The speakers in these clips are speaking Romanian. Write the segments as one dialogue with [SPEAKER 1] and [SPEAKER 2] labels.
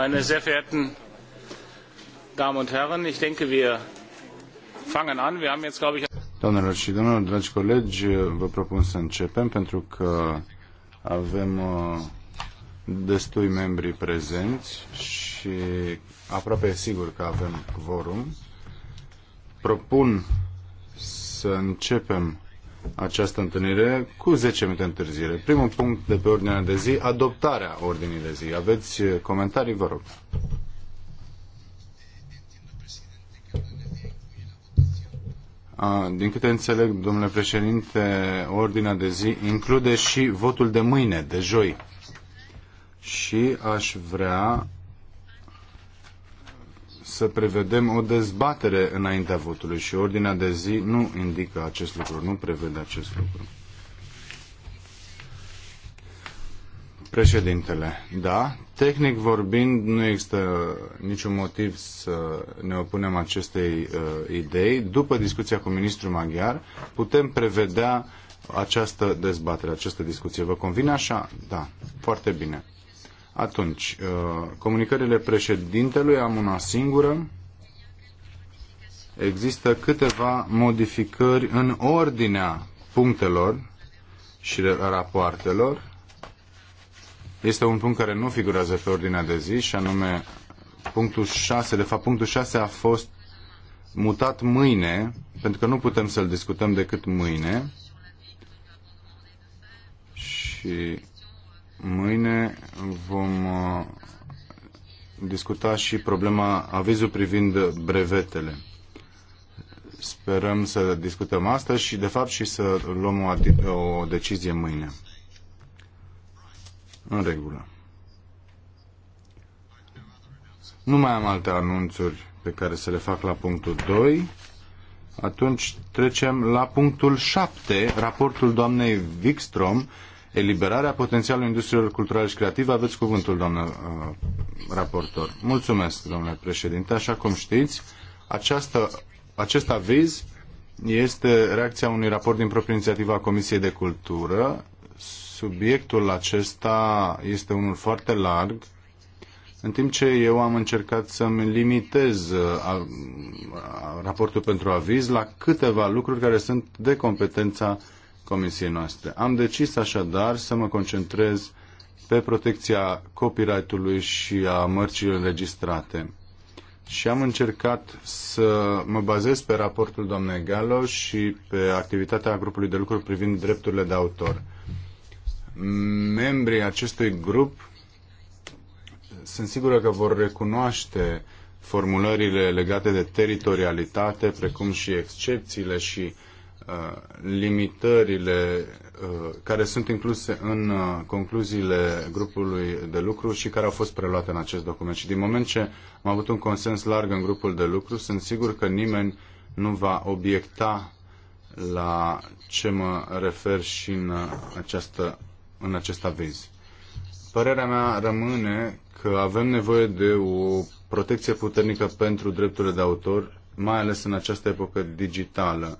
[SPEAKER 1] meine sehr verehrten Damen und Herren, ich denke, wir fangen an. Wir haben jetzt, glaube ich... Doamnelor și domnilor, dragi colegi, vă propun să începem pentru că avem uh, destui membri prezenți și aproape sigur că avem quorum. Propun să începem această întâlnire cu 10 minute întârziere. Primul punct de pe ordinea de zi, adoptarea ordinii de zi. Aveți uh, comentarii, vă rog. A, din câte înțeleg, domnule președinte, ordinea de zi include și votul de mâine, de joi. Și aș vrea să prevedem o dezbatere înaintea votului și ordinea de zi nu indică acest lucru, nu prevede acest lucru. Președintele, da, tehnic vorbind nu există niciun motiv să ne opunem acestei uh, idei. După discuția cu ministrul maghiar putem prevedea această dezbatere, această discuție. Vă convine așa? Da, foarte bine. Atunci, uh, comunicările președintelui am una singură. Există câteva modificări în ordinea punctelor și rapoartelor. Este un punct care nu figurează pe ordinea de zi și anume punctul 6. De fapt, punctul 6 a fost mutat mâine, pentru că nu putem să-l discutăm decât mâine. Și Mâine vom uh, discuta și problema avizul privind brevetele. Sperăm să discutăm asta și, de fapt, și să luăm o, o decizie mâine. În regulă. Nu mai am alte anunțuri pe care să le fac la punctul 2. Atunci trecem la punctul 7, raportul doamnei Wikstrom, eliberarea potențialului industriilor culturale și creative. Aveți cuvântul, doamnă uh, raportor. Mulțumesc, domnule președinte. Așa cum știți, această, acest aviz este reacția unui raport din proprie inițiativă a Comisiei de Cultură. Subiectul acesta este unul foarte larg, în timp ce eu am încercat să-mi limitez a, uh, a, raportul pentru aviz la câteva lucruri care sunt de competența comisiei noastre. Am decis așadar să mă concentrez pe protecția copyright-ului și a mărcilor înregistrate. Și am încercat să mă bazez pe raportul doamnei Gallo și pe activitatea grupului de lucru privind drepturile de autor. Membrii acestui grup sunt sigură că vor recunoaște formulările legate de teritorialitate, precum și excepțiile și uh, Uh, limitările uh, care sunt incluse în uh, concluziile grupului de lucru și care au fost preluate în acest document. Și din moment ce am avut un consens larg în grupul de lucru, sunt sigur că nimeni nu va obiecta la ce mă refer și în, această, în acest aviz. Părerea mea rămâne că avem nevoie de o protecție puternică pentru drepturile de autor, mai ales în această epocă digitală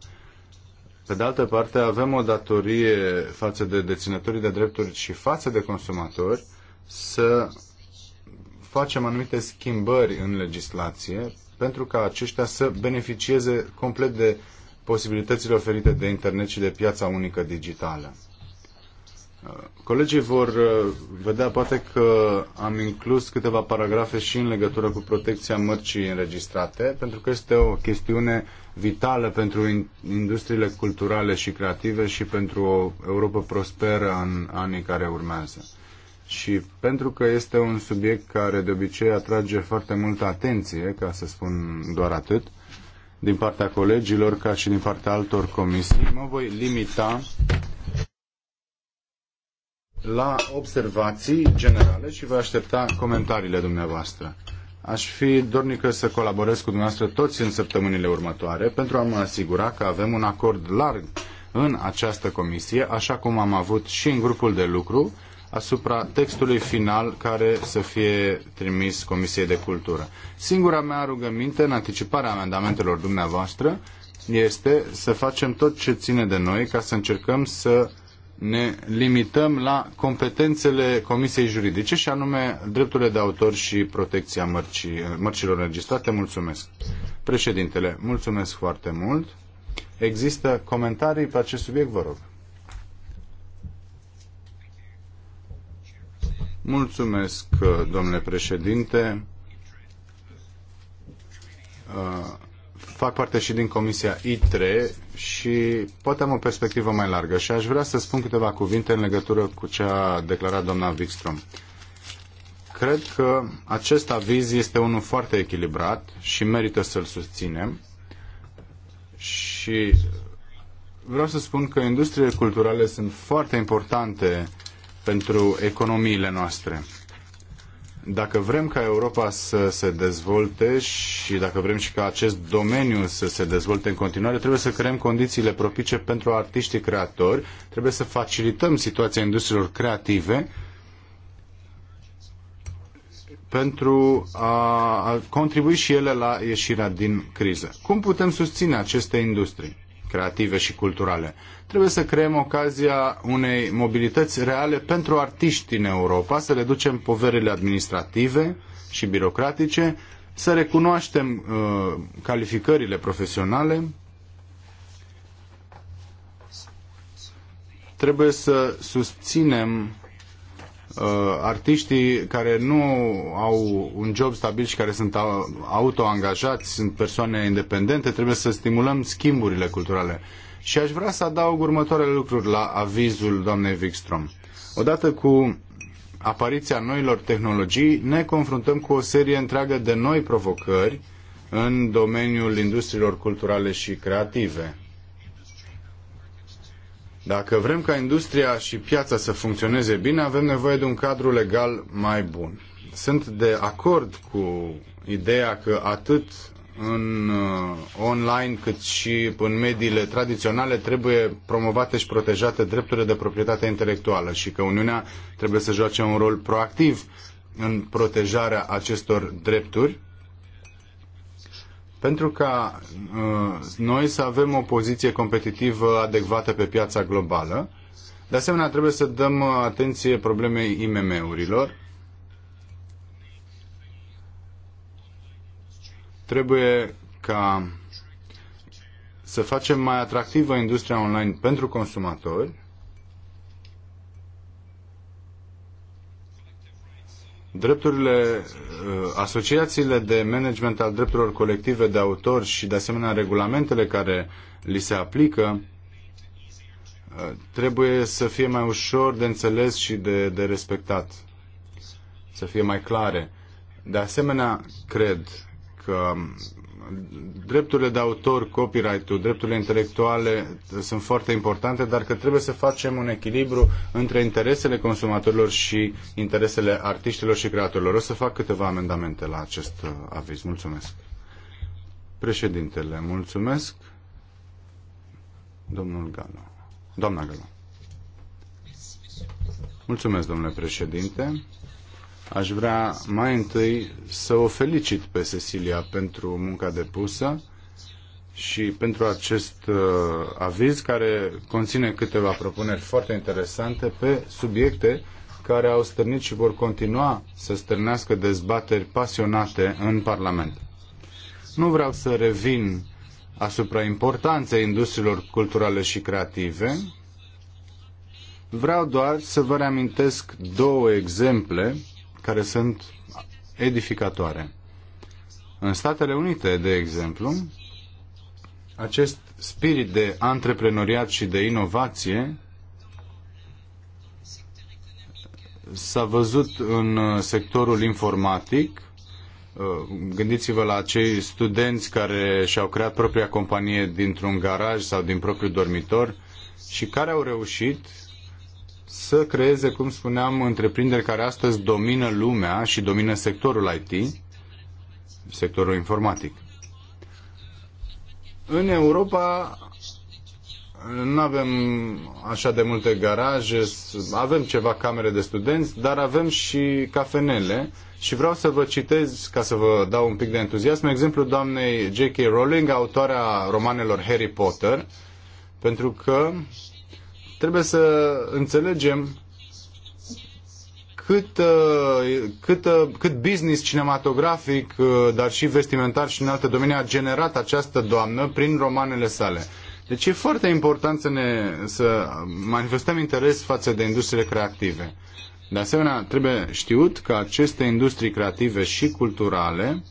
[SPEAKER 1] pe de altă parte, avem o datorie față de deținătorii de drepturi și față de consumatori să facem anumite schimbări în legislație pentru ca aceștia să beneficieze complet de posibilitățile oferite de internet și de piața unică digitală. Colegii vor uh, vedea poate că am inclus câteva paragrafe și în legătură cu protecția mărcii înregistrate, pentru că este o chestiune vitală pentru industriile culturale și creative și pentru o Europa prosperă în anii care urmează. Și pentru că este un subiect care de obicei atrage foarte multă atenție, ca să spun doar atât, din partea colegilor ca și din partea altor comisii, mă voi limita la observații generale și vă aștepta comentariile dumneavoastră. Aș fi dornică să colaborez cu dumneavoastră toți în săptămânile următoare pentru a mă asigura că avem un acord larg în această comisie, așa cum am avut și în grupul de lucru, asupra textului final care să fie trimis Comisiei de Cultură. Singura mea rugăminte în anticiparea amendamentelor dumneavoastră este să facem tot ce ține de noi ca să încercăm să ne limităm la competențele Comisiei Juridice și anume drepturile de autor și protecția mărcii, mărcilor înregistrate. Mulțumesc. Președintele, mulțumesc foarte mult. Există comentarii pe acest subiect, vă rog. Mulțumesc, domnule președinte. Uh, fac parte și din Comisia I3 și poate am o perspectivă mai largă și aș vrea să spun câteva cuvinte în legătură cu ce a declarat doamna Wikström. Cred că acest aviz este unul foarte echilibrat și merită să-l susținem și vreau să spun că industriile culturale sunt foarte importante pentru economiile noastre. Dacă vrem ca Europa să se dezvolte și dacă vrem și ca acest domeniu să se dezvolte în continuare, trebuie să creăm condițiile propice pentru artiștii creatori, trebuie să facilităm situația industriilor creative pentru a contribui și ele la ieșirea din criză. Cum putem susține aceste industrii? creative și culturale. Trebuie să creăm ocazia unei mobilități reale pentru artiști în Europa, să reducem poverile administrative și birocratice, să recunoaștem uh, calificările profesionale, trebuie să susținem Uh, artiștii care nu au un job stabil și care sunt autoangajați, sunt persoane independente, trebuie să stimulăm schimburile culturale. Și aș vrea să adaug următoarele lucruri la avizul doamnei Wikstrom. Odată cu apariția noilor tehnologii, ne confruntăm cu o serie întreagă de noi provocări în domeniul industriilor culturale și creative. Dacă vrem ca industria și piața să funcționeze bine, avem nevoie de un cadru legal mai bun. Sunt de acord cu ideea că atât în uh, online cât și în mediile tradiționale trebuie promovate și protejate drepturile de proprietate intelectuală și că Uniunea trebuie să joace un rol proactiv în protejarea acestor drepturi pentru ca uh, noi să avem o poziție competitivă adecvată pe piața globală. De asemenea, trebuie să dăm atenție problemei IMM-urilor. Trebuie ca să facem mai atractivă industria online pentru consumatori drepturile, uh, asociațiile de management al drepturilor colective de autor și de asemenea regulamentele care li se aplică uh, trebuie să fie mai ușor de înțeles și de, de respectat, să fie mai clare. De asemenea, cred că um, drepturile de autor, copyright-ul, drepturile intelectuale sunt foarte importante, dar că trebuie să facem un echilibru între interesele consumatorilor și interesele artiștilor și creatorilor. O să fac câteva amendamente la acest uh, aviz. Mulțumesc. Președintele, mulțumesc. Domnul Galo. Doamna Galo. Mulțumesc, domnule președinte. Aș vrea mai întâi să o felicit pe Cecilia pentru munca depusă și pentru acest uh, aviz care conține câteva propuneri foarte interesante pe subiecte care au stârnit și vor continua să stârnească dezbateri pasionate în Parlament. Nu vreau să revin asupra importanței industriilor culturale și creative. Vreau doar să vă reamintesc două exemple care sunt edificatoare. În Statele Unite, de exemplu, acest spirit de antreprenoriat și de inovație s-a văzut în uh, sectorul informatic. Uh, gândiți-vă la acei studenți care și-au creat propria companie dintr-un garaj sau din propriul dormitor și care au reușit să creeze, cum spuneam, întreprinderi care astăzi domină lumea și domină sectorul IT, sectorul informatic. În Europa nu avem așa de multe garaje, avem ceva camere de studenți, dar avem și cafenele și vreau să vă citez, ca să vă dau un pic de entuziasm, exemplu doamnei J.K. Rowling, autoarea romanelor Harry Potter, pentru că Trebuie să înțelegem cât, uh, cât, uh, cât business cinematografic, uh, dar și vestimentar și în alte domenii a generat această doamnă prin romanele sale. Deci e foarte important să, ne, să manifestăm interes față de industriile creative. De asemenea, trebuie știut că aceste industrii creative și culturale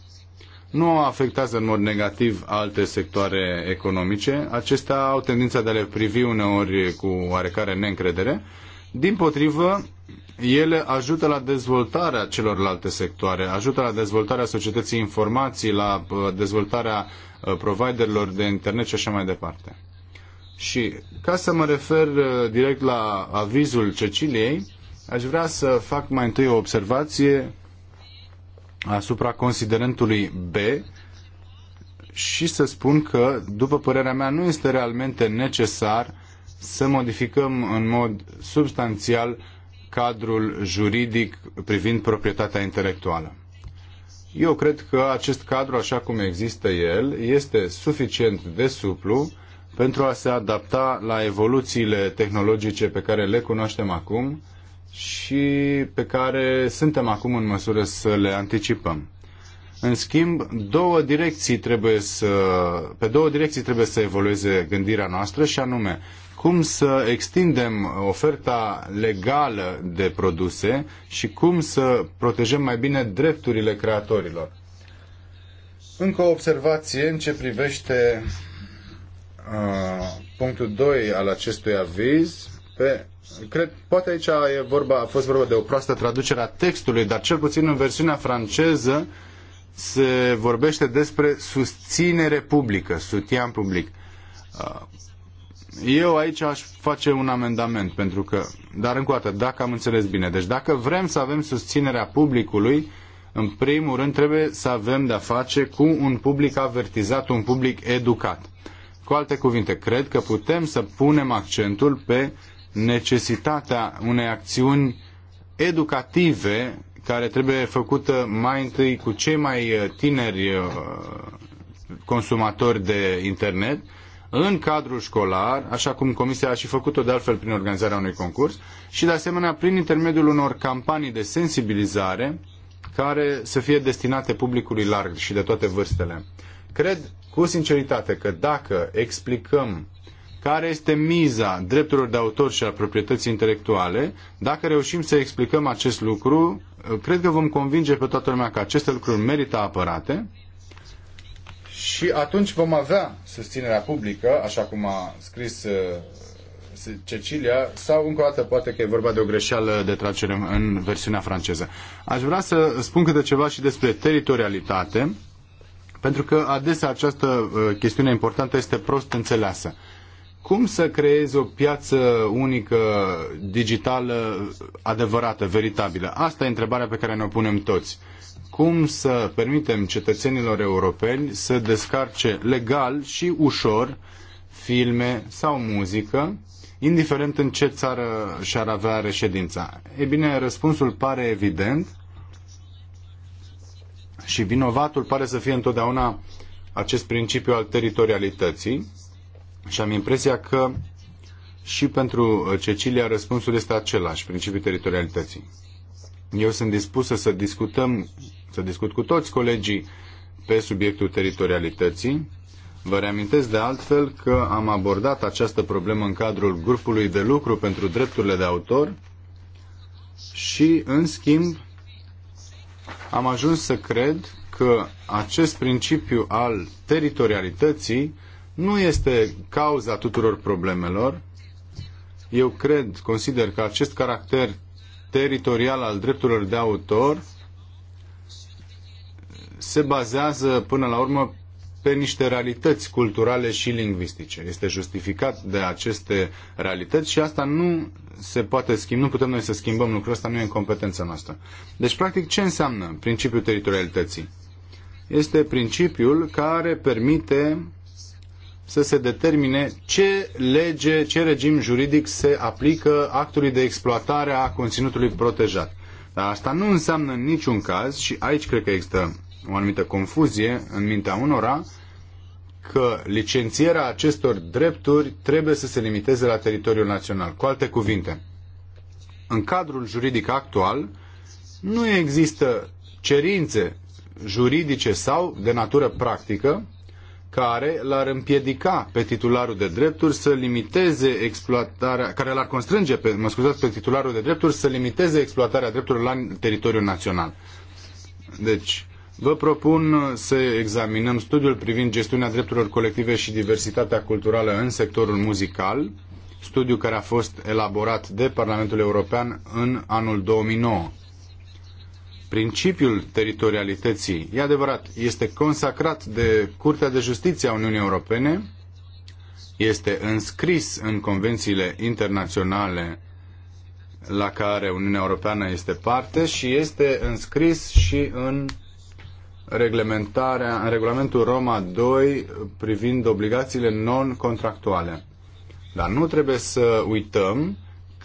[SPEAKER 1] nu afectează în mod negativ alte sectoare economice. Acestea au tendința de a le privi uneori cu oarecare neîncredere. Din potrivă, ele ajută la dezvoltarea celorlalte sectoare, ajută la dezvoltarea societății informații, la uh, dezvoltarea uh, providerilor de internet și așa mai departe. Și ca să mă refer uh, direct la avizul Ceciliei, aș vrea să fac mai întâi o observație asupra considerentului B și să spun că, după părerea mea, nu este realmente necesar să modificăm în mod substanțial cadrul juridic privind proprietatea intelectuală. Eu cred că acest cadru, așa cum există el, este suficient de suplu pentru a se adapta la evoluțiile tehnologice pe care le cunoaștem acum și pe care suntem acum în măsură să le anticipăm. În schimb, două direcții trebuie să, pe două direcții trebuie să evolueze gândirea noastră și anume cum să extindem oferta legală de produse și cum să protejăm mai bine drepturile creatorilor. Încă o observație în ce privește uh, punctul 2 al acestui aviz, pe, cred, poate aici e vorba, a fost vorba de o proastă traducere a textului, dar cel puțin în versiunea franceză se vorbește despre susținere publică, sutian public. Eu aici aș face un amendament, pentru că, dar încă o dată, dacă am înțeles bine, deci dacă vrem să avem susținerea publicului, în primul rând trebuie să avem de-a face cu un public avertizat, un public educat. Cu alte cuvinte, cred că putem să punem accentul pe necesitatea unei acțiuni educative care trebuie făcută mai întâi cu cei mai uh, tineri uh, consumatori de internet în cadrul școlar, așa cum Comisia a și făcut-o de altfel prin organizarea unui concurs și de asemenea prin intermediul unor campanii de sensibilizare care să fie destinate publicului larg și de toate vârstele. Cred cu sinceritate că dacă explicăm care este miza drepturilor de autor și a proprietății intelectuale. Dacă reușim să explicăm acest lucru, cred că vom convinge pe toată lumea că aceste lucruri merită apărate și atunci vom avea susținerea publică, așa cum a scris uh, Cecilia, sau încă o dată poate că e vorba de o greșeală de tracere în versiunea franceză. Aș vrea să spun câte ceva și despre teritorialitate, pentru că adesea această uh, chestiune importantă este prost înțeleasă cum să creezi o piață unică digitală adevărată, veritabilă? Asta e întrebarea pe care ne-o punem toți. Cum să permitem cetățenilor europeni să descarce legal și ușor filme sau muzică, indiferent în ce țară și-ar avea reședința? E bine, răspunsul pare evident și vinovatul pare să fie întotdeauna acest principiu al teritorialității, și am impresia că și pentru uh, Cecilia răspunsul este același, principiul teritorialității. Eu sunt dispusă să discutăm, să discut cu toți colegii pe subiectul teritorialității. Vă reamintesc de altfel că am abordat această problemă în cadrul grupului de lucru pentru drepturile de autor și, în schimb, am ajuns să cred că acest principiu al teritorialității nu este cauza tuturor problemelor. Eu cred, consider că acest caracter teritorial al drepturilor de autor se bazează până la urmă pe niște realități culturale și lingvistice. Este justificat de aceste realități și asta nu se poate schimba, nu putem noi să schimbăm lucrul ăsta, nu e în competența noastră. Deci, practic, ce înseamnă principiul teritorialității? Este principiul care permite să se determine ce lege, ce regim juridic se aplică actului de exploatare a conținutului protejat. Dar asta nu înseamnă în niciun caz, și aici cred că există o anumită confuzie în mintea unora, că licențierea acestor drepturi trebuie să se limiteze la teritoriul național. Cu alte cuvinte, în cadrul juridic actual nu există cerințe juridice sau de natură practică care l-ar împiedica pe titularul de drepturi să limiteze exploatarea, care l-ar constrânge pe, mă scuzați, pe titularul de drepturi să limiteze exploatarea drepturilor la teritoriul național. Deci, vă propun să examinăm studiul privind gestiunea drepturilor colective și diversitatea culturală în sectorul muzical, studiu care a fost elaborat de Parlamentul European în anul 2009. Principiul teritorialității, e adevărat, este consacrat de Curtea de Justiție a Uniunii Europene, este înscris în convențiile internaționale la care Uniunea Europeană este parte și este înscris și în reglementarea, în regulamentul Roma 2 privind obligațiile non-contractuale. Dar nu trebuie să uităm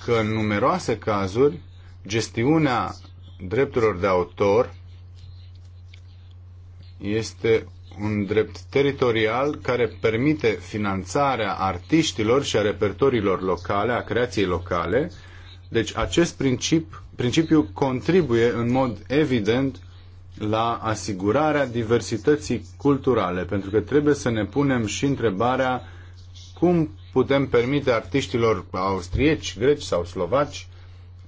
[SPEAKER 1] că în numeroase cazuri gestiunea drepturilor de autor este un drept teritorial care permite finanțarea artiștilor și a repertoriilor locale, a creației locale. Deci acest princip, principiu contribuie în mod evident la asigurarea diversității culturale, pentru că trebuie să ne punem și întrebarea cum putem permite artiștilor austrieci, greci sau slovaci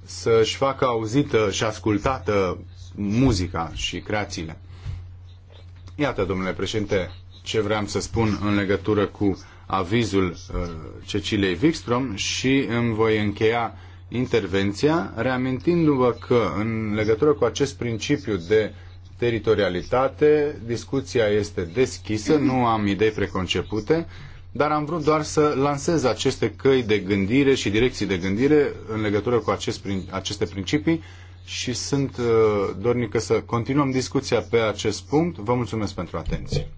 [SPEAKER 1] să-și facă auzită și ascultată muzica și creațiile. Iată, domnule președinte, ce vreau să spun în legătură cu avizul uh, Cecilei Wikstrom și îmi voi încheia intervenția reamintindu-vă că în legătură cu acest principiu de teritorialitate discuția este deschisă, nu am idei preconcepute dar am vrut doar să lansez aceste căi de gândire și direcții de gândire în legătură cu acest, aceste principii și sunt uh, dornică să continuăm discuția pe acest punct. Vă mulțumesc pentru atenție.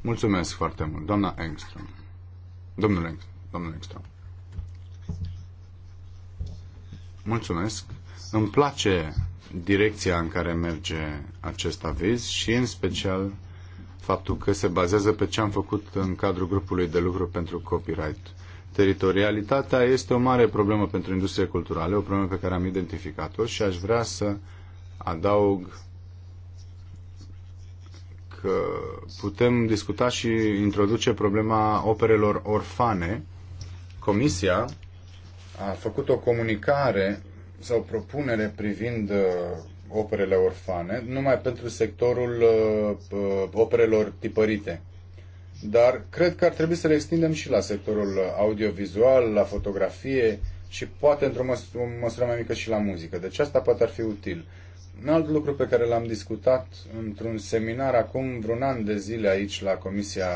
[SPEAKER 1] Mulțumesc foarte mult, doamna Engström. Domnul Engström. Domnul Engström. Mulțumesc. Îmi place direcția în care merge acest aviz și în special faptul că se bazează pe ce am făcut în cadrul grupului de lucru pentru copyright. Teritorialitatea este o mare problemă pentru industrie culturală o problemă pe care am identificat-o și aș vrea să adaug că putem discuta și introduce problema operelor orfane. Comisia a făcut o comunicare sau propunere privind uh, operele orfane, numai pentru sectorul uh, uh, operelor tipărite. Dar cred că ar trebui să le extindem și la sectorul audiovizual, la fotografie și poate într-o măs- măsură mai mică și la muzică. Deci asta poate ar fi util. Un alt lucru pe care l-am discutat într-un seminar acum vreun an de zile aici la Comisia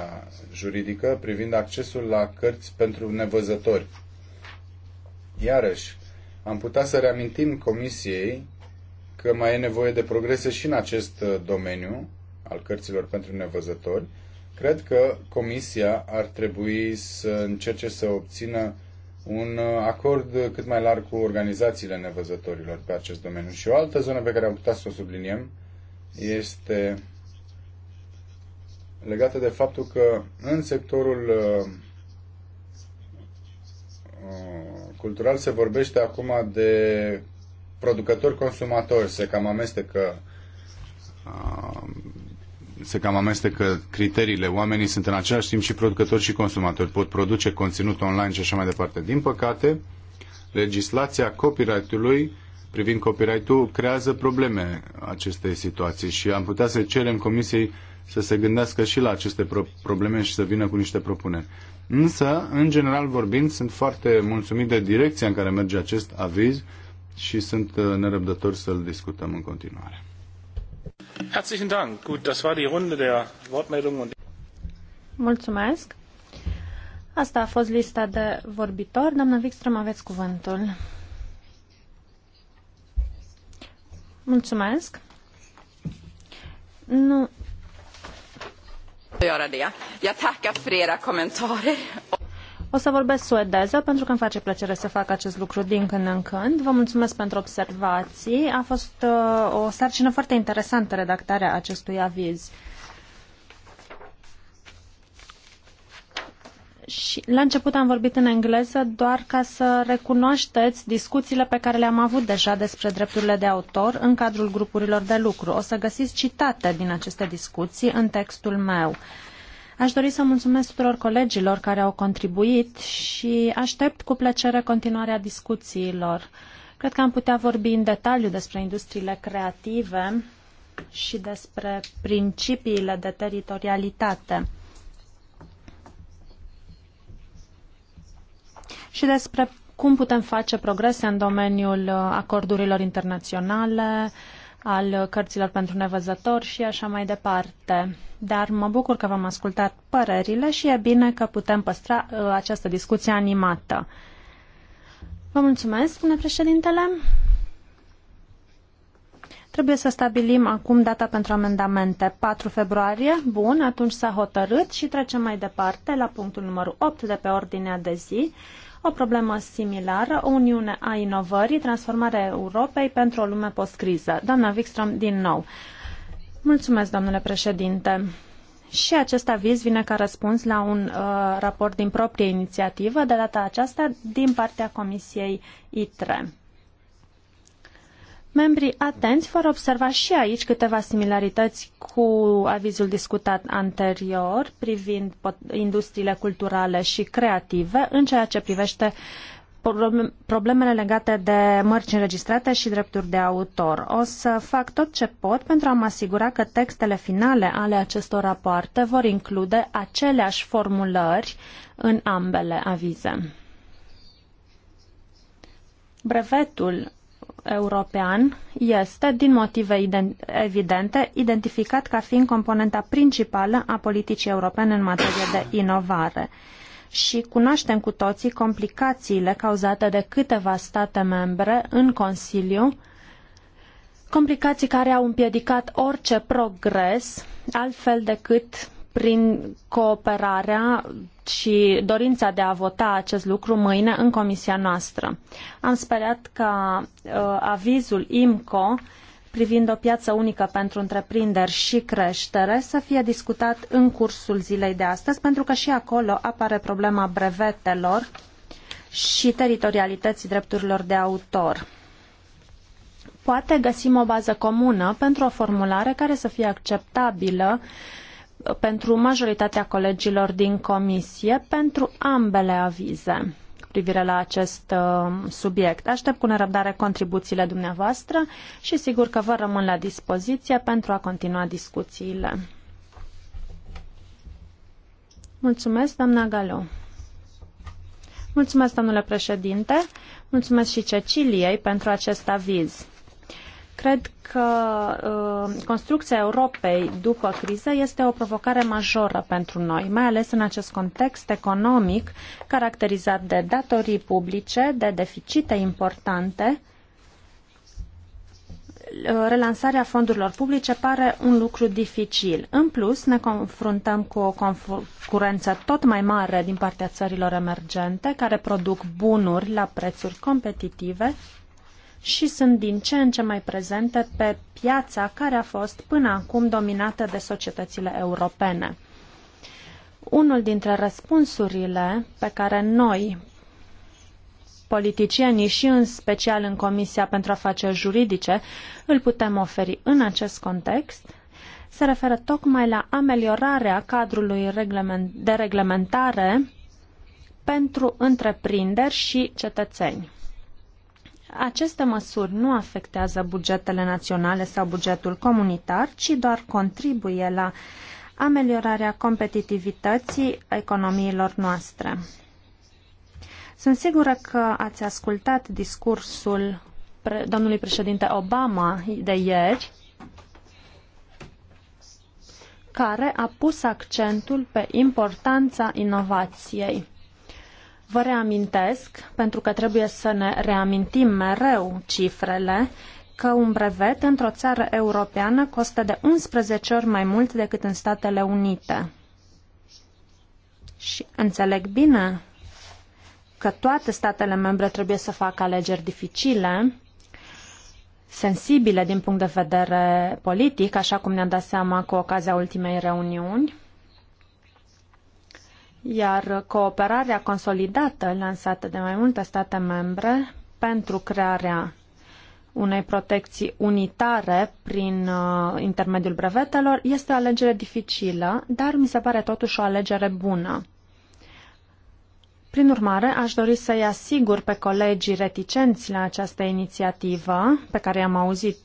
[SPEAKER 1] Juridică privind accesul la cărți pentru nevăzători. Iarăși, am putea să reamintim Comisiei că mai e nevoie de progrese și în acest uh, domeniu al cărților pentru nevăzători. Cred că Comisia ar trebui să încerce să obțină un uh, acord cât mai larg cu organizațiile nevăzătorilor pe acest domeniu. Și o altă zonă pe care am putea să o subliniem este legată de faptul că în sectorul uh, uh cultural se vorbește acum de producători-consumatori. Se cam amestecă se cam amestecă criteriile. Oamenii sunt în același timp și producători și consumatori. Pot produce conținut online și așa mai departe. Din păcate, legislația copyright-ului privind copyright-ul creează probleme acestei situații și am putea să cerem comisiei să se gândească și la aceste probleme și să vină cu niște propuneri. Însă, în general vorbind, sunt foarte mulțumit de direcția în care merge acest aviz și sunt uh, nerăbdător să-l discutăm în continuare. Herzlichen Dank. Gut, das war die Runde der
[SPEAKER 2] Mulțumesc. Asta a fost lista de vorbitori. Doamna Wikström, aveți cuvântul. Mulțumesc. Nu o să vorbesc suedeză pentru că îmi face plăcere să fac acest lucru din când în când. Vă mulțumesc pentru observații. A fost uh, o sarcină foarte interesantă redactarea acestui aviz. și la început am vorbit în engleză doar ca să recunoașteți discuțiile pe care le-am avut deja despre drepturile de autor în cadrul grupurilor de lucru. O să găsiți citate din aceste discuții în textul meu. Aș dori să mulțumesc tuturor colegilor care au contribuit și aștept cu plăcere continuarea discuțiilor. Cred că am putea vorbi în detaliu despre industriile creative și despre principiile de teritorialitate. și despre cum putem face progrese în domeniul uh, acordurilor internaționale, al cărților pentru nevăzători și așa mai departe. Dar mă bucur că v-am ascultat părerile și e bine că putem păstra uh, această discuție animată. Vă mulțumesc, spune președintele. Trebuie să stabilim acum data pentru amendamente. 4 februarie, bun, atunci s-a hotărât și trecem mai departe la punctul numărul 8 de pe ordinea de zi. O problemă similară, o uniune a inovării, transformarea Europei pentru o lume post-criză. Doamna Wikström, din nou. Mulțumesc, domnule președinte. Și acest aviz vine ca răspuns la un uh, raport din proprie inițiativă, de data aceasta din partea Comisiei ITRE. Membrii atenți vor observa și aici câteva similarități cu avizul discutat anterior privind industriile culturale și creative în ceea ce privește problemele legate de mărci înregistrate și drepturi de autor. O să fac tot ce pot pentru a mă asigura că textele finale ale acestor rapoarte vor include aceleași formulări în ambele avize. Brevetul european este, din motive evidente, identificat ca fiind componenta principală a politicii europene în materie de inovare. Și cunoaștem cu toții complicațiile cauzate de câteva state membre în Consiliu, complicații care au împiedicat orice progres, altfel decât prin cooperarea și dorința de a vota acest lucru mâine în comisia noastră. Am sperat ca uh, avizul IMCO privind o piață unică pentru întreprinderi și creștere să fie discutat în cursul zilei de astăzi, pentru că și acolo apare problema brevetelor și teritorialității drepturilor de autor. Poate găsim o bază comună pentru o formulare care să fie acceptabilă uh, pentru majoritatea colegilor din comisie pentru ambele avize cu privire la acest uh, subiect. Aștept cu nerăbdare contribuțiile dumneavoastră și sigur că vă rămân la dispoziție pentru a continua discuțiile. Mulțumesc, doamna Galo. Mulțumesc, domnule președinte. Mulțumesc și Ceciliei pentru acest aviz. Cred că uh, construcția Europei după criză este o provocare majoră pentru noi, mai ales în acest context economic caracterizat de datorii publice, de deficite importante. Uh, relansarea fondurilor publice pare un lucru dificil. În plus, ne confruntăm cu o concurență tot mai mare din partea țărilor emergente, care produc bunuri la prețuri competitive și sunt din ce în ce mai prezente pe piața care a fost până acum dominată de societățile europene. Unul dintre răspunsurile pe care noi, politicienii și în special în Comisia pentru Afaceri Juridice, îl putem oferi în acest context, se referă tocmai la ameliorarea cadrului de reglementare pentru întreprinderi și cetățeni aceste măsuri nu afectează bugetele naționale sau bugetul comunitar, ci doar contribuie la ameliorarea competitivității economiilor noastre. Sunt sigură că ați ascultat discursul pre- domnului președinte Obama de ieri, care a pus accentul pe importanța inovației. Vă reamintesc, pentru că trebuie să ne reamintim mereu cifrele, că un brevet într-o țară europeană costă de 11 ori mai mult decât în Statele Unite. Și înțeleg bine că toate statele membre trebuie să facă alegeri dificile, sensibile din punct de vedere politic, așa cum ne-am dat seama cu ocazia ultimei reuniuni iar cooperarea consolidată lansată de mai multe state membre pentru crearea unei protecții unitare prin uh, intermediul brevetelor este o alegere dificilă, dar mi se pare totuși o alegere bună. Prin urmare, aș dori să-i asigur pe colegii reticenți la această inițiativă, pe care i-am auzit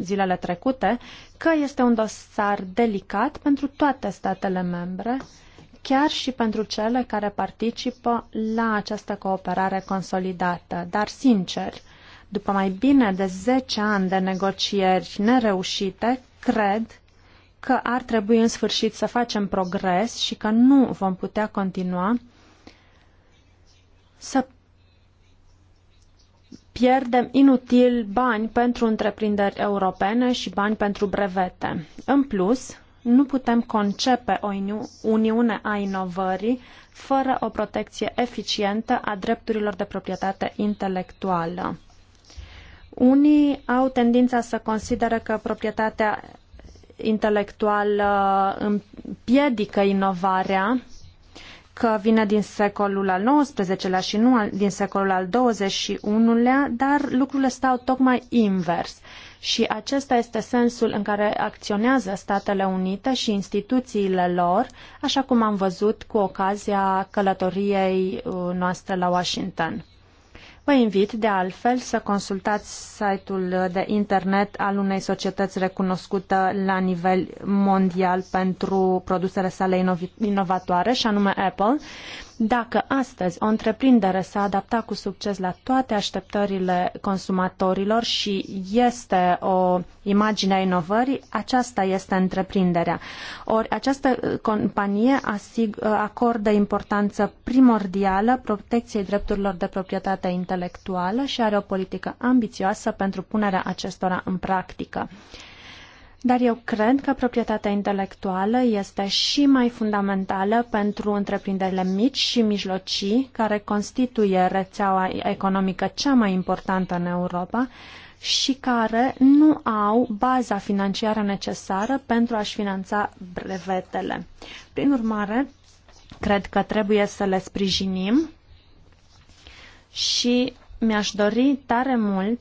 [SPEAKER 2] zilele trecute, că este un dosar delicat pentru toate statele membre chiar și pentru cele care participă la această cooperare consolidată. Dar, sincer, după mai bine de 10 ani de negocieri nereușite, cred că ar trebui în sfârșit să facem progres și că nu vom putea continua să pierdem inutil bani pentru întreprinderi europene și bani pentru brevete. În plus, nu putem concepe o uniune a inovării fără o protecție eficientă a drepturilor de proprietate intelectuală. Unii au tendința să consideră că proprietatea intelectuală împiedică inovarea, că vine din secolul al XIX-lea și nu din secolul al XXI-lea, dar lucrurile stau tocmai invers. Și acesta este sensul în care acționează Statele Unite și instituțiile lor, așa cum am văzut cu ocazia călătoriei uh, noastre la Washington. Vă invit de altfel să consultați site-ul de internet al unei societăți recunoscută la nivel mondial pentru produsele sale inovatoare, și anume Apple, dacă astăzi o întreprindere s-a adaptat cu succes la toate așteptările consumatorilor și este o imagine a inovării, aceasta este întreprinderea. Ori această uh, companie asig- uh, acordă importanță primordială protecției drepturilor de proprietate intelectuală și are o politică ambițioasă pentru punerea acestora în practică. Dar eu cred că proprietatea intelectuală este și mai fundamentală pentru întreprinderile mici și mijlocii, care constituie rețeaua economică cea mai importantă în Europa și care nu au baza financiară necesară pentru a-și finanța brevetele. Prin urmare, cred că trebuie să le sprijinim și mi-aș dori tare mult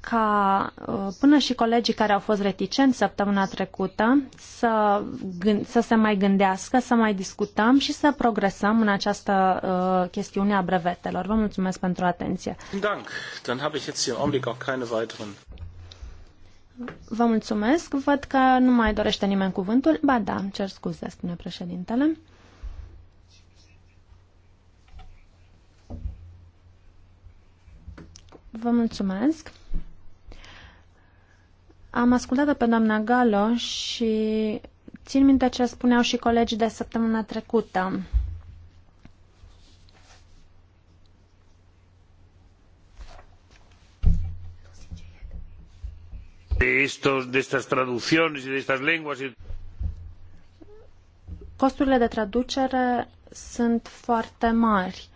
[SPEAKER 2] ca uh, până și colegii care au fost reticenți săptămâna trecută să, gând, să se mai gândească, să mai discutăm și să progresăm în această uh, chestiune a brevetelor. Vă mulțumesc pentru atenție.
[SPEAKER 1] Dank. Dann habe ich jetzt hier auch keine weiteren.
[SPEAKER 2] Vă mulțumesc. Văd că nu mai dorește nimeni cuvântul. Ba da, cer scuze, spune președintele. Vă mulțumesc. Am ascultat-o pe doamna Galo și țin minte ce spuneau și colegii de săptămâna trecută.
[SPEAKER 1] De, estos, de estas traducciones y de estas lenguas.
[SPEAKER 2] Costurile de traducere sunt foarte mari.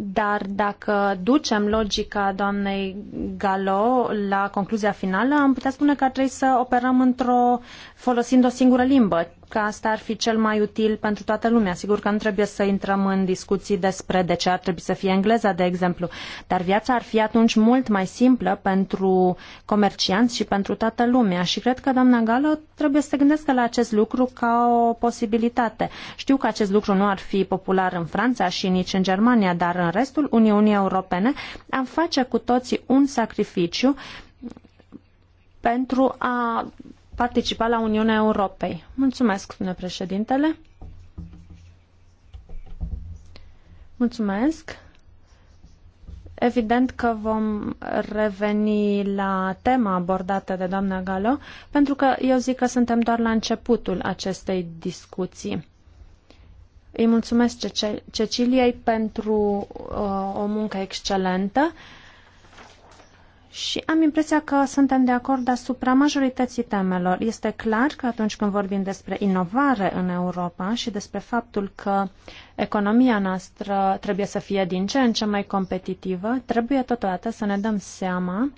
[SPEAKER 2] Dar dacă ducem logica doamnei Galo la concluzia finală, am putea spune că ar trebui să operăm într-o folosind o singură limbă, că asta ar fi cel mai util pentru toată lumea. Sigur că nu trebuie să intrăm în discuții despre de ce ar trebui să fie engleza, de exemplu, dar viața ar fi atunci mult mai simplă pentru comercianți și pentru toată lumea și cred că doamna Galo trebuie să gândească la acest lucru ca o posibilitate. Știu că acest lucru nu ar fi popular în Franța și nici în Germania, dar în restul Uniunii Europene am face cu toții un sacrificiu pentru a participa la Uniunea Europei. Mulțumesc, domnule președintele. Mulțumesc. Evident că vom reveni la tema abordată de doamna Galo, pentru că eu zic că suntem doar la începutul acestei discuții. Îi mulțumesc Ceciliei pentru uh, o muncă excelentă și am impresia că suntem de acord asupra majorității temelor. Este clar că atunci când vorbim despre inovare în Europa și despre faptul că economia noastră trebuie să fie din ce în ce mai competitivă, trebuie totodată să ne dăm seama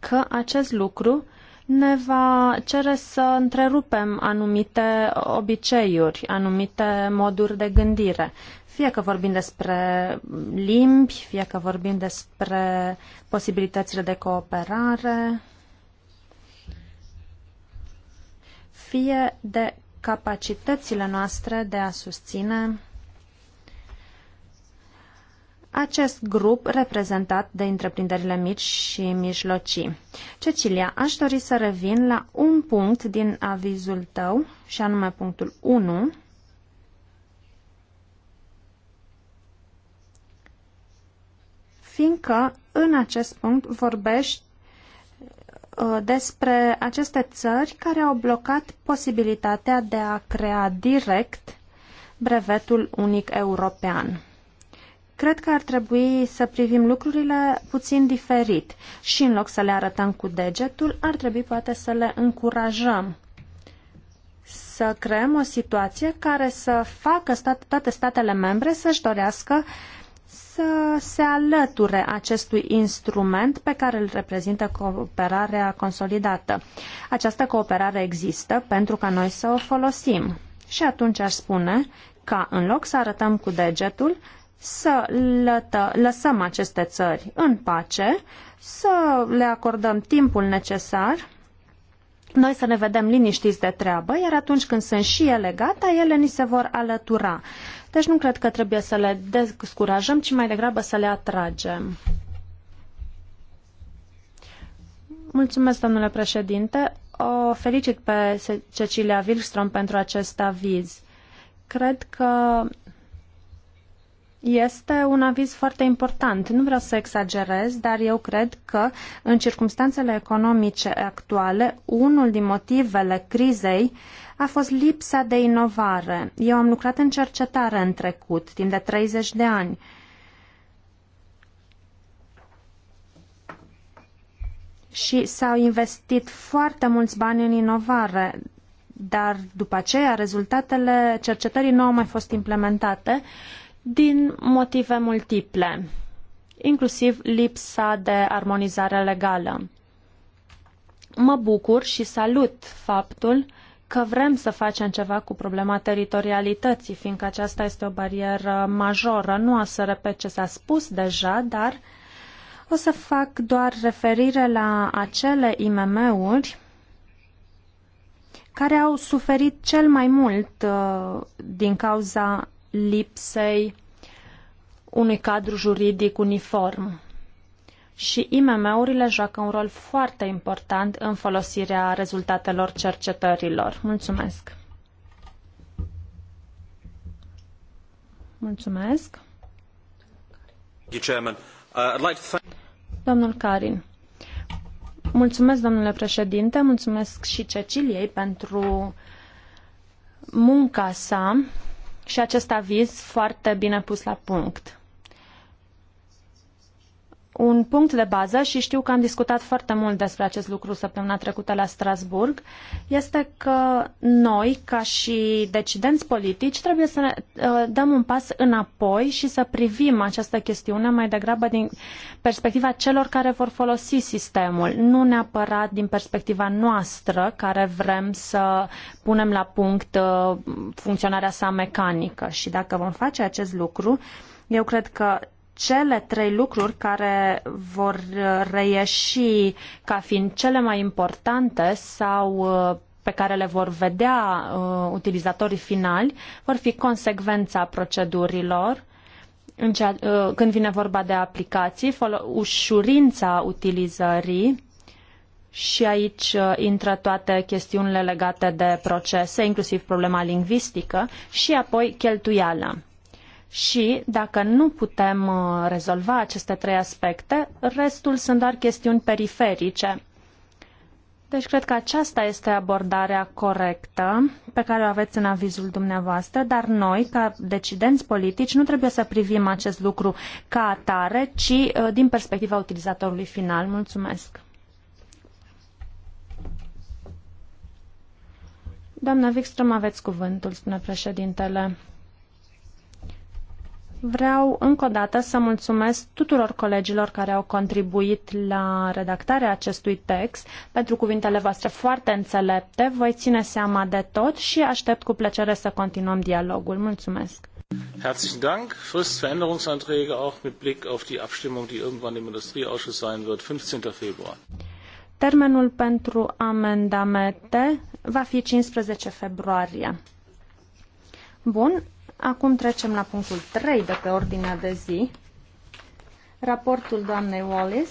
[SPEAKER 2] că acest lucru ne va cere să întrerupem anumite obiceiuri, anumite moduri de gândire fie că vorbim despre limbi, fie că vorbim despre posibilitățile de cooperare, fie de capacitățile noastre de a susține acest grup reprezentat de întreprinderile mici și mijlocii. Cecilia, aș dori să revin la un punct din avizul tău, și anume punctul 1, fiindcă în acest punct vorbești uh, despre aceste țări care au blocat posibilitatea de a crea direct brevetul unic european. Cred că ar trebui să privim lucrurile puțin diferit și în loc să le arătăm cu degetul, ar trebui poate să le încurajăm să creăm o situație care să facă stat, toate statele membre să-și dorească uh, să se alăture acestui instrument pe care îl reprezintă cooperarea consolidată. Această cooperare există pentru ca noi să o folosim. Și atunci aș spune ca, în loc să arătăm cu degetul, să lătă, lăsăm aceste țări în pace, să le acordăm timpul necesar, noi să ne vedem liniștiți de treabă, iar atunci când sunt și ele gata, ele ni se vor alătura. Deci nu cred că trebuie să le descurajăm, ci mai degrabă să le atragem. Mulțumesc, domnule președinte. O felicit pe Cecilia Wilström pentru acest aviz. Cred că este un aviz foarte important. Nu vreau să exagerez, dar eu cred că în circumstanțele economice actuale, unul din motivele crizei a fost lipsa de inovare. Eu am lucrat în cercetare în trecut, timp de 30 de ani. Și s-au investit foarte mulți bani în inovare, dar după aceea rezultatele cercetării nu au mai fost implementate. Uh, din motive multiple, inclusiv lipsa de armonizare legală. Mă bucur și salut faptul că vrem să facem ceva cu problema teritorialității, fiindcă aceasta este o barieră majoră. Nu o să repet ce s-a spus deja, dar o să fac doar referire la acele IMM-uri care au suferit cel mai mult uh, din cauza lipsei unui cadru juridic uniform. Și IMM-urile joacă un rol foarte important în folosirea rezultatelor cercetărilor. Mulțumesc! Mulțumesc!
[SPEAKER 3] Uh,
[SPEAKER 2] Domnul Karin. Mulțumesc, domnule președinte, mulțumesc și Ceciliei pentru munca sa și acest aviz foarte bine pus la punct un punct de bază și știu că am discutat foarte mult despre acest lucru săptămâna trecută la Strasburg, este că noi, ca și decidenți politici, trebuie să uh, dăm un pas înapoi și să privim această chestiune mai degrabă din perspectiva celor care vor folosi sistemul, nu neapărat din perspectiva noastră, care vrem să punem la punct uh, funcționarea sa mecanică. Și dacă vom face acest lucru, eu cred că cele trei lucruri care vor reieși ca fiind cele mai importante sau uh, pe care le vor vedea uh, utilizatorii finali vor fi consecvența procedurilor în cea, uh, când vine vorba de aplicații, ușurința utilizării și aici intră toate chestiunile legate de procese, inclusiv problema lingvistică, și apoi cheltuiala. Și dacă nu putem uh, rezolva aceste trei aspecte, restul sunt doar chestiuni periferice. Deci cred că aceasta este abordarea corectă pe care o aveți în avizul dumneavoastră, dar noi, ca decidenți politici, nu trebuie să privim acest lucru ca atare, ci uh, din perspectiva utilizatorului final. Mulțumesc! Doamna Wikström, aveți cuvântul, spune președintele. Vreau încă o dată să mulțumesc tuturor colegilor care au contribuit la redactarea acestui text pentru cuvintele voastre foarte înțelepte. Voi ține seama de tot și aștept cu plăcere să continuăm dialogul. Mulțumesc!
[SPEAKER 1] Herzlichen Dank. Frist für Änderungsanträge auch mit Blick auf die Abstimmung, die irgendwann im Industrieausschuss sein wird, 15. Februar.
[SPEAKER 2] Termenul pentru amendamente va fi 15 februarie. Bun, Acum trecem la punctul 3 de pe ordinea de zi. Raportul doamnei Wallis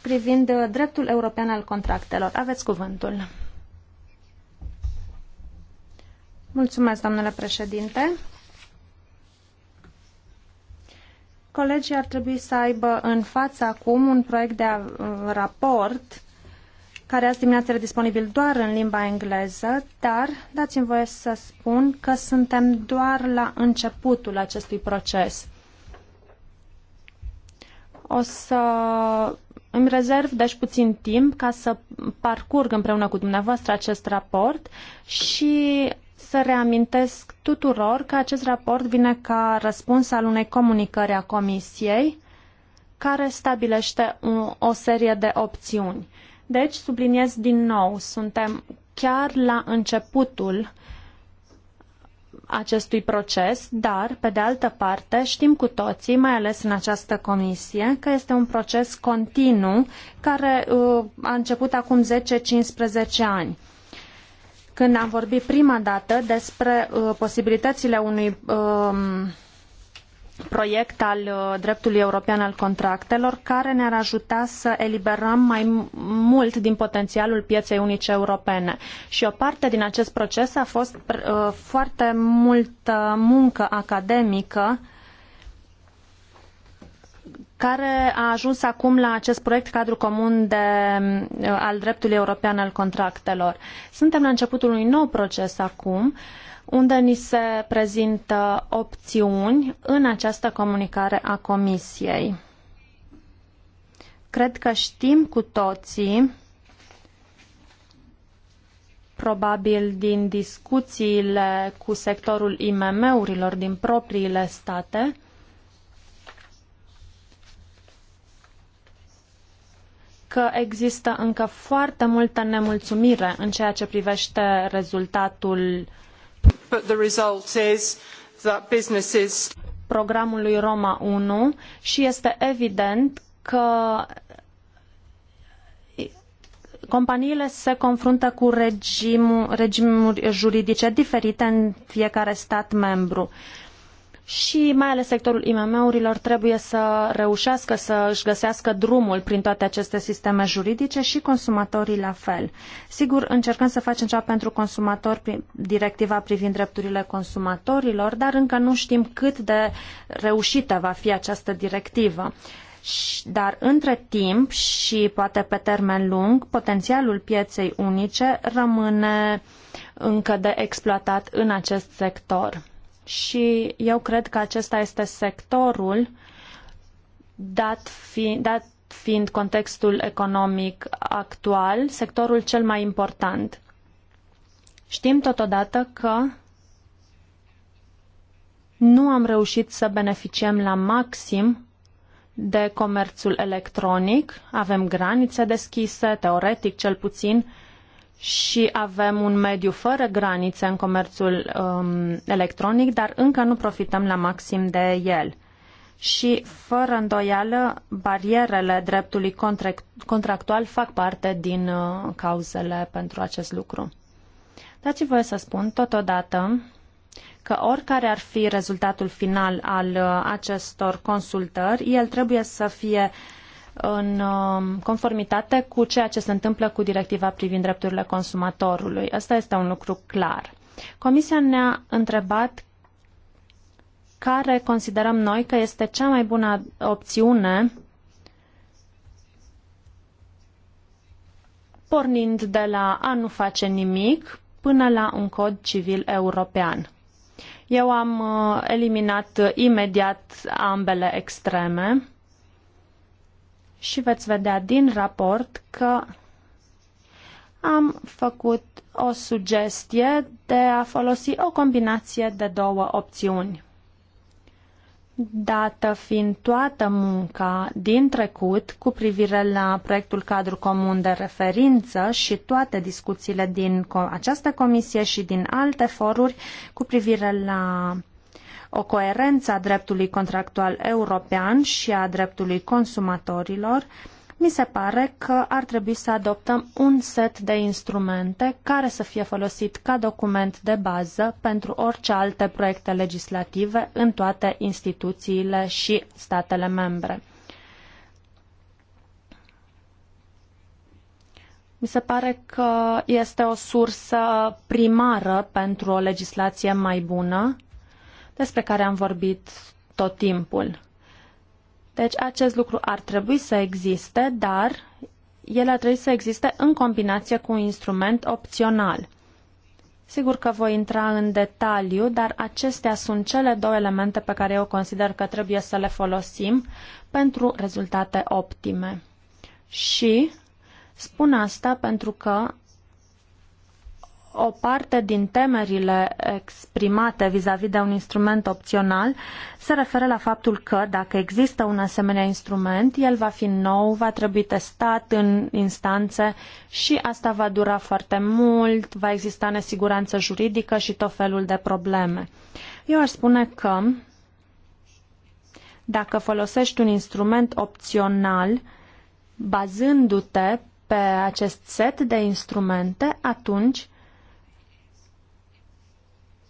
[SPEAKER 2] privind dreptul european al contractelor. Aveți cuvântul. Mulțumesc, domnule președinte. Colegii ar trebui să aibă în față acum un proiect de uh, raport care azi dimineață era disponibil doar în limba engleză, dar dați-mi voie să spun că suntem doar la începutul acestui proces. O să îmi rezerv deci puțin timp ca să parcurg împreună cu dumneavoastră acest raport și să reamintesc tuturor că acest raport vine ca răspuns al unei comunicări a Comisiei care stabilește o serie de opțiuni. Deci, subliniez din nou, suntem chiar la începutul acestui proces, dar, pe de altă parte, știm cu toții, mai ales în această comisie, că este un proces continuu care uh, a început acum 10-15 ani când am vorbit prima dată despre uh, posibilitățile unui uh, proiect al uh, dreptului european al contractelor care ne-ar ajuta să eliberăm mai mult din potențialul pieței unice europene. Și o parte din acest proces a fost uh, foarte multă muncă academică care a ajuns acum la acest proiect cadru comun de, uh, al dreptului european al contractelor. Suntem la începutul unui nou proces acum uh, unde ni se prezintă opțiuni în această comunicare a Comisiei. Cred că știm cu toții, probabil din discuțiile cu sectorul IMM-urilor din propriile state, că există încă foarte multă nemulțumire în ceea ce privește rezultatul uh,
[SPEAKER 4] but the result is
[SPEAKER 2] that
[SPEAKER 3] businesses
[SPEAKER 2] programului Roma 1 și este evident că companiile se confruntă cu regim, regimuri juridice diferite în fiecare stat membru. Uh, și mai ales sectorul IMM-urilor trebuie să reușească să își găsească drumul prin toate aceste sisteme juridice și consumatorii la fel. Sigur, încercăm să facem ceva pentru consumatori prin directiva privind drepturile consumatorilor, dar încă nu știm cât de reușită va fi această directivă. Dar între timp și poate pe termen lung, potențialul pieței unice rămâne încă de exploatat în acest sector și eu cred că acesta este sectorul, dat, fi, dat fiind contextul economic actual, sectorul cel mai important. Știm totodată că nu am reușit să beneficiem la maxim de comerțul electronic, avem granițe deschise, teoretic cel puțin, și avem un mediu fără granițe în comerțul um, electronic, dar încă nu profităm la maxim de el. Și, fără îndoială, barierele dreptului contractual fac parte din uh, cauzele pentru acest lucru. Dați-mi voie să spun totodată că oricare ar fi rezultatul final al uh, acestor consultări, el trebuie să fie uh, în um, conformitate cu ceea ce se întâmplă cu directiva privind drepturile consumatorului. Asta este un lucru clar. Comisia ne-a întrebat care considerăm noi că este cea mai bună opțiune pornind de la a nu face nimic până la un cod civil european. Eu am uh, eliminat imediat ambele extreme și veți vedea din raport că am făcut o sugestie de a folosi o combinație de două opțiuni. Dată fiind toată munca din trecut cu privire la proiectul cadru comun de referință și toate discuțiile din această comisie și din alte foruri cu privire la o coerență a dreptului contractual european și a dreptului consumatorilor, mi se pare că ar trebui să adoptăm un set de instrumente care să fie folosit ca document de bază pentru orice alte proiecte legislative în toate instituțiile și statele membre. Mi se pare că este o sursă primară pentru o legislație mai bună despre care am vorbit tot timpul. Deci acest lucru ar trebui să existe, dar el ar trebui să existe în combinație cu un instrument opțional. Sigur că voi intra în detaliu, dar acestea sunt cele două elemente pe care eu consider că trebuie să le folosim pentru rezultate optime. Și spun asta pentru că o parte din temerile exprimate vis-a-vis -vis de un instrument opțional se referă la faptul că, dacă există un asemenea instrument, el va fi nou, va trebui testat în instanțe și asta va dura foarte mult, va exista nesiguranță juridică și tot felul de probleme. Eu aș spune că dacă folosești un instrument opțional, bazându-te pe acest set de instrumente, atunci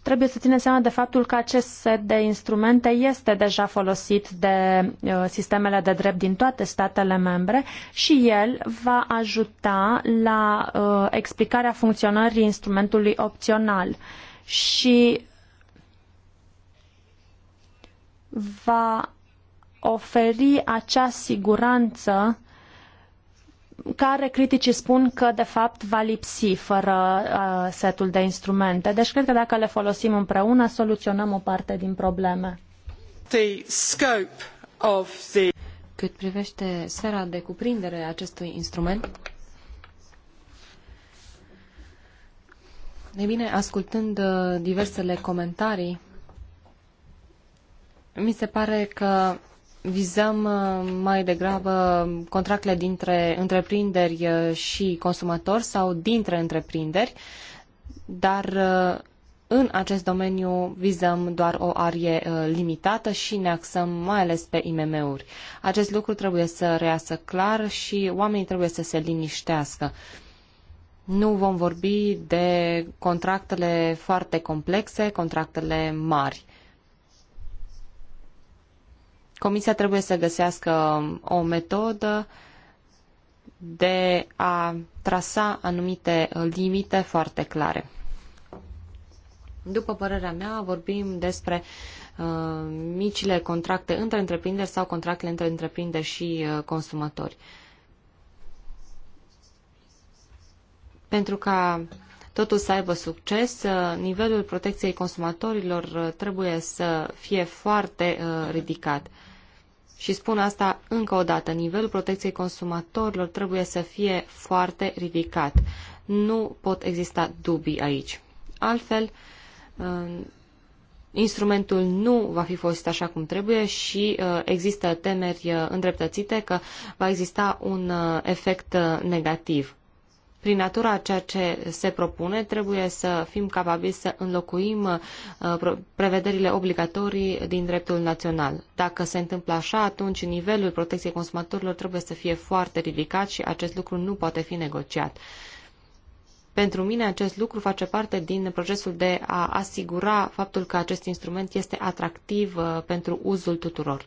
[SPEAKER 2] trebuie să ținem seama de faptul că acest set de instrumente este deja folosit de uh, sistemele de drept din toate statele membre și el va ajuta la uh, explicarea funcționării instrumentului opțional și va oferi acea siguranță care criticii spun că de fapt va lipsi fără uh, setul de instrumente. Deci cred că dacă le folosim împreună, soluționăm o parte din probleme.
[SPEAKER 3] The scope of the... Cât privește sfera de cuprindere a acestui instrument, e bine, ascultând uh, diversele comentarii, mi se pare că vizăm uh, mai degrabă contractele dintre întreprinderi uh, și consumatori sau dintre întreprinderi, dar uh, în acest domeniu vizăm doar o arie limitată și ne axăm mai ales pe IMM-uri. Acest lucru trebuie să reiasă clar și oamenii trebuie să se liniștească. Nu vom vorbi de contractele foarte complexe, contractele mari. Comisia trebuie să găsească o metodă de a trasa anumite limite foarte clare. După părerea mea, vorbim despre uh, micile contracte între întreprinderi sau contractele între întreprinderi și uh, consumatori. Pentru ca totul să aibă succes, uh, nivelul protecției consumatorilor uh, trebuie să fie foarte uh, ridicat. Și spun asta încă o dată, nivelul protecției consumatorilor trebuie să fie foarte ridicat. Nu pot exista dubii aici. Altfel, uh, instrumentul nu va fi folosit așa cum trebuie și uh, există temeri uh, îndreptățite că va exista un efect negativ prin natura a ceea ce se propune, trebuie să fim capabili să înlocuim uh, prevederile obligatorii din dreptul național. Dacă se întâmplă așa, atunci nivelul protecției consumatorilor trebuie să fie foarte ridicat și acest lucru nu poate fi negociat. Pentru mine acest lucru face parte din procesul de a asigura faptul că acest instrument este atractiv uh, pentru uzul tuturor.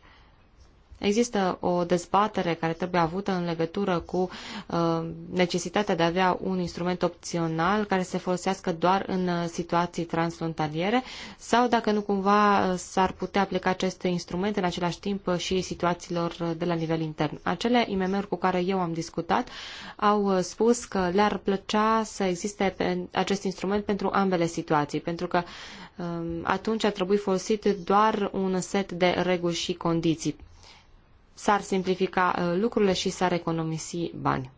[SPEAKER 3] Există o dezbatere care trebuie avută în legătură cu uh, necesitatea de a avea un instrument opțional care se folosească doar în uh, situații transfrontaliere sau dacă nu cumva uh, s-ar putea aplica acest instrument în același timp și situațiilor uh, de la nivel intern. Acele IMM-uri cu care eu am discutat au uh, spus că le-ar plăcea să existe pe acest instrument pentru ambele situații, pentru că um, atunci ar trebui folosit doar un set de reguli și condiții s-ar simplifica uh, lucrurile și s-ar economisi bani.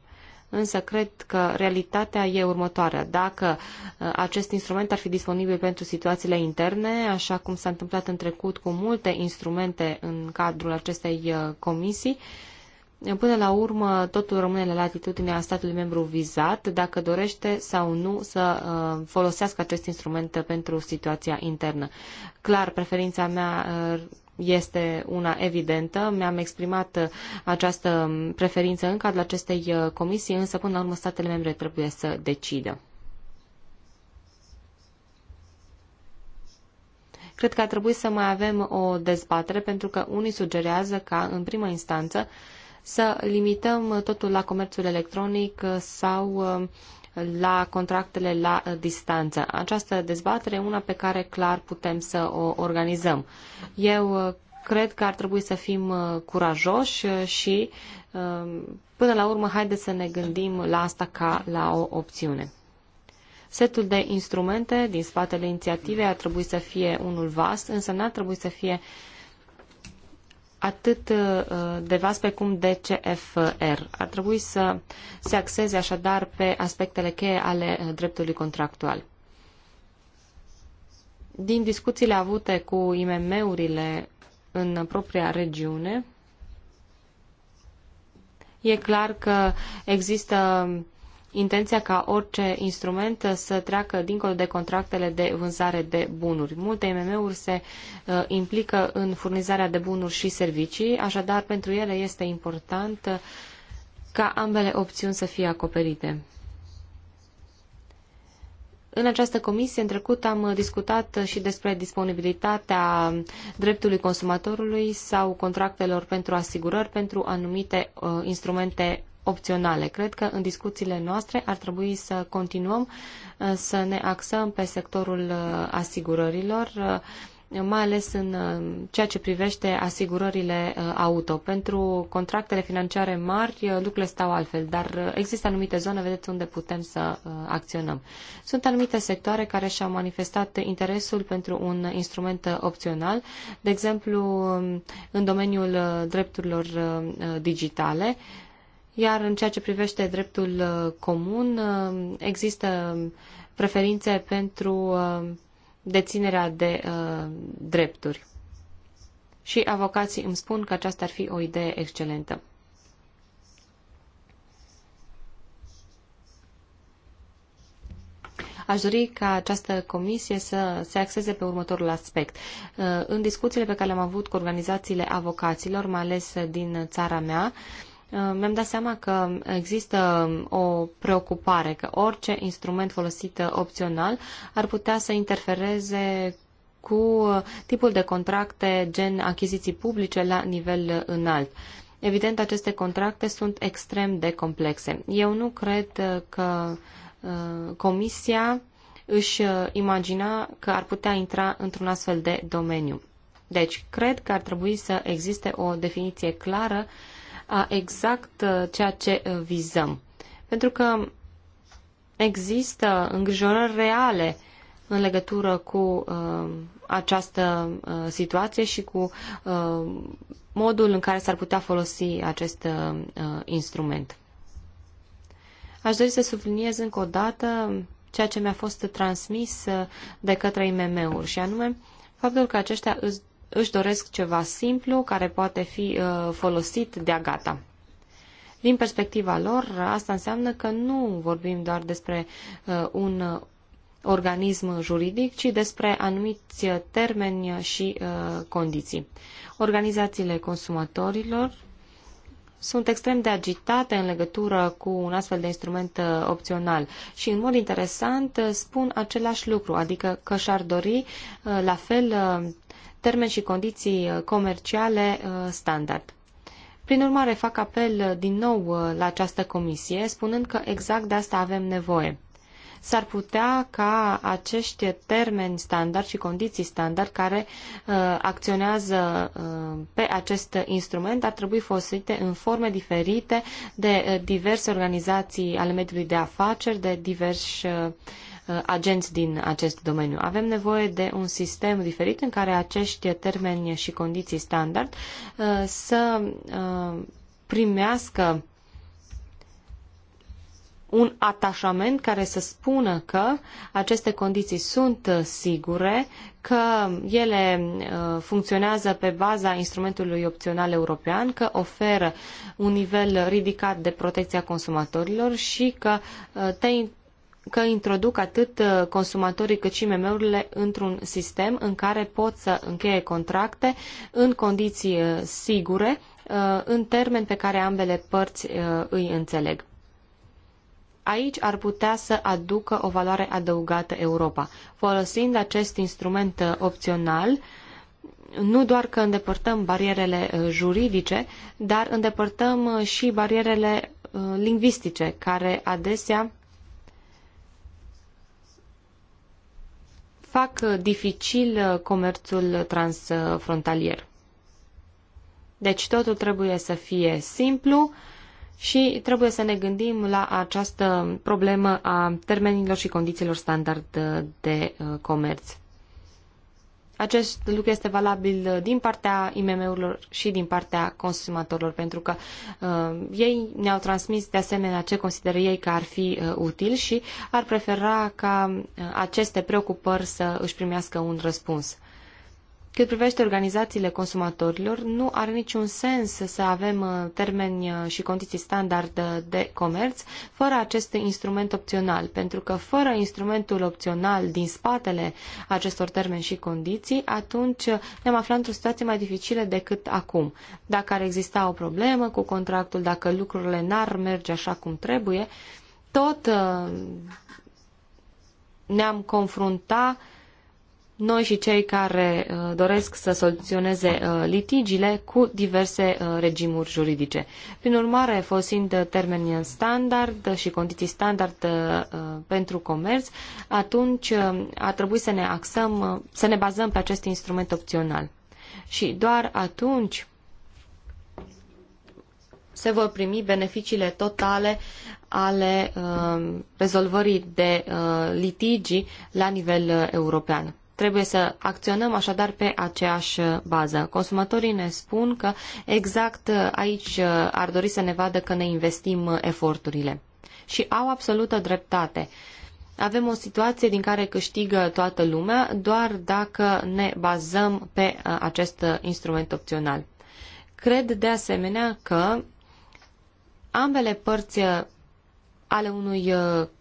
[SPEAKER 3] Însă cred că realitatea e următoarea. Dacă uh, acest instrument ar fi disponibil pentru situațiile interne, așa cum s-a întâmplat în trecut cu multe instrumente în cadrul acestei uh, comisii, Până la urmă, totul rămâne la latitudinea statului membru vizat, dacă dorește sau nu să folosească acest instrument pentru situația internă. Clar, preferința mea este una evidentă. Mi-am exprimat această preferință în cadrul acestei uh, comisii, însă până la urmă statele membre trebuie să decidă. Cred că ar trebui să mai avem o dezbatere pentru că unii sugerează ca în primă instanță să limităm totul la comerțul electronic sau uh, la contractele la uh, distanță. Această dezbatere e una pe care clar putem să o organizăm. Eu uh, cred că ar trebui să fim uh, curajoși și până la urmă haideți să ne gândim la asta ca la o opțiune. Setul de instrumente din spatele inițiativei ar trebui să fie unul vast, însă n-ar trebui să fie uh, atât uh, de vast precum DCFR. Ar trebui să se axeze așadar pe aspectele cheie ale uh, dreptului contractual. Din discuțiile avute cu IMM-urile în propria regiune, e clar că există intenția ca orice instrument să treacă dincolo de contractele de vânzare de bunuri. Multe IMM-uri se uh, implică în furnizarea de bunuri și servicii, așadar pentru ele este important uh, ca ambele opțiuni să fie acoperite. În această comisie, în trecut, am discutat și despre disponibilitatea dreptului consumatorului sau contractelor pentru asigurări pentru anumite uh, instrumente opționale. Cred că în discuțiile noastre ar trebui să continuăm uh, să ne axăm pe sectorul uh, asigurărilor, uh, mai ales în ceea ce privește asigurările auto. Pentru contractele financiare mari lucrurile stau altfel, dar există anumite zone, vedeți, unde putem să acționăm. Sunt anumite sectoare care și-au manifestat interesul pentru un instrument opțional, de exemplu um, în domeniul drepturilor digitale, iar în ceea ce privește dreptul uh, comun, uh, există preferințe pentru uh, deținerea de drepturi. Și avocații îmi spun că aceasta ar fi o idee excelentă. aș dori ca această comisie să se axeze pe următorul aspect. În discuțiile pe care le-am avut cu organizațiile avocaților, mai ales din țara mea, Uh, mi-am dat seama că există um, o preocupare că orice instrument folosit uh, opțional ar putea să interfereze cu uh, tipul de contracte gen achiziții publice la nivel înalt. Evident, aceste contracte sunt extrem de complexe. Eu nu cred că Comisia își imagina că ar putea intra într-un astfel de domeniu. Deci, cred că ar trebui să existe o definiție clară uh, a exact uh, ceea ce uh, vizăm. Pentru că există îngrijorări reale în legătură cu uh, această uh, situație și cu uh, modul în care s-ar putea folosi acest uh, uh instrument. Aș dori să subliniez încă o dată ceea ce mi-a fost transmis de către IMM-uri și anume faptul că aceștia îți își doresc ceva simplu care poate fi uh, folosit de-a gata. Din perspectiva lor, asta înseamnă că nu vorbim doar despre uh, un organism juridic, ci despre anumiți termeni și uh, condiții. Organizațiile consumatorilor sunt extrem de agitate în legătură cu un astfel de instrument uh, opțional și, în mod interesant, spun același lucru, adică că și-ar dori la fel termeni și condiții uh, comerciale uh, standard. Prin urmare, fac apel uh, din nou la această comisie, spunând că exact de asta avem nevoie. S-ar putea ca acești termeni standard și condiții standard care uh, acționează uh, pe acest instrument ar trebui folosite în forme diferite de uh, diverse organizații ale mediului de afaceri, de diverse. uh, Uh, agenți din acest domeniu. Avem nevoie de un sistem diferit în care acești termeni și condiții standard uh, să uh, primească un atașament care să spună că aceste condiții sunt sigure, că ele funcționează pe baza instrumentului opțional european, că oferă un nivel ridicat de protecție a consumatorilor și că te că introduc atât uh, consumatorii cât și MM-urile într-un sistem în care pot să încheie contracte în condiții uh, sigure, uh, în termeni pe care ambele părți îi înțeleg. Aici ar putea să aducă o valoare adăugată Europa. Folosind acest instrument opțional, nu doar că îndepărtăm barierele juridice, dar îndepărtăm și barierele lingvistice, care adesea fac uh, dificil uh, comerțul transfrontalier. Deci totul trebuie să fie simplu și trebuie să ne gândim la această problemă a termenilor și condițiilor standard uh, de comerț. Acest lucru este valabil uh, din partea IMM-urilor și din partea consumatorilor, pentru că uh, ei ne-au transmis de asemenea ce consideră ei că ar fi uh, util și ar prefera ca uh, aceste preocupări să își primească un răspuns. Cât privește organizațiile consumatorilor, nu are niciun sens să avem uh, termeni uh, și condiții standard de comerț fără acest instrument opțional, pentru că fără instrumentul opțional din spatele acestor termeni și condiții, atunci uh, ne-am aflat într-o situație mai dificilă decât acum. Dacă ar exista o problemă cu contractul, dacă lucrurile n-ar merge așa cum trebuie, tot ne-am confrunta noi și cei care uh, doresc să soluționeze uh, litigiile cu diverse uh, regimuri juridice. Prin urmare, folosind termeni standard și condiții standard pentru comerț, atunci ar trebui să ne axăm, să ne bazăm pe acest instrument opțional. Și doar atunci se vor primi beneficiile totale ale rezolvării de litigii la nivel european. Trebuie să acționăm așadar pe aceeași uh, bază. Consumatorii ne spun că exact uh, aici uh, ar dori să ne vadă că ne investim eforturile. Și au absolută dreptate avem o situație din care câștigă toată lumea doar dacă ne bazăm pe acest instrument opțional. Cred de asemenea că ambele părți ale unui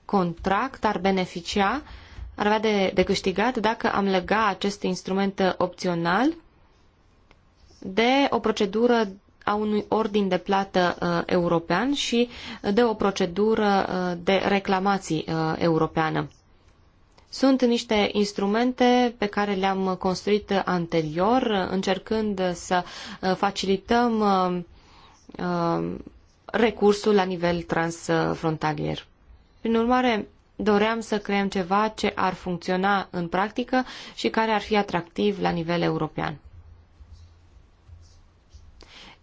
[SPEAKER 3] contract ar beneficia ar avea de, de câștigat dacă am lega acest instrument opțional de o procedură a unui ordin de plată uh, european și de o procedură uh, de reclamații uh, europeană. Sunt niște instrumente pe care le-am construit anterior, încercând să uh, facilităm uh, uh, recursul la nivel transfrontalier. Prin urmare, doream să creăm ceva ce ar funcționa în practică și care ar fi atractiv la nivel european.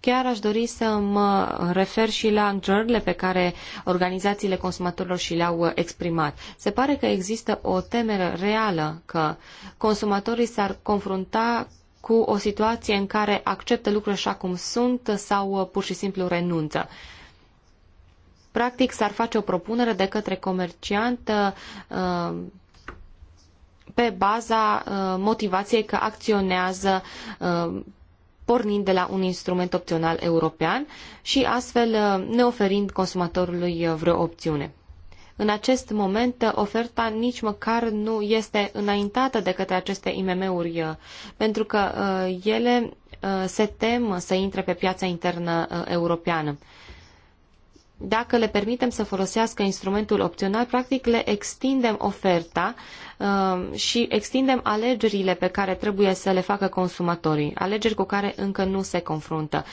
[SPEAKER 3] Chiar aș dori să mă refer și la îngrijorările pe care organizațiile consumatorilor și le-au exprimat. Se pare că există o temere reală că consumatorii s-ar confrunta cu o situație în care acceptă lucrurile așa cum sunt sau pur și simplu renunță. Uh, Practic, s-ar face o propunere de către comerciant uh, uh, pe baza uh, motivației că acționează pornind de la un instrument opțional european și astfel neoferind consumatorului vreo opțiune. În acest moment, oferta nici măcar nu este înaintată de către aceste IMM-uri, pentru că ele se tem să intre pe piața internă europeană dacă le permitem să folosească instrumentul opțional, practic le extindem oferta uh, și extindem alegerile pe care trebuie să le facă consumatorii, alegeri cu care încă nu se confruntă.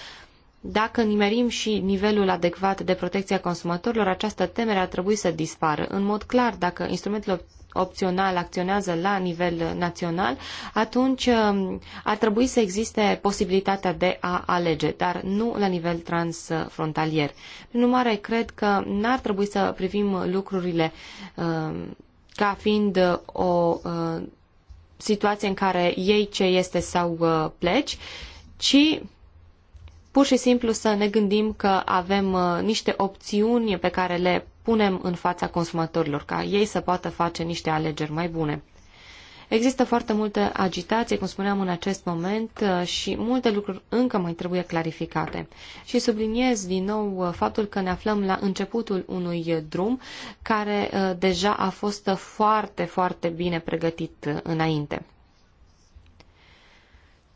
[SPEAKER 3] Dacă nimerim și nivelul adecvat de protecție a consumatorilor, această temere ar trebui să dispară. În mod clar, dacă instrumentul opțional acționează la nivel național, atunci um, ar trebui să existe posibilitatea de a alege, dar nu la nivel transfrontalier. Prin urmare, cred că n-ar trebui să privim lucrurile um, ca fiind o uh, situație în care ei ce este sau uh, pleci, ci pur și simplu să ne gândim că avem uh, niște opțiuni pe care le punem în fața consumatorilor, ca ei să poată face niște alegeri mai bune. Există foarte multă agitație, cum spuneam, în acest moment uh, și multe lucruri încă mai trebuie clarificate. Și subliniez din nou uh, faptul că ne aflăm la începutul unui drum care deja a fost foarte, foarte bine pregătit înainte.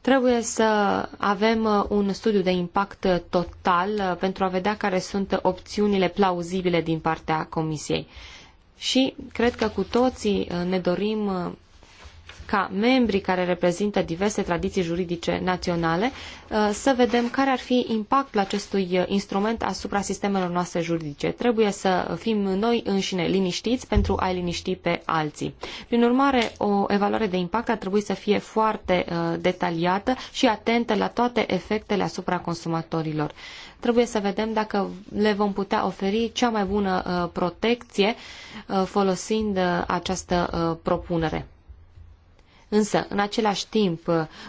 [SPEAKER 3] Trebuie să avem uh, un studiu de impact total uh, pentru a vedea care sunt opțiunile plauzibile din partea Comisiei. Și cred că cu toții uh, ne dorim ca membrii care reprezintă diverse tradiții juridice naționale uh, să vedem care ar fi impactul acestui uh, instrument asupra sistemelor noastre juridice. Trebuie să fim noi înșine liniștiți pentru a-i liniști pe alții. Prin urmare, o evaluare de impact ar trebui să fie foarte uh, detaliată și atentă la toate efectele asupra consumatorilor trebuie să vedem dacă le vom putea oferi cea mai bună protecție folosind această propunere. Însă, în același timp,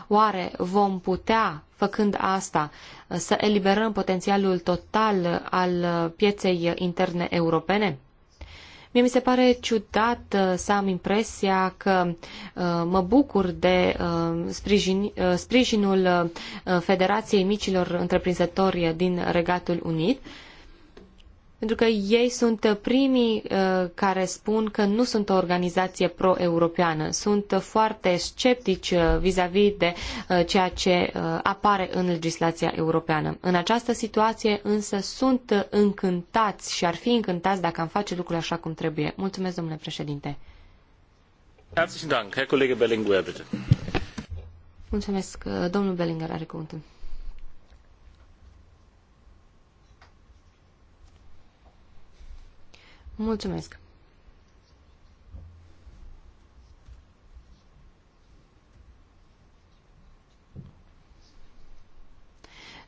[SPEAKER 3] oare vom putea, făcând asta, să eliberăm potențialul total al pieței interne europene? Mie mi se pare ciudat uh, să am impresia că uh, mă bucur de uh, sprijin, sprijinul Federației Micilor Întreprinzători din Regatul Unit, pentru că ei sunt primii uh, care spun că nu sunt o organizație pro-europeană. Sunt foarte sceptici uh, vis-a-vis -vis de uh, ceea ce apare în legislația europeană. În această situație însă sunt încântați și ar fi încântați dacă am face lucrurile așa cum trebuie. Mulțumesc, domnule președinte.
[SPEAKER 1] Herzlichen Dank, herr Kollege Bellinger bitte.
[SPEAKER 3] Mulțumesc, domnul Bellinger are cuvântul. Mulțumesc!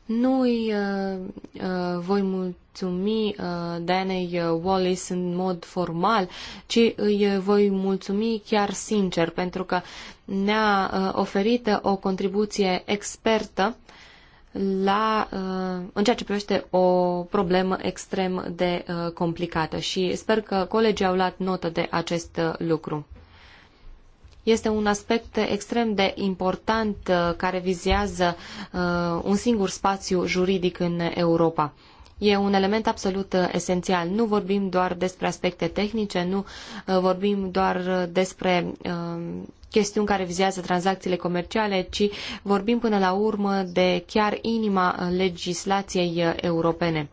[SPEAKER 3] Nu îi uh, uh, voi mulțumi uh, Danei uh, Wallace în mod formal, ci îi uh, voi mulțumi chiar sincer, pentru că ne-a uh, oferit o contribuție expertă uh, la, uh, în ceea ce privește o problemă extrem de uh, complicată și sper că colegii au luat notă de acest uh, lucru. Este un aspect extrem de important care vizează un singur spațiu juridic în Europa. E un element absolut esențial. Nu vorbim doar despre aspecte tehnice, nu vorbim doar despre chestiuni care vizează tranzacțiile comerciale, ci vorbim până la urmă de chiar inima legislației uh, europene.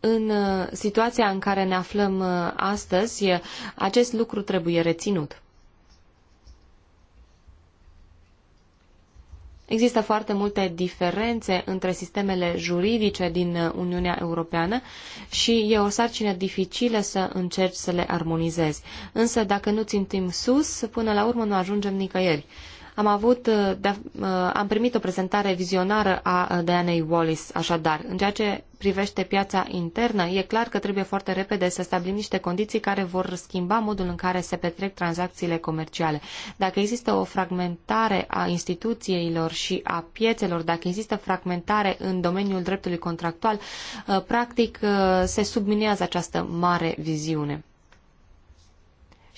[SPEAKER 3] În uh, situația în care ne aflăm uh, astăzi, acest lucru trebuie reținut. Există foarte multe diferențe între sistemele juridice din Uniunea Europeană și e o sarcină dificilă să încerci să le armonizezi. Însă dacă nu țintim sus, până la urmă nu ajungem nicăieri. Am avut, uh, uh, am primit o prezentare vizionară a uh, Dianei Wallis, așadar. În ceea ce privește piața internă, e clar că trebuie foarte repede să stabilim niște condiții care vor schimba modul în care se petrec tranzacțiile comerciale. Dacă există o fragmentare a instituțiilor și a piețelor, dacă există fragmentare în domeniul dreptului contractual, practic se subminează această mare viziune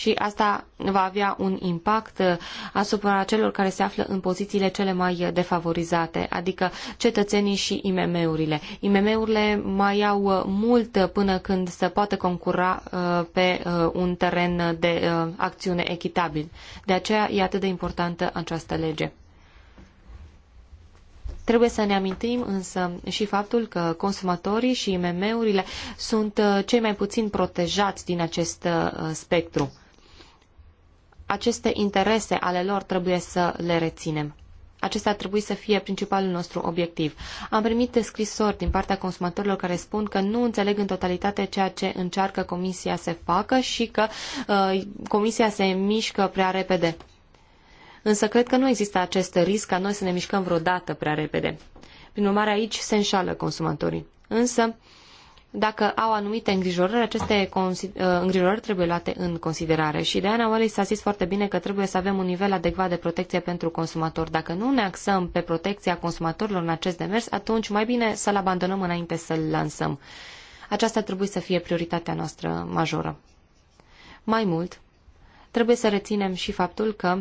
[SPEAKER 3] și asta va avea un impact uh, asupra celor care se află în pozițiile cele mai defavorizate, adică cetățenii și IMM-urile. IMM-urile mai au uh, mult până când se poate concura uh, pe un teren de acțiune echitabil. De aceea e atât de importantă această lege. Trebuie să ne amintim însă și faptul că consumatorii și IMM-urile sunt cei mai puțin protejați din acest spectru aceste interese ale lor trebuie să le reținem. Acesta ar trebui să fie principalul nostru obiectiv. Am primit scrisori din partea consumatorilor care spun că nu înțeleg în totalitate ceea ce încearcă comisia să facă și că uh, comisia se mișcă prea repede. Însă cred că nu există acest risc ca noi să ne mișcăm vreodată prea repede. Prin urmare, aici se înșală consumatorii. Însă, uh, dacă au anumite îngrijorări, aceste uh, îngrijorări trebuie luate în considerare. Și Diana Wallis a zis foarte bine că trebuie să avem un nivel adecvat de protecție pentru consumator. Dacă nu ne axăm pe protecția consumatorilor în acest demers, atunci mai bine să-l abandonăm înainte să-l lansăm. Aceasta trebuie să fie prioritatea noastră majoră. Mai mult, trebuie să reținem și faptul că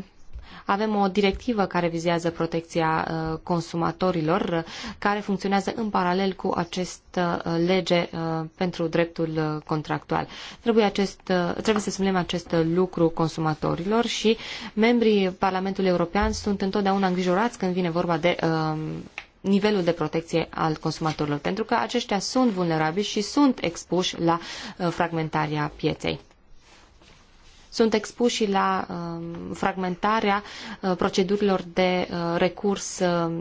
[SPEAKER 3] avem o directivă care vizează protecția uh, consumatorilor, uh, care funcționează în paralel cu această uh, lege pentru dreptul contractual. Trebuie, acest, trebuie să spunem acest lucru consumatorilor și membrii Parlamentului European sunt întotdeauna îngrijorați când vine vorba de nivelul de protecție al consumatorilor, pentru că aceștia sunt vulnerabili și sunt expuși la fragmentarea pieței sunt expuși la um, fragmentarea uh, procedurilor de uh, recurs uh,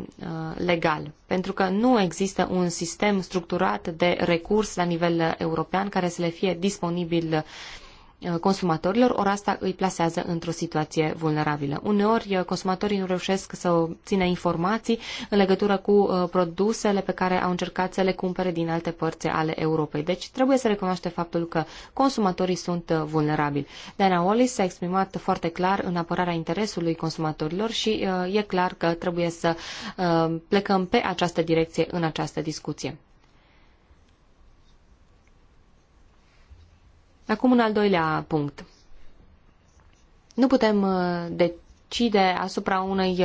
[SPEAKER 3] legal, pentru că nu există un sistem structurat de recurs la nivel european care să le fie disponibil Uh, consumatorilor, ori asta îi plasează într-o situație vulnerabilă. Uneori, uh, consumatorii nu reușesc să obțină informații în legătură cu uh, produsele pe care au încercat să le cumpere din alte părți ale Europei. Deci, trebuie să recunoaște faptul că consumatorii sunt vulnerabili. Dana Wallis s-a exprimat foarte clar în apărarea interesului consumatorilor și e clar că trebuie să plecăm pe această direcție în această discuție. Acum un al doilea punct. Nu putem uh, decide asupra unei,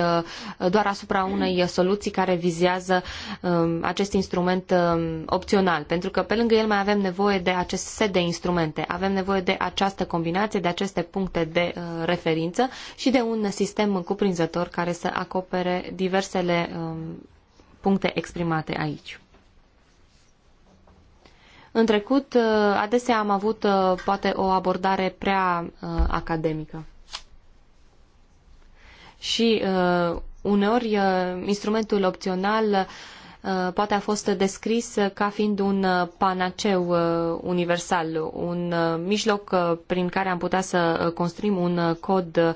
[SPEAKER 3] uh, doar asupra unei soluții care vizează um, acest instrument um, opțional, pentru că pe lângă el mai avem nevoie de acest set de instrumente, avem nevoie de această combinație, de aceste puncte de uh, referință și de un sistem cuprinzător care să acopere diversele um, puncte exprimate aici. În trecut, uh, adesea am avut uh, poate o abordare prea uh, academică. Și uneori instrumentul opțional Uh, poate a fost descris ca fiind un uh, panaceu uh, universal, un mijloc prin care am putea să construim un cod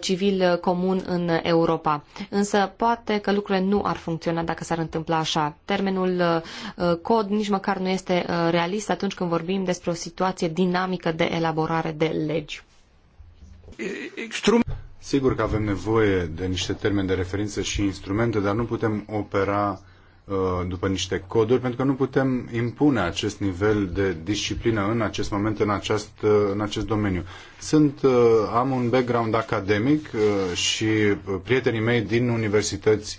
[SPEAKER 3] civil comun în Europa. Însă poate că lucrurile nu ar funcționa dacă s-ar întâmpla așa. Termenul cod nici măcar nu este realist atunci când vorbim despre o situație dinamică de elaborare de legi.
[SPEAKER 1] Sigur că avem nevoie de niște termeni de referință și instrumente, dar nu putem opera Uh, după niște coduri, pentru că nu putem impune acest nivel de disciplină în acest moment, în acest, uh, în acest domeniu. Sunt, uh, am un background academic și prietenii mei din universități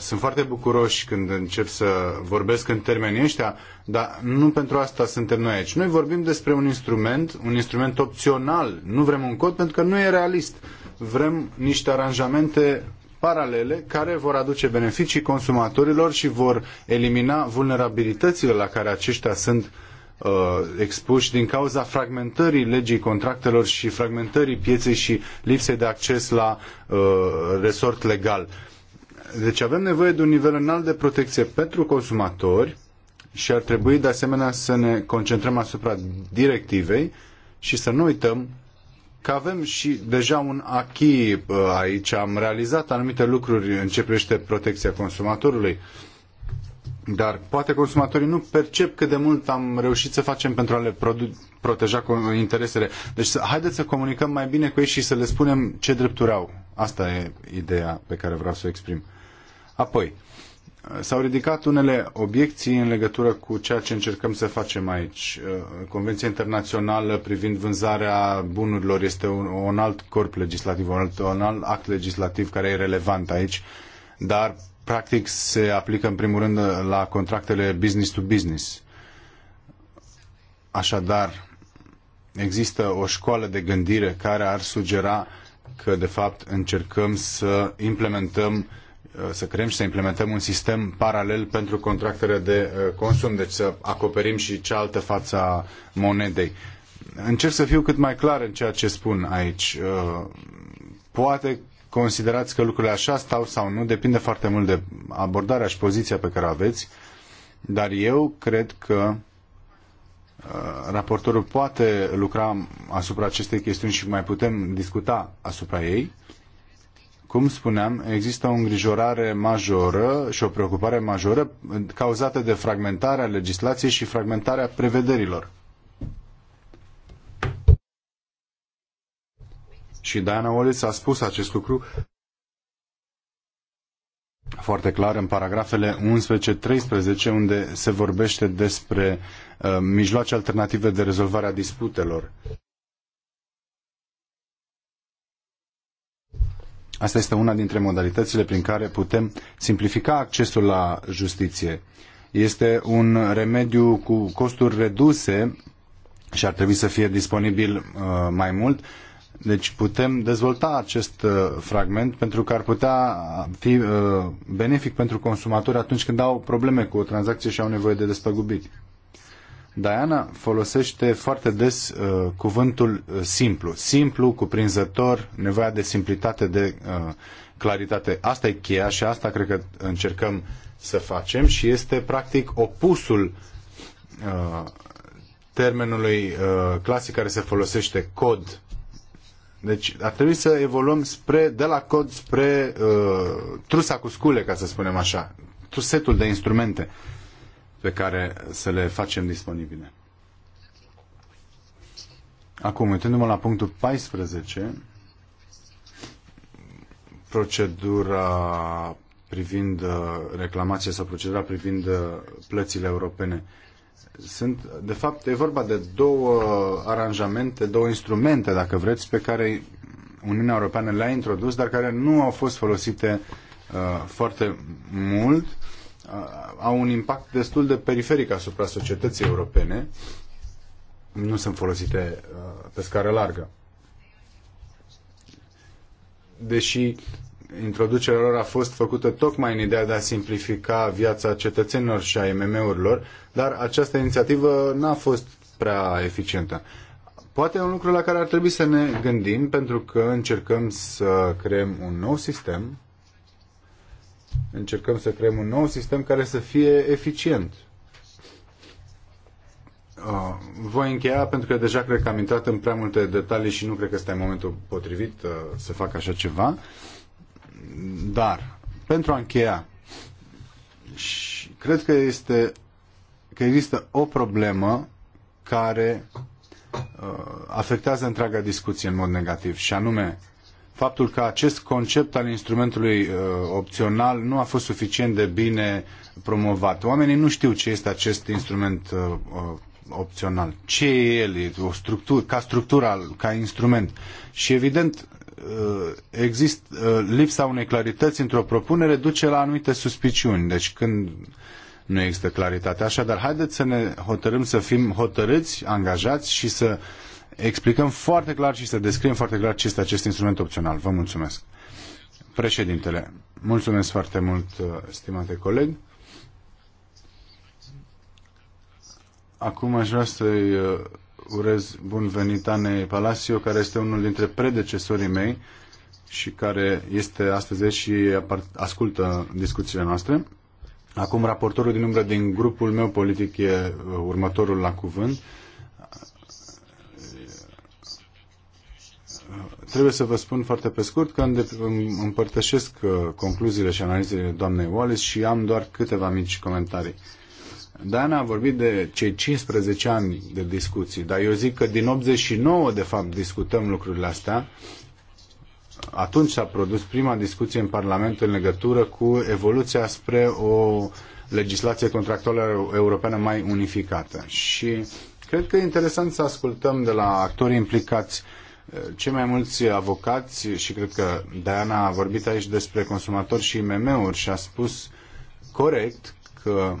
[SPEAKER 1] sunt foarte bucuroși când încep să vorbesc în termenii ăștia, dar nu pentru asta suntem noi aici. Noi vorbim despre un instrument, un instrument opțional. Nu vrem un cod pentru că nu e realist. Vrem niște aranjamente paralele care vor aduce beneficii consumatorilor și vor elimina vulnerabilitățile la care aceștia sunt uh, expuși din cauza fragmentării legii contractelor și fragmentării pieței și lipsei de acces la uh, resort legal. Deci avem nevoie de un nivel înalt de protecție pentru consumatori și ar trebui de asemenea să ne concentrăm asupra directivei și să nu uităm că avem și deja un achi aici. Am realizat anumite lucruri în ce privește protecția consumatorului. Dar poate consumatorii nu percep cât de mult am reușit să facem pentru a le proteja interesele. Deci să, haideți să comunicăm mai bine cu ei și să le spunem ce drepturi au. Asta e ideea pe care vreau să o exprim. Apoi, S-au ridicat unele obiecții în legătură cu ceea ce încercăm să facem aici. Uh, Convenția internațională privind vânzarea bunurilor este un, un alt corp legislativ, un alt, un alt act legislativ care e relevant aici, dar practic se aplică în primul rând la contractele business to business. Așadar, există o școală de gândire care ar sugera că de fapt încercăm să implementăm uh, Uh, să creăm și să implementăm un sistem paralel pentru contractele de uh, consum, deci să acoperim și cealaltă a monedei. Încerc să fiu cât mai clar în ceea ce spun aici. Uh, poate considerați că lucrurile așa stau sau nu, depinde foarte mult de abordarea și poziția pe care o aveți, dar eu cred că raportorul poate lucra asupra acestei chestiuni și mai putem discuta asupra ei cum spuneam, există o îngrijorare majoră și o preocupare majoră cauzată de fragmentarea legislației și fragmentarea prevederilor. Și Diana Wallis a spus acest lucru foarte clar în paragrafele 11-13, unde se vorbește despre uh, mijloace alternative de rezolvare a disputelor. Asta este una dintre modalitățile prin care putem simplifica accesul la justiție. Este un remediu cu costuri reduse și ar trebui să fie disponibil uh, mai mult. Deci putem dezvolta acest uh, fragment pentru că ar putea fi uh, benefic pentru consumatori atunci când au probleme cu o tranzacție și au nevoie de despăgubiri. Diana folosește foarte des uh, cuvântul uh, simplu. Simplu, cuprinzător, nevoia de simplitate, de uh, claritate. Asta e cheia și asta cred că încercăm să facem și este practic opusul uh, termenului uh, clasic care se folosește cod. Deci ar trebui să evoluăm spre, de la cod spre uh, trusa cu scule, ca să spunem așa, setul de instrumente. Uh, pe care să le facem disponibile. Acum, uitându-mă la punctul 14, procedura privind uh, reclamație sau procedura privind uh, plățile europene. Sunt, de fapt, e vorba de două aranjamente, două instrumente, dacă vreți, pe care Uniunea Europeană le-a introdus, dar care nu au fost folosite uh, foarte mult au un impact destul de periferic asupra societății europene, nu sunt folosite pe scară largă. Deși introducerea lor a fost făcută tocmai în ideea de a simplifica viața cetățenilor și a mm urilor dar această inițiativă n-a fost prea eficientă. Poate un lucru la care ar trebui să ne gândim, pentru că încercăm să creăm un nou sistem Încercăm să creăm un nou sistem care să fie eficient. Uh, voi încheia pentru că deja cred că am intrat în prea multe detalii și nu cred că este momentul potrivit uh, să fac așa ceva. Dar, pentru a încheia, și cred că este că există o problemă care uh, afectează întreaga discuție în mod negativ și anume faptul că acest concept al instrumentului uh, opțional nu a fost suficient de bine promovat. Oamenii nu știu ce este acest instrument uh, uh, opțional, ce e el, e o structură, ca structură, ca instrument. Și evident, există lipsa unei clarități într-o propunere duce la anumite suspiciuni. Deci când nu există claritate. Așadar, haideți să ne hotărâm să fim hotărâți, angajați și să uh, explicăm foarte clar și să descriem foarte clar ce este acest instrument opțional. Vă mulțumesc. Președintele, mulțumesc foarte mult, uh, stimate coleg. Acum aș vrea să-i uh, urez bun venit Ane Palacio, care este unul dintre predecesorii mei și care este astăzi și ascultă discuțiile noastre. Acum raportorul din umbră din grupul meu politic e uh, următorul la cuvânt. trebuie să vă spun foarte pe scurt că împărtășesc uh, concluziile și analizele doamnei Wallace și am doar câteva mici comentarii. Diana a vorbit de cei 15 ani de discuții, dar eu zic că din 89, de fapt, discutăm lucrurile astea. Atunci s-a produs prima discuție în Parlament în legătură cu evoluția spre o legislație contractuală europeană mai unificată. Și cred că e interesant să ascultăm de la actorii implicați uh, cei mai mulți avocați, și cred că Diana a vorbit aici despre consumatori și IMM-uri și a spus corect că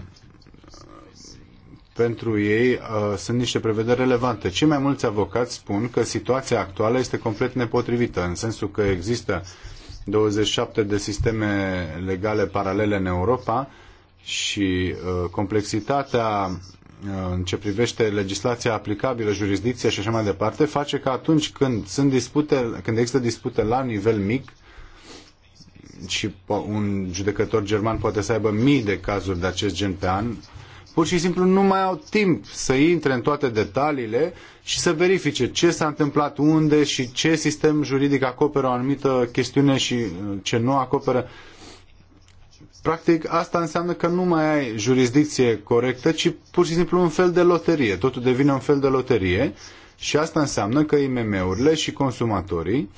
[SPEAKER 1] pentru ei uh, sunt niște prevederi relevante. Cei mai mulți avocați spun că situația actuală este complet nepotrivită, în sensul că există 27 de sisteme legale paralele în Europa și uh, complexitatea în ce privește legislația aplicabilă, jurisdicție și așa mai departe, face că atunci când, sunt dispute, când există dispute la nivel mic, și un judecător german poate să aibă mii de cazuri de acest gen pe an, pur și simplu nu mai au timp să intre în toate detaliile și să verifice ce s-a întâmplat unde și ce sistem juridic acoperă o anumită chestiune și uh, ce nu acoperă. Uh, Practic, asta înseamnă că nu mai ai jurisdicție corectă, ci pur și simplu un fel de loterie. Totul devine un fel de loterie și asta înseamnă că IMM-urile și consumatorii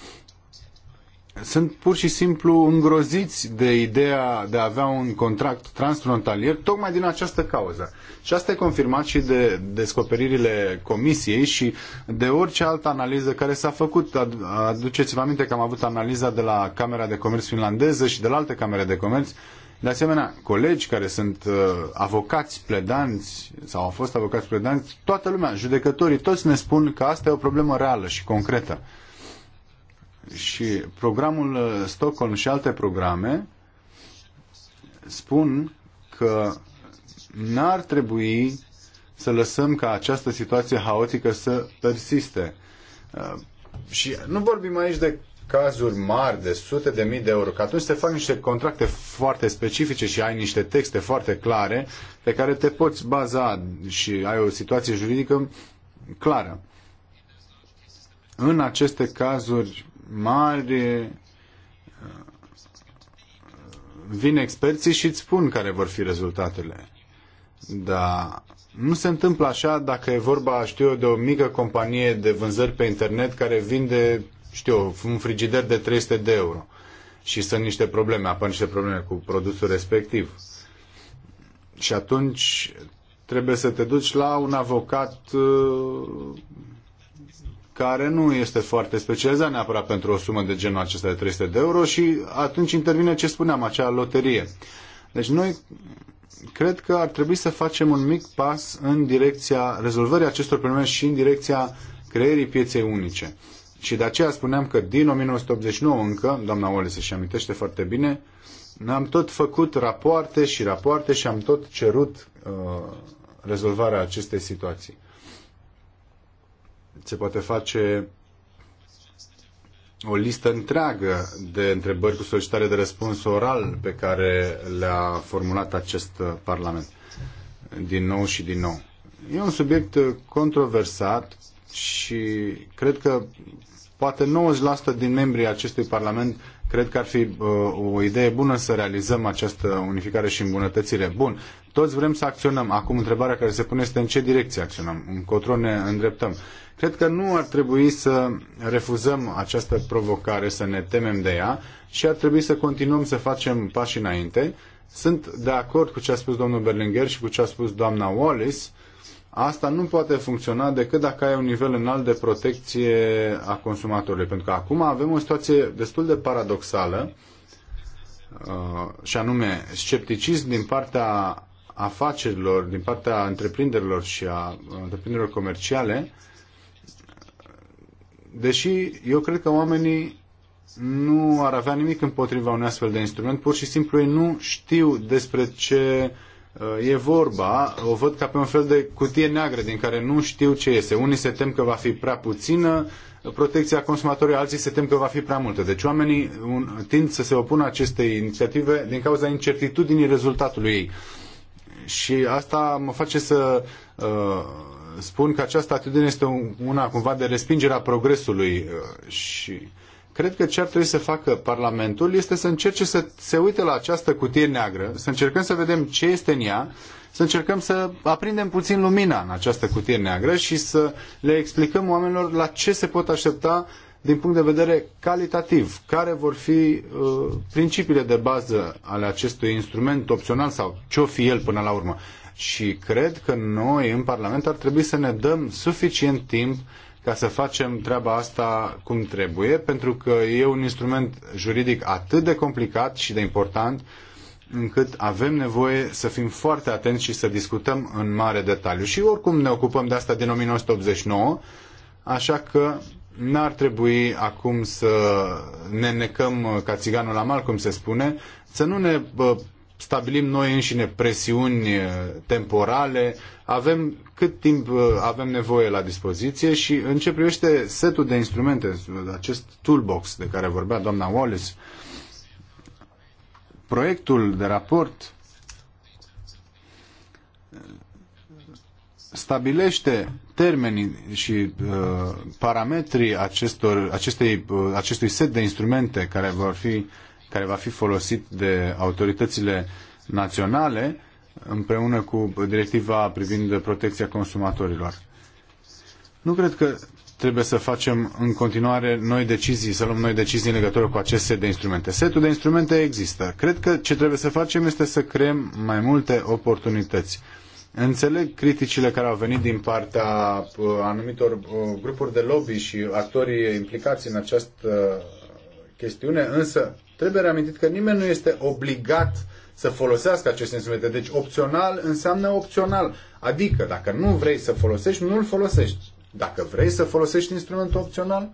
[SPEAKER 1] sunt pur și simplu îngroziți de ideea de a avea un contract transfrontalier tocmai din această cauză. Și asta e confirmat și de descoperirile comisiei și de orice altă analiză care s-a făcut. Aduceți-vă aminte că am avut analiza de la Camera de Comerț finlandeză și de la alte camere de comerț de asemenea, colegi care sunt uh, avocați pledanți sau au fost avocați pledanți, toată lumea, judecătorii, toți ne spun că asta e o problemă reală și concretă. Și programul uh, Stockholm și alte programe spun că n-ar trebui să lăsăm ca această situație haotică să persiste. Uh, și nu vorbim aici de cazuri mari de sute de mii de euro, că atunci se fac niște contracte foarte specifice și ai niște texte foarte clare pe care te poți baza și ai o situație juridică clară. În aceste cazuri mari vin experții și îți spun care vor fi rezultatele. Dar nu se întâmplă așa dacă e vorba, știu eu, de o mică companie de vânzări pe internet care vinde știu, un frigider de 300 de euro și sunt niște probleme, apar niște probleme cu produsul respectiv. Și atunci trebuie să te duci la un avocat uh, care nu este foarte specializat neapărat pentru o sumă de genul acesta de 300 de euro și atunci intervine ce spuneam, acea loterie. Deci noi cred că ar trebui să facem un mic pas în direcția rezolvării acestor probleme și în direcția creierii pieței unice. Și de aceea spuneam că din 1989 încă, doamna Oale se și amintește foarte bine, am tot făcut rapoarte și rapoarte și am tot cerut uh, rezolvarea acestei situații. Se poate face o listă întreagă de întrebări cu solicitare de răspuns oral pe care le-a formulat acest uh, Parlament. Din nou și din nou. E un subiect uh, controversat și cred că Poate 90% din membrii acestui Parlament cred că ar fi uh, o idee bună să realizăm această unificare și îmbunătățire. Bun, toți vrem să acționăm. Acum întrebarea care se pune este în ce direcție acționăm, încotro ne îndreptăm. Cred că nu ar trebui să refuzăm această provocare, să ne temem de ea și ar trebui să continuăm să facem pași înainte. Sunt de acord cu ce a spus domnul Berlinger și cu ce a spus doamna Wallis. Uh, Asta nu poate funcționa decât dacă ai un nivel înalt de protecție a consumatorului, pentru că acum avem o situație destul de paradoxală, uh, și anume scepticism din partea afacerilor, din partea întreprinderilor și a întreprinderilor comerciale, deși eu cred că oamenii nu ar avea nimic împotriva unui astfel de instrument, pur și simplu ei nu știu despre ce e vorba, o văd ca pe un fel de cutie neagră din care nu știu ce este. Unii se tem că va fi prea puțină protecția consumatorilor, alții se tem că va fi prea multă. Deci oamenii tind să se opună acestei inițiative din cauza incertitudinii rezultatului ei. Și asta mă face să uh, spun că această atitudine este una cumva de respingere a progresului uh, și cred că ce ar trebui să facă Parlamentul este să încerce să se uite la această cutie neagră, să încercăm să vedem ce este în ea, să încercăm să aprindem puțin lumina în această cutie neagră și să le explicăm oamenilor la ce se pot aștepta din punct de vedere calitativ, care vor fi uh, principiile de bază ale acestui instrument opțional sau ce o fi el până la urmă. Și cred că noi în Parlament ar trebui să ne dăm suficient timp uh, ca să facem treaba asta cum trebuie, pentru că e un instrument juridic atât de complicat și de important încât avem nevoie să fim foarte atenți și să discutăm în mare detaliu. Și oricum ne ocupăm de asta din 1989, așa că n-ar trebui acum să ne necăm ca țiganul la mal, cum se spune, să nu ne stabilim noi înșine presiuni eh, temporale, avem cât timp eh, avem nevoie la dispoziție și în ce privește setul de instrumente, acest toolbox de care vorbea doamna Wallace, proiectul de raport eh, stabilește termenii și uh, parametrii acestor, acestei, uh, acestui set de instrumente care vor fi care va fi folosit de autoritățile naționale împreună cu directiva privind protecția consumatorilor. Nu cred că trebuie să facem în continuare noi decizii, să luăm noi decizii în legătură cu acest set de instrumente. Setul de instrumente există. Cred că ce trebuie să facem este să creăm mai multe oportunități. Înțeleg criticile care au venit din partea uh, anumitor uh, grupuri de lobby și actorii implicați în acest chestiune, însă trebuie reamintit că nimeni nu este obligat să folosească aceste instrumente. Deci opțional înseamnă opțional. Adică dacă nu vrei să folosești, nu-l folosești. Dacă vrei să folosești instrumentul opțional,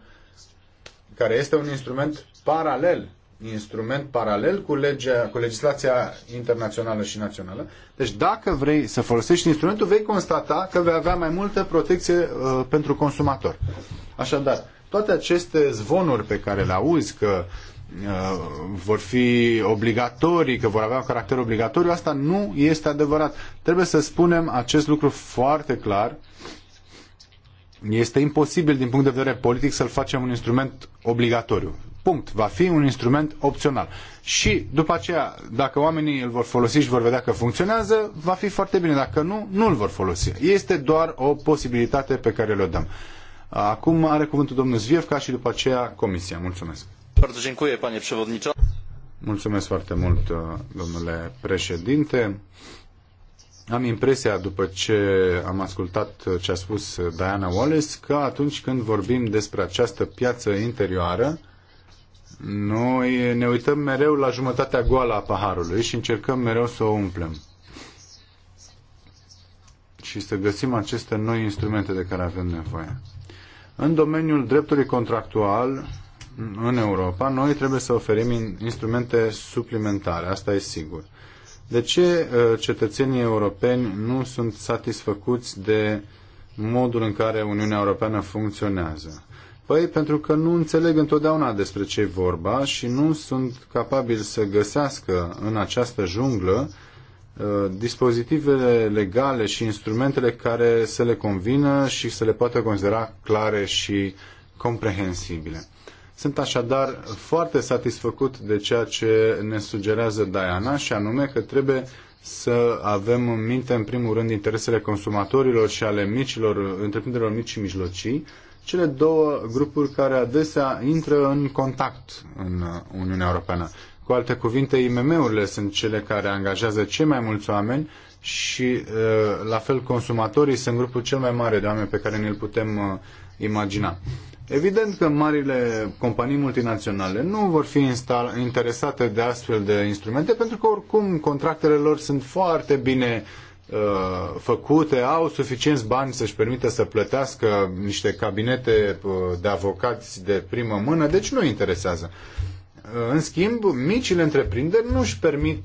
[SPEAKER 1] care este un instrument paralel, instrument paralel cu, legea, cu legislația internațională și națională. Deci dacă vrei să folosești instrumentul, vei constata că vei avea mai multă protecție uh, pentru consumator. Așadar, toate aceste zvonuri pe care le auzi că uh, vor fi obligatorii, că vor avea un caracter obligatoriu, asta nu este adevărat. Trebuie să spunem acest lucru foarte clar. Este imposibil din punct de vedere politic să-l facem un instrument obligatoriu. Punct. Va fi un instrument opțional. Și după aceea, dacă oamenii îl vor folosi și vor vedea că funcționează, va fi foarte bine. Dacă nu, nu îl vor folosi. Este doar o posibilitate pe care le-o dăm. Acum are cuvântul domnul Zviefca și după aceea Comisia. Mulțumesc. Mulțumesc foarte mult, uh, domnule președinte. Am impresia, după ce am ascultat uh, ce a spus uh, Diana Wallace, că atunci când vorbim despre această piață interioară, noi ne uităm mereu la jumătatea goală a paharului și încercăm mereu să o umplem. Și să găsim aceste noi instrumente de care avem nevoie. În domeniul dreptului contractual în Europa, noi trebuie să oferim instrumente suplimentare, asta e sigur. De ce uh, cetățenii europeni nu sunt satisfăcuți de modul în care Uniunea Europeană funcționează? Păi pentru că nu înțeleg întotdeauna despre ce e vorba și nu sunt capabili să găsească în această junglă Uh, dispozitivele legale și instrumentele care să le convină și să le poată considera clare și comprehensibile. Sunt așadar foarte satisfăcut de ceea ce ne sugerează Diana și anume că trebuie să avem în minte în primul rând interesele consumatorilor și ale micilor, întreprinderilor mici și mijlocii, cele două grupuri care adesea intră în contact în Uniunea Europeană. Cu alte cuvinte, IMM-urile sunt cele care angajează cei mai mulți oameni și, uh, la fel, consumatorii sunt grupul cel mai mare de oameni pe care ne-l putem uh, imagina. Evident că marile companii multinaționale nu vor fi interesate de astfel de instrumente pentru că oricum contractele lor sunt foarte bine uh, făcute, au suficienți bani să-și permită să plătească niște cabinete uh, de avocați de primă mână, deci nu interesează. În schimb, micile întreprinderi nu își permit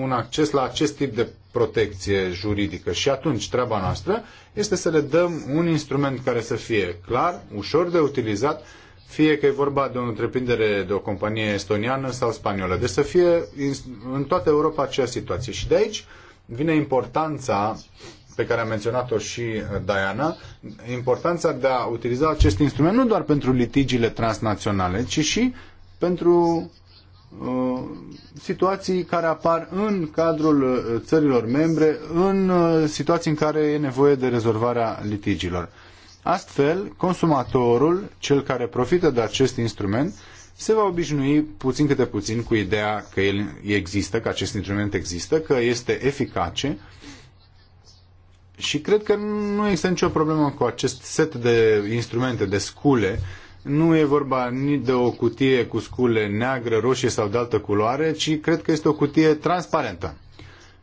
[SPEAKER 1] un acces la acest tip de protecție juridică și atunci treaba noastră este să le dăm un instrument care să fie clar, ușor de utilizat, fie că e vorba de o întreprindere de o companie estoniană sau spaniolă. Deci să fie în toată Europa aceeași situație. Și de aici vine importanța pe care a menționat-o și uh, Diana, importanța de a utiliza acest instrument nu doar pentru litigiile transnaționale, ci și pentru uh, situații care apar în cadrul uh, țărilor membre, în uh, situații în care e nevoie de rezolvarea litigilor. Astfel, consumatorul, cel care profită de acest instrument, se va obișnui puțin câte puțin cu ideea că el există, că acest instrument există, că este eficace și cred că nu există nicio problemă cu acest set de instrumente, de scule, uh, nu e vorba nici de o cutie cu scule neagră, roșie sau de altă culoare, ci cred că este o cutie transparentă.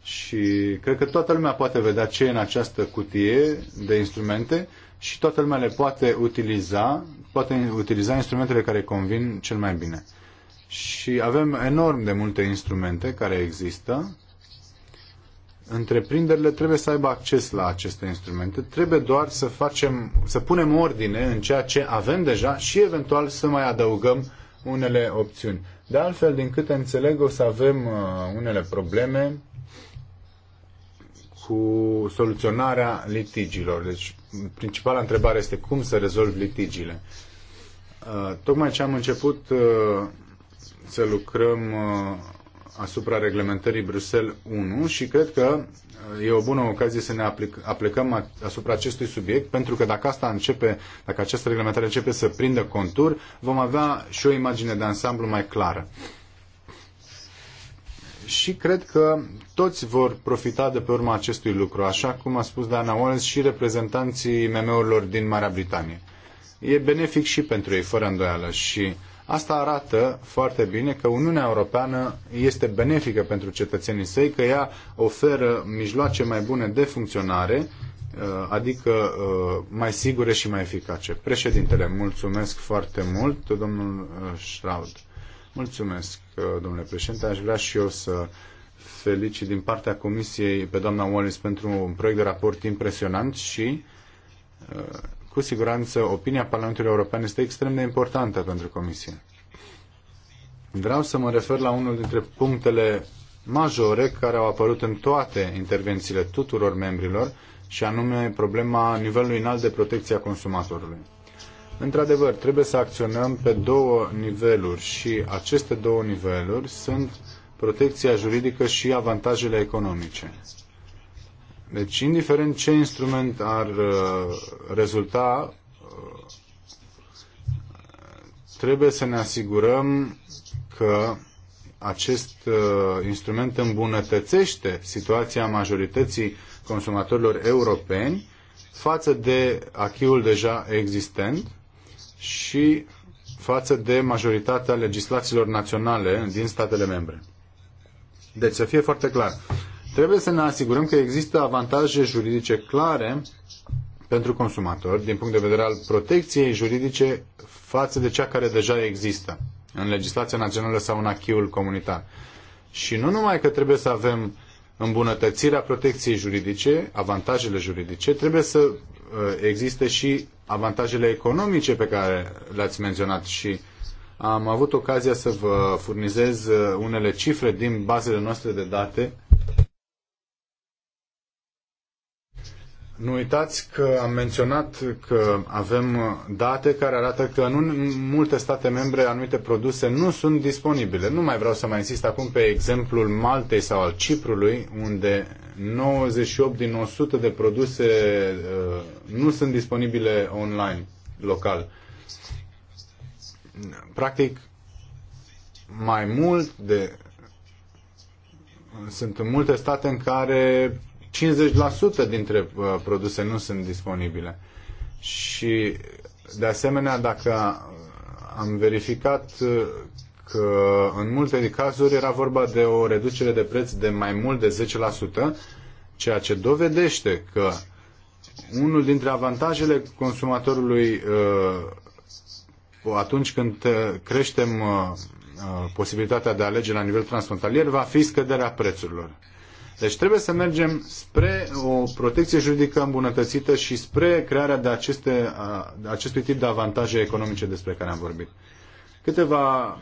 [SPEAKER 1] Și cred că toată lumea poate vedea ce e în această cutie de instrumente și toată lumea le poate utiliza, poate utiliza instrumentele care convin cel mai bine. Și avem enorm de multe instrumente care există Întreprinderile trebuie să aibă acces la aceste instrumente, trebuie doar să facem, să punem ordine în ceea ce avem deja și eventual să mai adăugăm unele opțiuni. De altfel, din câte înțeleg, o să avem uh, unele probleme cu soluționarea litigiilor. Deci, principala întrebare este cum să rezolvi litigiile. Uh, tocmai ce am început uh, să lucrăm asupra reglementării Bruxelles 1 și cred că uh, e o bună ocazie să ne aplicăm asupra acestui subiect, pentru că dacă asta începe, dacă această reglementare începe să prindă contur, vom avea și o imagine de ansamblu mai clară. Și cred că toți vor profita de pe urma acestui lucru, așa cum a spus Dana Wallace și reprezentanții MM-urilor din Marea Britanie. E benefic și pentru ei, fără îndoială. Și uh, Asta arată foarte bine că Uniunea Europeană este benefică pentru cetățenii săi, că ea oferă mijloace mai bune de funcționare, uh, adică uh, mai sigure și mai eficace. Președintele, mulțumesc foarte mult, domnul uh, Schraud. Mulțumesc, domnule președinte. Aș vrea și eu să felicit din partea Comisiei pe doamna Wallis pentru un proiect de raport impresionant și cu siguranță, opinia Parlamentului European este extrem de importantă pentru Comisie. Vreau să mă refer la unul dintre punctele majore care au apărut în toate intervențiile tuturor membrilor, și anume problema nivelului înalt de protecție a consumatorului. Într-adevăr, trebuie să acționăm pe două niveluri și aceste două niveluri sunt protecția juridică și avantajele economice. Deci, indiferent ce instrument ar uh, rezulta, uh, trebuie să ne asigurăm că acest uh, instrument îmbunătățește situația majorității consumatorilor europeni față de achiul deja existent și față de majoritatea legislațiilor naționale din statele membre. Deci să fie foarte clar, Trebuie să ne asigurăm că există avantaje juridice clare pentru consumator din punct de vedere al protecției juridice față de cea care deja există în legislația națională sau în achiul comunitar. Și nu numai că trebuie să avem îmbunătățirea protecției juridice, avantajele juridice, trebuie să uh, existe și avantajele economice pe care le-ați menționat și am avut ocazia să vă furnizez uh, unele cifre din bazele noastre de date Nu uitați că am menționat că avem date care arată că în multe state membre anumite produse nu sunt disponibile. Nu mai vreau să mai insist acum pe exemplul Maltei sau al Ciprului, unde 98 din 100 de produse uh, nu sunt disponibile online, local. Practic, mai mult de. Sunt multe state în care 50% dintre uh, produse nu sunt disponibile. Și, de asemenea, dacă am verificat uh, că în multe cazuri era vorba de o reducere de preț de mai mult de 10%, ceea ce dovedește că unul dintre avantajele consumatorului uh, atunci când creștem posibilitatea de a alege la nivel transfrontalier va fi scăderea prețurilor. Deci trebuie să mergem spre o protecție juridică îmbunătățită și spre crearea de aceste, de acestui tip de avantaje economice despre care am vorbit. Câteva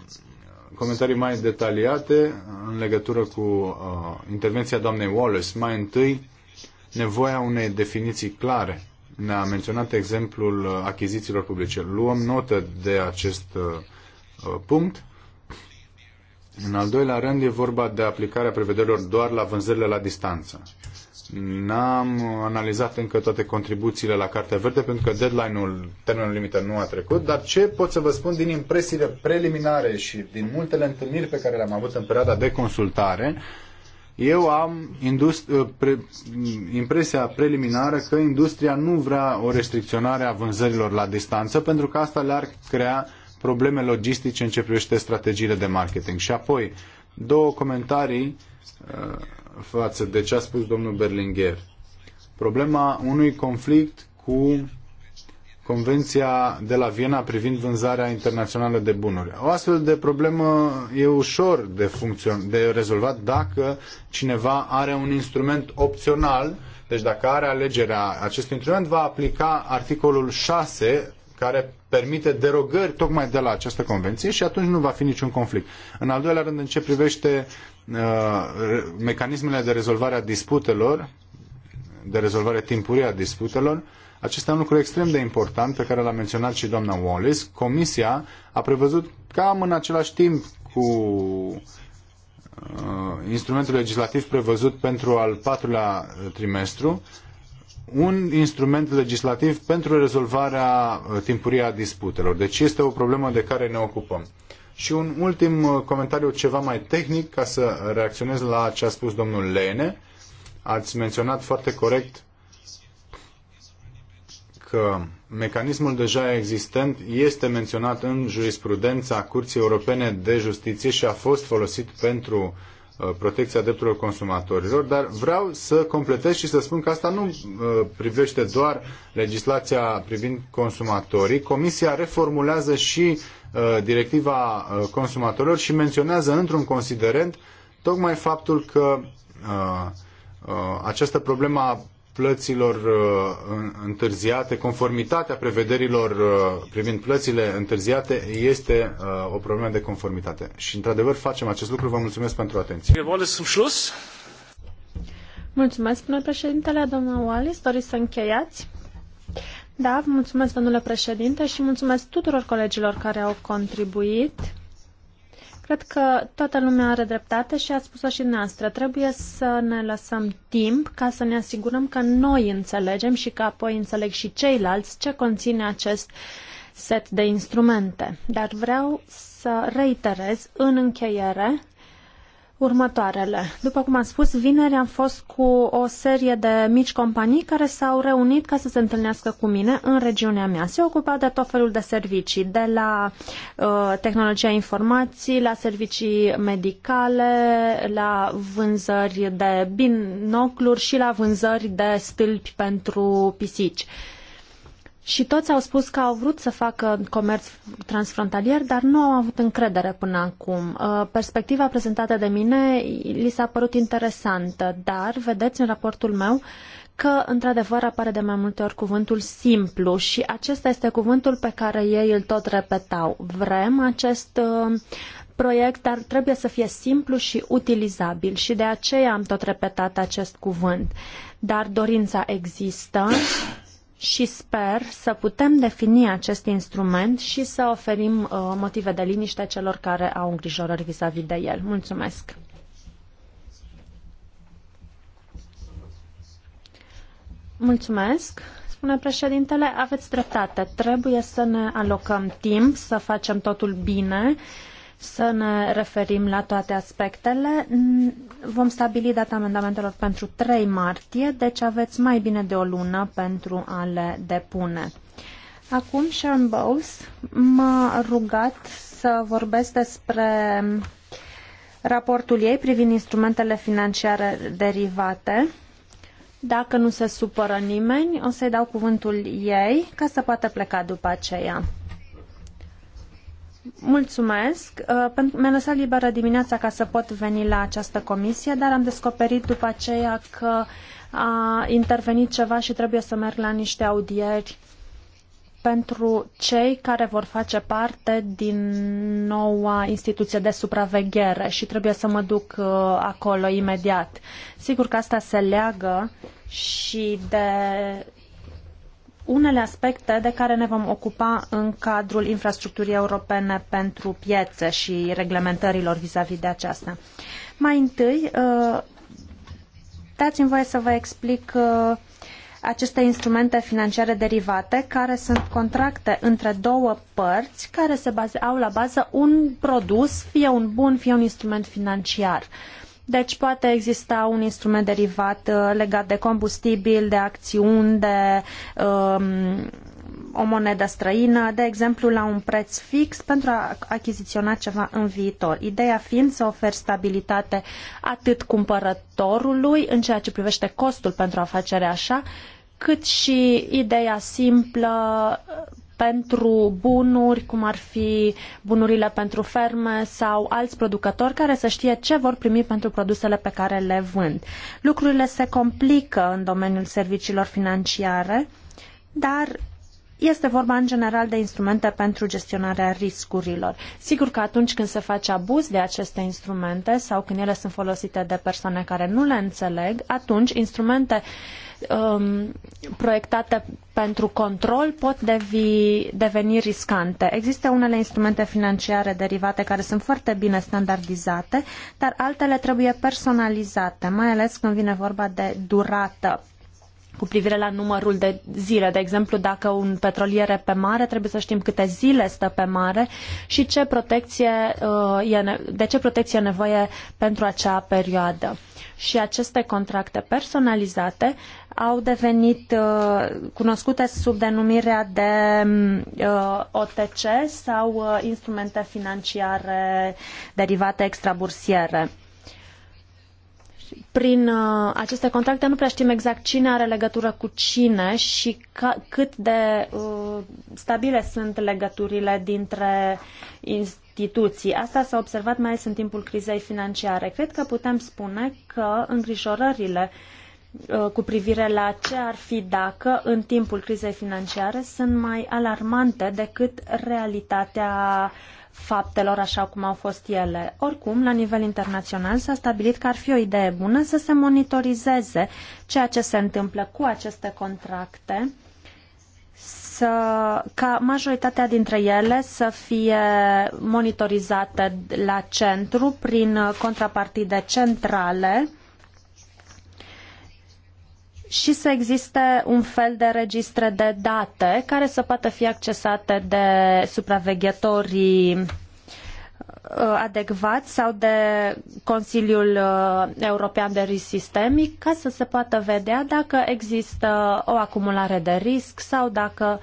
[SPEAKER 1] comentarii mai detaliate în legătură cu uh, intervenția doamnei Wallace. Mai întâi, nevoia unei definiții clare. Ne-a menționat exemplul achizițiilor publice. Luăm notă de acest uh, punct în al doilea rând, e vorba de aplicarea prevederilor doar la vânzările la distanță. N-am analizat încă toate contribuțiile la Cartea Verde pentru că deadline-ul, termenul limită nu a trecut, dar ce pot să vă spun din impresiile preliminare și din multele întâlniri pe care le-am avut în perioada de consultare, eu am uh, pre, impresia preliminară că industria nu vrea o restricționare a vânzărilor la distanță pentru că asta le-ar crea probleme logistice în ce privește strategiile de marketing. Și apoi, două comentarii uh, față de ce a spus domnul Berlingher. Problema unui conflict cu Convenția de la Viena privind vânzarea internațională de bunuri. O astfel de problemă e ușor de, funcțion- de rezolvat dacă cineva are un instrument opțional, deci dacă are alegerea acestui instrument, va aplica articolul 6 care permite derogări tocmai de la această convenție și atunci nu va fi niciun conflict. În al doilea rând, în ce privește uh, mecanismele de rezolvare a disputelor, de rezolvare timpurie a disputelor, acesta e un lucru extrem de important pe care l-a menționat și doamna Wallis. Comisia a prevăzut cam în același timp cu uh, instrumentul legislativ prevăzut pentru al patrulea trimestru, un instrument legislativ pentru rezolvarea uh, timpurie a disputelor. Deci este o problemă de care ne ocupăm. Și un ultim uh, comentariu ceva mai tehnic ca să reacționez la ce a spus domnul Lene. Ați menționat foarte corect că mecanismul deja existent este menționat în jurisprudența Curții Europene de Justiție și a fost folosit pentru Uh, protecția drepturilor consumatorilor, dar vreau să completez și să spun că asta nu uh, privește doar legislația privind consumatorii. Comisia reformulează și uh, directiva consumatorilor și menționează într-un considerent tocmai faptul că această problemă a plăților uh, întârziate, conformitatea prevederilor uh, privind plățile întârziate este uh, o problemă de conformitate. Și într-adevăr facem acest lucru. Vă mulțumesc pentru atenție.
[SPEAKER 2] Mulțumesc, spune președintele, domnul Wallis. Doriți să încheiați? Da, mulțumesc, domnule președinte, și mulțumesc tuturor colegilor care au contribuit. Cred că toată lumea are dreptate și a spus-o și noastră. Trebuie să ne lăsăm timp ca să ne asigurăm că noi înțelegem și că apoi înțeleg și ceilalți ce conține acest set de instrumente. Dar vreau să reiterez în încheiere următoarele. După cum am spus, vineri am fost cu o serie de mici companii care s-au reunit ca să se întâlnească cu mine în regiunea mea. Se ocupa de tot felul de servicii, de la uh, tehnologia informații, la servicii medicale, la vânzări de binocluri și la vânzări de stâlpi pentru pisici. Uh, și toți au spus că au vrut să facă comerț transfrontalier, dar nu au avut încredere până acum. Uh, perspectiva prezentată de mine li s-a părut interesantă, dar vedeți în raportul meu că, într-adevăr, apare de mai multe ori cuvântul simplu și acesta este cuvântul pe care ei îl tot repetau. Vrem acest uh, proiect, dar trebuie să fie simplu și utilizabil și de aceea am tot repetat acest cuvânt. Dar dorința există și sper să putem defini acest instrument și să oferim uh, motive de liniște celor care au îngrijorări vis-a-vis -vis de el. Mulțumesc! Mulțumesc! Spune președintele, aveți dreptate. Trebuie să ne alocăm timp, să facem totul bine. Uh, să ne referim la toate aspectele. Vom stabili data amendamentelor pentru 3 martie, deci aveți mai bine de o lună pentru a le depune. Acum Sharon Bowles m-a rugat să vorbesc despre raportul ei privind instrumentele financiare derivate. Dacă nu se supără nimeni, o să-i dau cuvântul ei ca să poată pleca după aceea. Mulțumesc. Uh, mi-a lăsat liberă dimineața ca să pot veni la această comisie, dar am descoperit după aceea că a intervenit ceva și trebuie să merg la niște audieri pentru cei care vor face parte din noua instituție de supraveghere și trebuie să mă duc uh, acolo imediat. Sigur că asta se leagă și de unele aspecte de care ne vom ocupa în cadrul infrastructurii europene pentru piețe și reglementărilor vis-a-vis de aceasta. Mai întâi, uh, dați-mi voie să vă explic uh, aceste instrumente financiare derivate, care sunt contracte între două părți care se baze, au la bază un produs, fie un bun, fie un instrument financiar. Uh, deci poate exista un instrument derivat uh, legat de combustibil, de acțiuni, de um, o monedă străină, de exemplu la un preț fix pentru a achiziționa ceva în viitor. Ideea fiind să oferi stabilitate atât cumpărătorului în ceea ce privește costul pentru afacerea așa, cât și ideea simplă pentru bunuri, cum ar fi bunurile pentru ferme sau alți producători care să știe ce vor primi pentru produsele pe care le vând. Lucrurile se complică în domeniul serviciilor financiare, dar este vorba în general de instrumente pentru gestionarea riscurilor. Sigur că atunci când se face abuz de aceste instrumente sau când ele sunt folosite de persoane care nu le înțeleg, atunci instrumente um, proiectate pentru control pot devi, deveni riscante. Există unele instrumente financiare derivate care sunt foarte bine standardizate, dar altele trebuie personalizate, mai ales când vine vorba de durată cu privire la numărul de zile. De exemplu, dacă un petrolier e pe mare, trebuie să știm câte zile stă pe mare și ce protecție, uh, de ce protecție e nevoie pentru acea perioadă. Și aceste contracte personalizate au devenit uh, cunoscute sub denumirea de mm, uh, OTC sau instrumente financiare derivate extrabursiere prin uh, aceste contracte nu prea știm exact cine are legătură cu cine și ca, cât de uh, stabile sunt legăturile dintre instituții. Asta s-a observat mai ales în timpul crizei financiare. Cred că putem spune că îngrijorările uh, cu privire la ce ar fi dacă în timpul crizei financiare sunt mai alarmante decât realitatea uh, faptelor așa cum au fost ele. Oricum, la nivel internațional s-a stabilit că ar fi o idee bună să se monitorizeze ceea ce se întâmplă cu aceste contracte, să, ca majoritatea dintre ele să fie monitorizate la centru prin contrapartide centrale, și să existe un fel de registre de date care să poată fi accesate de supraveghetorii uh, adecvat sau de Consiliul uh, European de Risc Sistemic ca să se poată vedea dacă există o acumulare de risc sau dacă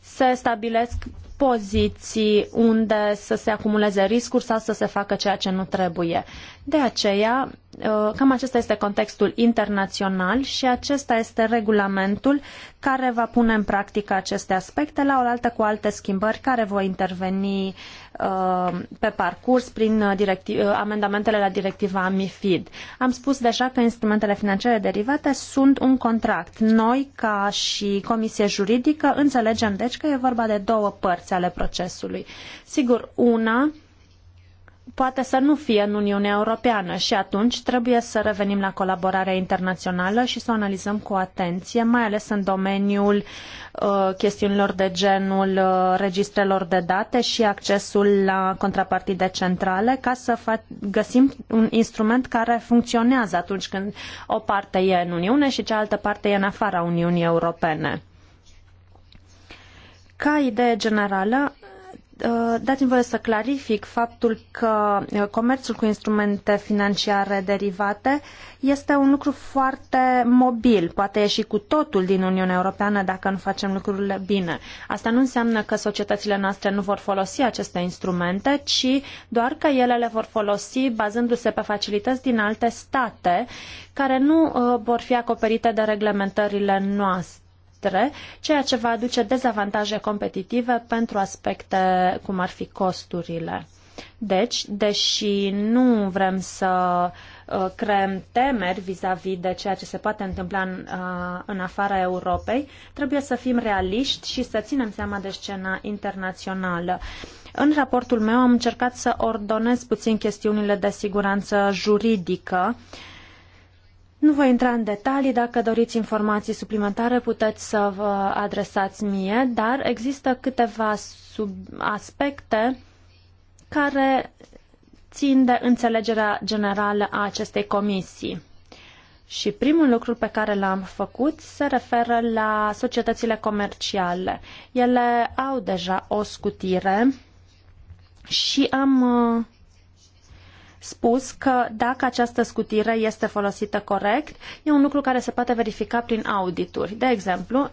[SPEAKER 2] se stabilesc poziții unde să se acumuleze riscuri sau să se facă ceea ce nu trebuie. De aceea, uh, cam acesta este contextul internațional și acesta este regulamentul care va pune în practică aceste aspecte la oaltă cu alte schimbări care vor interveni Uh, pe parcurs prin uh, uh, amendamentele la directiva MIFID. Am spus deja că instrumentele financiare derivate sunt un contract. Noi, ca și Comisie Juridică, înțelegem deci că e vorba de două părți ale procesului. Sigur, una poate să nu fie în Uniunea Europeană și atunci trebuie să revenim la colaborarea internațională și să o analizăm cu atenție, mai ales în domeniul uh, chestiunilor de genul uh, registrelor de date și accesul la contrapartide centrale ca să găsim un instrument care funcționează atunci când o parte e în Uniune și cealaltă parte e în afara Uniunii Europene. Ca idee generală, Uh, dați-mi voie să clarific faptul că uh, comerțul cu instrumente financiare derivate este un lucru foarte mobil, poate ieși cu totul din Uniunea Europeană dacă nu facem lucrurile bine. Asta nu înseamnă că societățile noastre nu vor folosi aceste instrumente, ci doar că ele le vor folosi bazându-se pe facilități din alte state care nu uh, vor fi acoperite de reglementările noastre noastre, ceea ce va aduce dezavantaje competitive pentru aspecte cum ar fi costurile. Deci, deși nu vrem să uh, creăm temeri vis-a-vis -vis de ceea ce se poate întâmpla în, uh, în afara Europei, trebuie să fim realiști și să ținem seama de scena internațională. În raportul meu am încercat să ordonez puțin chestiunile de siguranță juridică uh, nu voi intra în detalii, dacă doriți informații suplimentare puteți să vă adresați mie, dar există câteva sub aspecte care țin de înțelegerea generală a acestei comisii. Și primul lucru pe care l-am făcut se referă la societățile comerciale. Ele au deja o scutire și am uh, spus că dacă această scutire este folosită corect, e un lucru care se poate verifica prin audituri. De exemplu,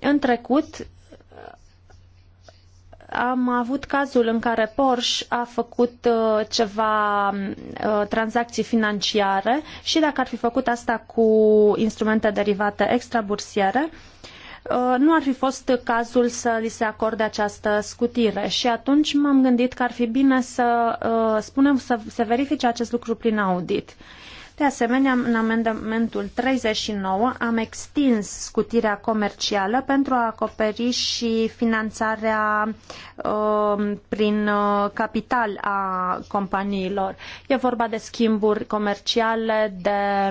[SPEAKER 2] în trecut am avut cazul în care Porsche a făcut uh, ceva uh, tranzacții financiare și dacă ar fi făcut asta cu instrumente derivate extrabursiere, uh, Uh, nu ar fi fost cazul să li se acorde această scutire. Și atunci m-am gândit că ar fi bine să uh, spunem să se verifice acest lucru prin audit. De asemenea, în amendamentul 39 am extins scutirea comercială pentru a acoperi și finanțarea uh, prin uh, capital a companiilor. E vorba de schimburi comerciale, de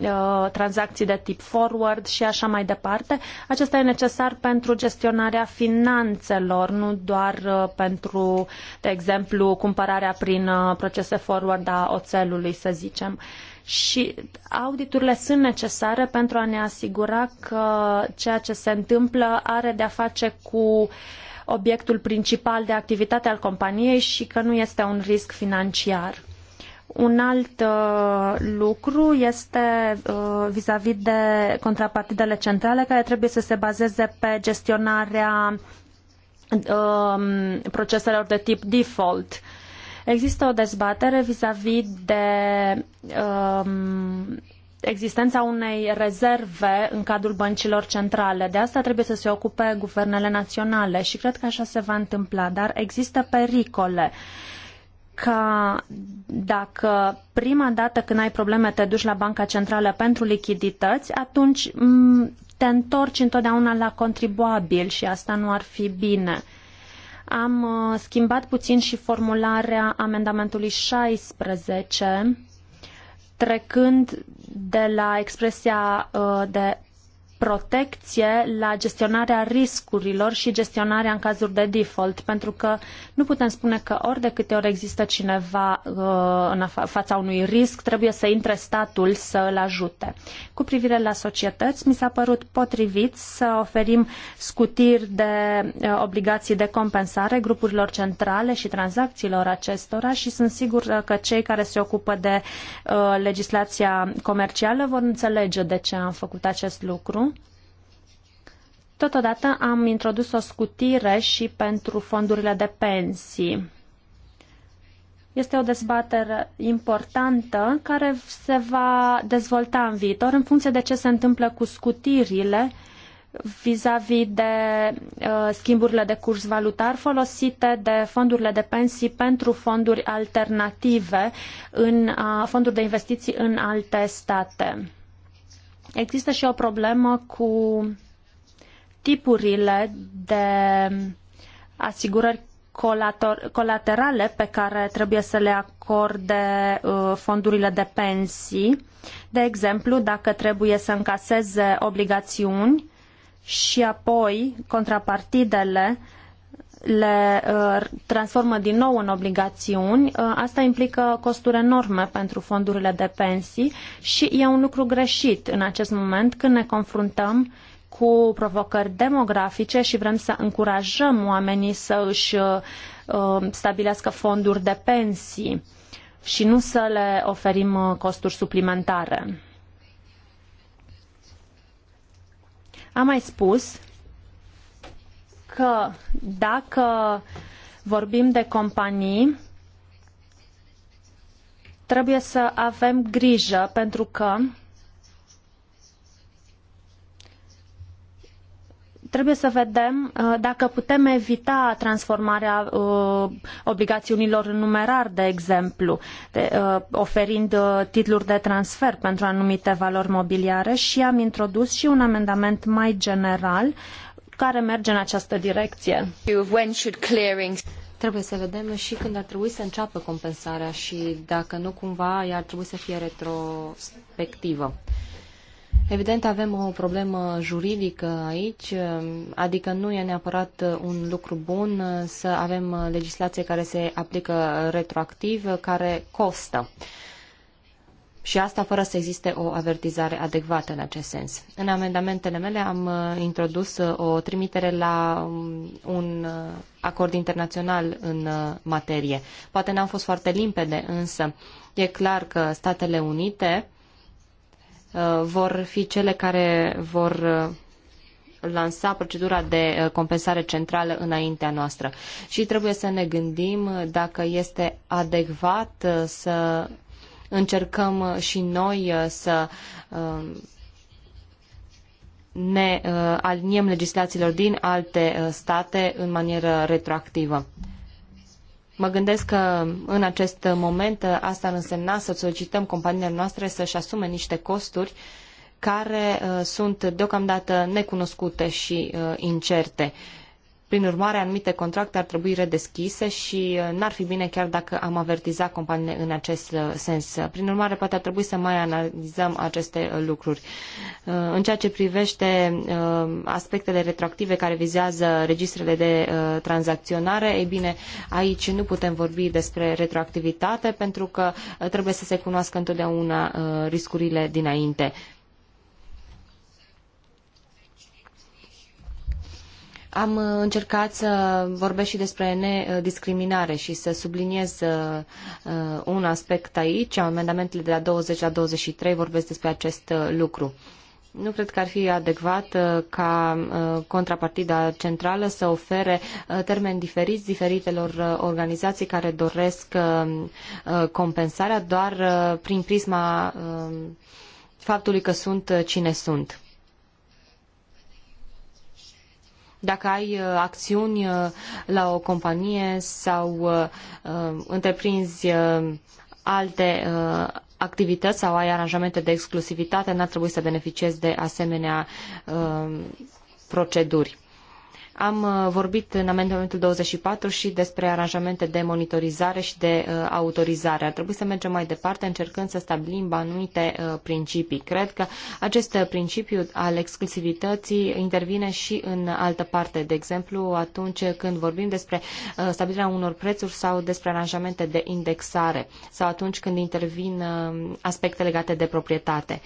[SPEAKER 2] Uh, tranzacții de tip forward și așa mai departe. Acesta e necesar pentru gestionarea finanțelor, nu doar uh, pentru, de exemplu, cumpărarea prin uh, procese forward a oțelului, să zicem. Și auditurile sunt necesare pentru a ne asigura că ceea ce se întâmplă are de-a face cu obiectul principal de activitate al companiei și că nu este un risc financiar. Un alt uh, lucru este uh, vis-a-vis de contrapartidele centrale care trebuie să se bazeze pe gestionarea uh, proceselor de tip default. Există o dezbatere vis-a-vis de um, existența unei rezerve în cadrul băncilor centrale. De asta trebuie să se ocupe guvernele naționale și cred că așa se va întâmpla, dar există pericole. Uh, ca dacă prima dată când ai probleme te duci la Banca Centrală pentru lichidități, atunci mm, te întorci întotdeauna la contribuabil și asta nu ar fi bine. Am uh, schimbat puțin și formularea amendamentului 16, trecând de la expresia uh, de protecție la gestionarea riscurilor și gestionarea în cazuri de default, pentru că nu putem spune că ori de câte ori există cineva uh, în fața unui risc, trebuie să intre statul să îl ajute. Cu privire la societăți, mi s-a părut potrivit să oferim scutiri de uh, obligații de compensare grupurilor centrale și tranzacțiilor acestora și sunt sigur că cei care se ocupă de uh, legislația comercială vor înțelege de ce am făcut acest lucru Totodată am introdus o scutire și pentru fondurile de pensii. Este o dezbatere importantă care se va dezvolta în viitor în funcție de ce se întâmplă cu scutirile vis-a-vis -vis de uh, schimburile de curs valutar folosite de fondurile de pensii pentru fonduri alternative, în, uh, fonduri de investiții în alte state. Există și o problemă cu tipurile de asigurări colaterale pe care trebuie să le acorde uh, fondurile de pensii. De exemplu, dacă trebuie să încaseze obligațiuni și apoi contrapartidele le uh, transformă din nou în obligațiuni, uh, asta implică costuri enorme pentru fondurile de pensii și e un lucru greșit în acest moment când ne confruntăm cu provocări demografice și vrem să încurajăm oamenii să își uh, stabilească fonduri de pensii și nu să le oferim uh, costuri suplimentare. Am mai spus că dacă vorbim de companii, trebuie să avem grijă pentru că trebuie să vedem uh, dacă putem evita transformarea uh, obligațiunilor în numerar, de exemplu, uh, oferind titluri de transfer pentru anumite valori mobiliare și am introdus și un amendament mai general care merge în această direcție.
[SPEAKER 3] Trebuie să vedem și când ar trebui să înceapă compensarea și dacă nu cumva ea ar trebui să fie retrospectivă. Evident, avem o problemă juridică aici, adică nu e neapărat un lucru bun să avem legislație care se aplică retroactiv, care costă. Și asta fără să existe o avertizare adecvată în acest sens. În amendamentele mele am introdus o trimitere la un acord internațional în materie. Poate n-am fost foarte limpede, însă e clar că Statele Unite Uh, vor fi cele care vor uh, lansa procedura de uh, compensare centrală înaintea noastră. Și trebuie să ne gândim dacă este adecvat să încercăm și noi să ne aliniem legislațiilor din alte state în manieră retroactivă. Mă gândesc că în acest moment asta ar însemna să solicităm companiile noastre să-și asume niște costuri care uh, sunt deocamdată necunoscute și uh, incerte. Prin urmare, anumite contracte ar trebui redeschise și uh, n-ar fi bine chiar dacă am avertiza companiile în acest uh, sens. Prin urmare, poate ar trebui să mai analizăm aceste uh, lucruri. În ceea ce privește aspectele retroactive care vizează registrele de tranzacționare, ei bine, aici nu putem vorbi despre retroactivitate pentru că trebuie să se cunoască întotdeauna riscurile dinainte. Am uh, încercat să vorbesc și despre nediscriminare și să subliniez uh, uh, un aspect aici. Amendamentele de la 20 la 23 vorbesc despre acest lucru. Nu cred că ar fi adecvat ca contrapartida centrală să ofere termeni diferiți diferitelor organizații care doresc compensarea doar prin prisma faptului că sunt cine sunt. Dacă ai uh, acțiuni uh, la o companie sau uh, întreprinzi alte activități sau ai aranjamente de exclusivitate, n-ar trebui să beneficiezi de asemenea proceduri. Am uh, vorbit în amendamentul 24 și despre aranjamente de monitorizare și de uh, autorizare. Ar trebui să mergem mai departe încercând să stabilim anumite uh, principii. Cred că acest principiu al exclusivității intervine și în altă parte. De exemplu, atunci când vorbim despre stabilirea unor prețuri sau despre aranjamente de indexare sau atunci când intervin aspecte legate de proprietate.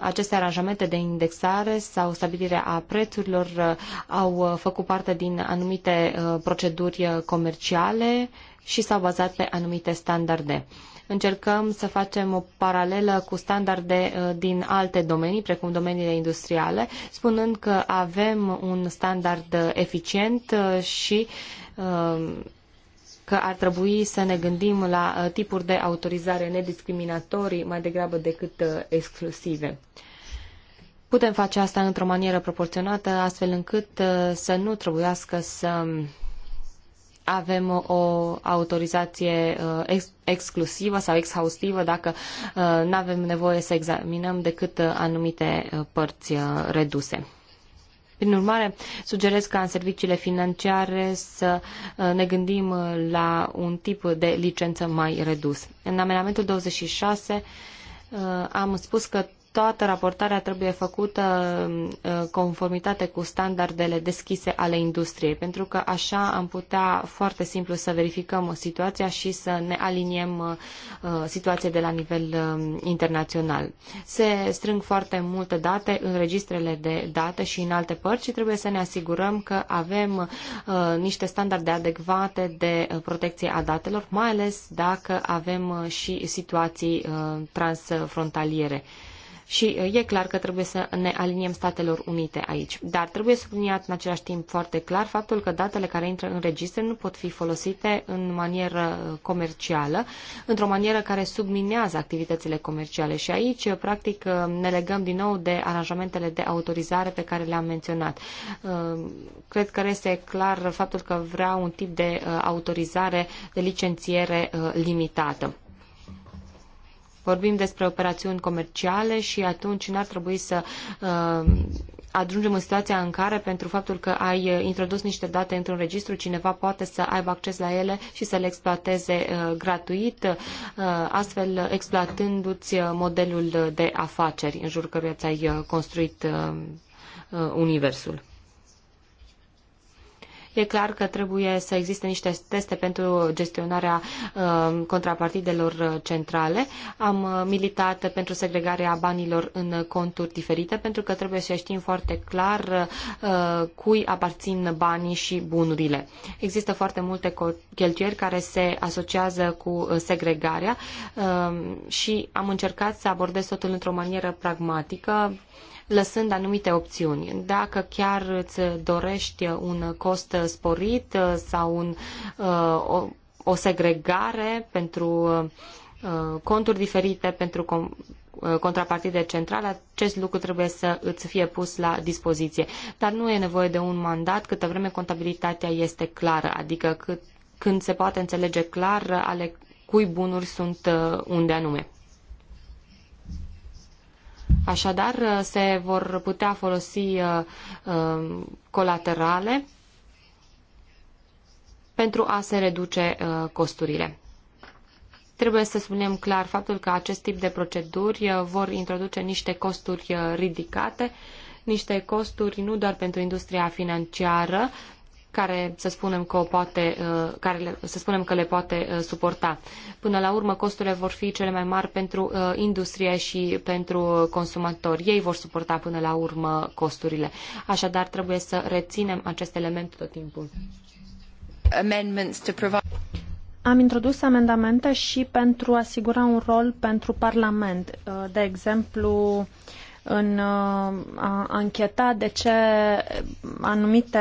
[SPEAKER 3] Aceste aranjamente de indexare sau stabilirea a prețurilor au făcut făcut parte din anumite uh, proceduri uh, comerciale și s-au bazat pe anumite standarde. Încercăm să facem o paralelă cu standarde uh, din alte domenii, precum domeniile industriale, spunând că avem un standard eficient și că ar trebui să ne gândim la tipuri de autorizare nediscriminatorii mai degrabă decât exclusive. Putem face asta într-o manieră proporționată, astfel încât uh, să nu trebuiască să avem o autorizație uh, ex exclusivă sau exhaustivă dacă uh, nu avem nevoie să examinăm decât anumite părți reduse. Prin urmare, sugerez ca în serviciile financiare să ne gândim la un tip de licență mai redus. În amendamentul 26 am spus că toată raportarea trebuie făcută uh, conformitate cu standardele deschise ale industriei, pentru că așa am putea foarte simplu să verificăm situația și să ne aliniem uh, uh, situația de la nivel internațional. Se strâng foarte multe date în registrele de date și în alte părți și trebuie să ne asigurăm că avem niște standarde adecvate de protecție a datelor, mai ales dacă avem și situații transfrontaliere și e clar că trebuie să ne aliniem Statelor Unite aici. Dar trebuie subliniat în același timp foarte clar faptul că datele care intră în registre nu pot fi folosite în manieră comercială, într-o manieră care subminează activitățile comerciale. Și aici, practic, ne legăm din nou de aranjamentele de autorizare pe care le-am menționat. Cred că este clar faptul că vrea un tip de autorizare de licențiere limitată vorbim despre operațiuni comerciale și atunci n-ar trebui să uh, ajungem în situația în care, pentru faptul că ai introdus niște date într-un registru, cineva poate să aibă acces la ele și să le exploateze uh, gratuit, uh, astfel exploatându-ți modelul de afaceri în jurul căruia ți-ai uh, construit uh, uh, universul. E clar că trebuie să existe niște teste pentru gestionarea uh, contrapartidelor uh, centrale. Am uh, militat pentru segregarea banilor în conturi diferite pentru că trebuie să știm foarte clar cui aparțin banii și bunurile. Există foarte multe cheltuieli care se asociază cu segregarea și am încercat să abordez totul într-o manieră pragmatică lăsând anumite opțiuni. Dacă chiar îți dorești un cost sporit sau un, uh, o, o segregare pentru uh, conturi diferite, pentru uh, contrapartide centrale, acest lucru trebuie să îți fie pus la dispoziție. Dar nu e nevoie de un mandat câtă vreme contabilitatea este clară, adică cât, când se poate înțelege clar ale cui bunuri sunt unde anume. Așadar, uh, se vor putea folosi uh, uh, colaterale pentru a se reduce costurile. Trebuie să spunem clar faptul că acest tip de proceduri vor introduce niște costuri ridicate, niște costuri nu doar pentru industria financiară, care să spunem că, o poate, uh, care să spunem că le poate uh, suporta. Până la urmă, costurile vor fi cele mai mari pentru uh, industrie și pentru consumatori. Ei vor suporta până la urmă costurile. Așadar, trebuie să reținem acest element tot timpul.
[SPEAKER 2] Am introdus amendamente și pentru a asigura un rol pentru Parlament. De exemplu, în a ancheta de ce anumite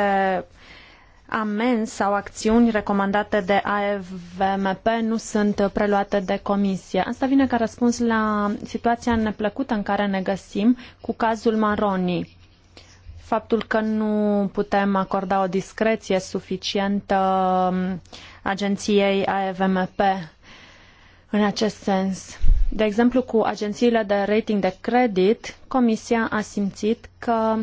[SPEAKER 2] amenzi sau acțiuni recomandate de AFVMP nu sunt preluate de comisie. Asta vine ca răspuns la situația neplăcută în care ne găsim cu cazul Maroni. Faptul că nu putem acorda o discreție suficientă um, agenției AFVMP în acest sens. De exemplu, cu agențiile de rating de credit, Comisia a simțit că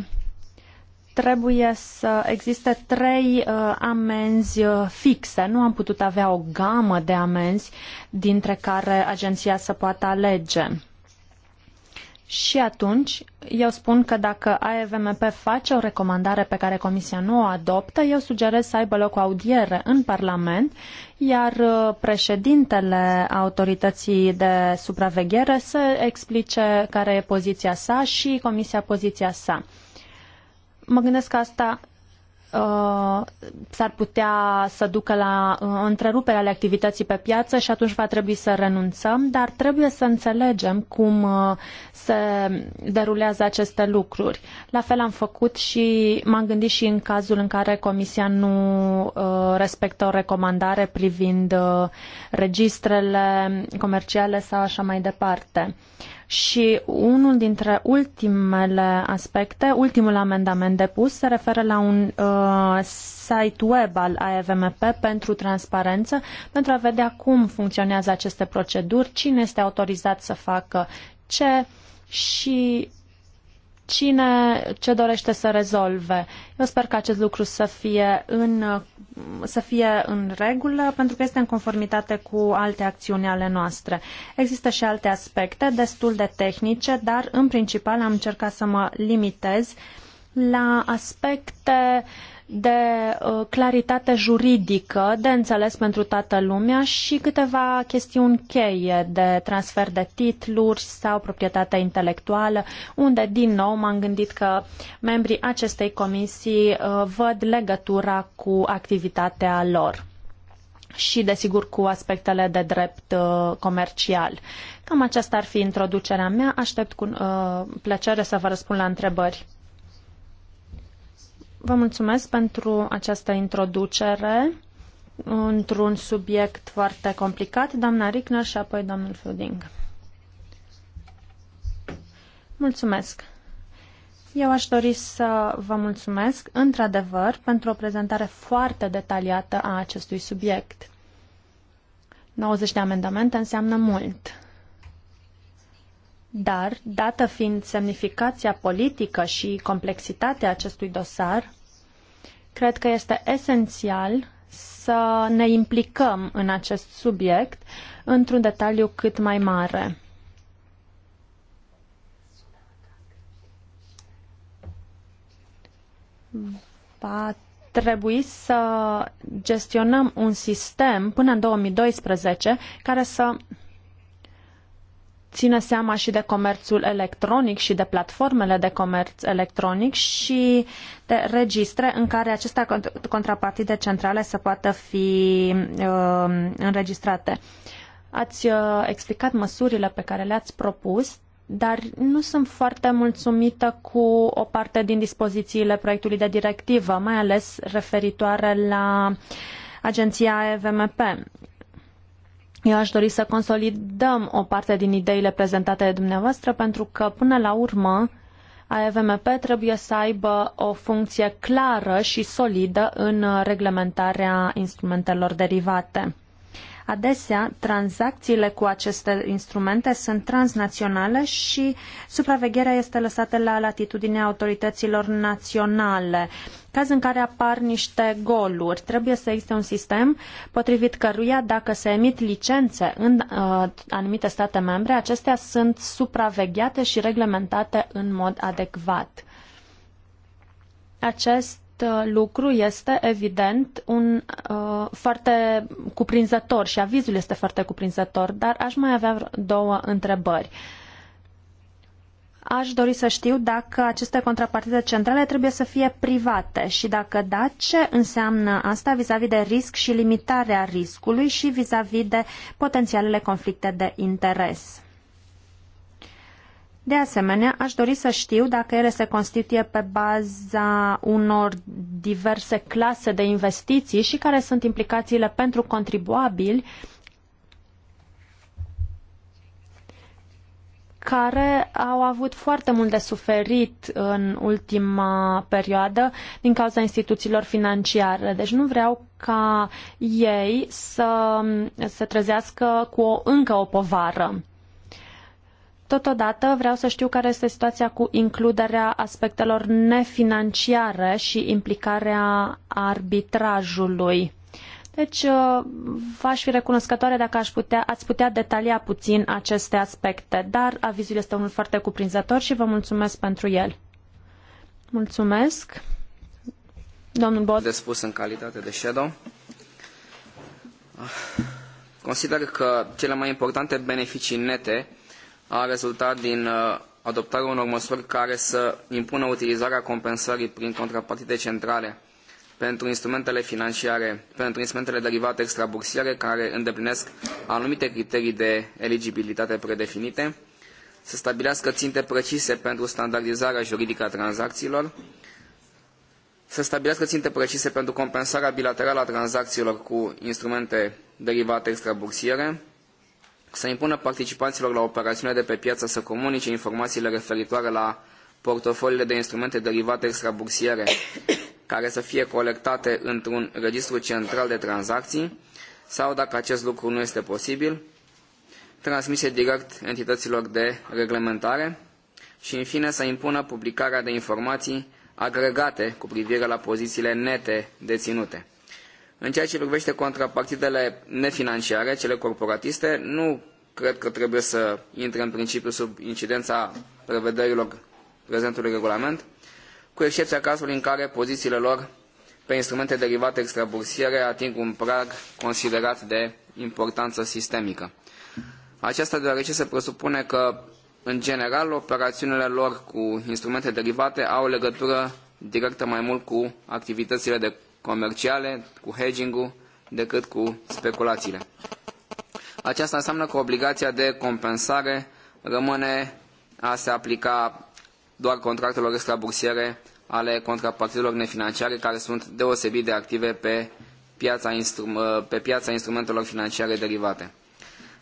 [SPEAKER 2] trebuie să existe trei uh, amenzi uh, fixe. Nu am putut avea o gamă de amenzi dintre care agenția să poată alege. Și atunci, eu spun că dacă AEVMP face o recomandare pe care Comisia nu o adoptă, eu sugerez să aibă loc o audiere în Parlament, iar uh, președintele autorității de supraveghere să explice care e poziția sa și Comisia poziția sa. Mă gândesc că asta uh, s-ar putea să ducă la uh, întreruperea ale activității pe piață și atunci va trebui să renunțăm, dar trebuie să înțelegem cum uh, se derulează aceste lucruri. La fel am făcut și m-am gândit și în cazul în care Comisia nu uh, respectă o recomandare privind uh, registrele comerciale sau așa mai departe. Uh, și unul dintre ultimele aspecte, ultimul amendament depus, se referă la un uh, site web al AFMP pentru transparență, pentru a vedea cum funcționează aceste proceduri, cine este autorizat să facă ce și cine ce dorește să rezolve. Eu sper că acest lucru să fie în, să fie în regulă, pentru că este în conformitate cu alte acțiuni ale noastre. Există și alte aspecte destul de tehnice, dar în principal am încercat să mă limitez la aspecte uh, de uh, claritate juridică, de înțeles pentru toată lumea și câteva chestiuni cheie de transfer de titluri sau proprietate intelectuală, unde din nou m-am gândit că membrii acestei comisii uh, văd legătura cu activitatea lor și, desigur, cu aspectele de drept uh, comercial. Cam aceasta ar fi introducerea mea. Aștept cu uh, plăcere să vă răspund la întrebări. Vă mulțumesc pentru această introducere într-un subiect foarte complicat, doamna Rickner și apoi domnul Fuding. Mulțumesc! Eu aș dori să vă mulțumesc, într-adevăr, pentru o prezentare foarte detaliată a acestui subiect. 90 de amendamente înseamnă mult. Dar, dată fiind semnificația politică și complexitatea acestui dosar, cred că este esențial să ne implicăm în acest subiect într-un detaliu cât mai mare. Va trebui să gestionăm un sistem până în 2012 care să ține seama și de comerțul electronic și de platformele de comerț electronic și de registre în care aceste contrapartide centrale să poată fi uh, înregistrate. Ați uh, explicat măsurile pe care le-ați propus, dar nu sunt foarte mulțumită cu o parte din dispozițiile proiectului de directivă, mai ales referitoare la agenția EVMP. Eu aș dori să consolidăm o parte din ideile prezentate de dumneavoastră pentru că, până la urmă, AFMP trebuie să aibă o funcție clară și solidă în reglementarea instrumentelor derivate. Adesea, tranzacțiile cu aceste instrumente sunt transnaționale și supravegherea este lăsată la latitudinea autorităților naționale caz în care apar niște goluri, trebuie să existe un sistem potrivit căruia dacă se emit licențe în uh, anumite state membre, acestea sunt supravegheate și reglementate în mod adecvat. Acest uh, lucru este evident un uh, foarte cuprinzător și avizul este foarte cuprinzător, dar aș mai avea două întrebări. Uh, Aș dori să știu dacă aceste contrapartide centrale trebuie să fie private și dacă da, ce înseamnă asta vis-a-vis de risc și limitarea riscului și vis-a-vis de potențialele conflicte de interes. De asemenea, aș dori să știu dacă ele se constituie pe baza unor diverse clase de investiții și care sunt implicațiile pentru contribuabili care au avut foarte mult de suferit în ultima perioadă din cauza instituțiilor financiare. Deci nu vreau ca ei să se trezească cu o, încă o povară. Totodată vreau să știu care este situația cu includerea aspectelor nefinanciare și implicarea arbitrajului. Deci uh, v-aș fi recunoscătoare dacă aș putea, ați putea detalia puțin aceste aspecte, dar avizul este unul foarte cuprinzător și vă mulțumesc pentru el. Mulțumesc.
[SPEAKER 4] Domnul Bod. De spus în calitate de shadow. Ah, consider că cele mai importante beneficii nete a rezultat din uh, adoptarea unor măsuri care să impună utilizarea compensării prin contrapartide centrale pentru instrumentele financiare, pentru instrumentele derivate extrabursiere care îndeplinesc anumite criterii de eligibilitate predefinite, să stabilească ținte precise pentru standardizarea juridică a tranzacțiilor, să stabilească ținte precise pentru compensarea bilaterală a tranzacțiilor cu instrumente derivate extrabursiere, să impună participanților la operațiunile de pe piață să comunice informațiile referitoare la portofoliile de instrumente derivate extrabursiere care să fie colectate într-un registru central de tranzacții sau, dacă acest lucru nu este posibil, transmise direct entităților de reglementare și, în fine, să impună publicarea de informații agregate cu privire la pozițiile nete deținute. În ceea ce privește contrapartidele nefinanciare, cele corporatiste, nu cred că trebuie să intre în principiu sub incidența prevederilor prezentului regulament, cu excepția cazului în care pozițiile lor pe instrumente derivate extrabursiere ating un prag considerat de importanță sistemică. Aceasta deoarece se presupune că, în general, operațiunile lor cu instrumente derivate au legătură directă mai mult cu activitățile de comerciale, cu hedging-ul, decât cu speculațiile. Aceasta înseamnă că obligația de compensare rămâne a se aplica doar contractelor extrabursiere ale contrapartidelor nefinanciare care sunt deosebit de active pe piața, pe piața instrumentelor financiare derivate.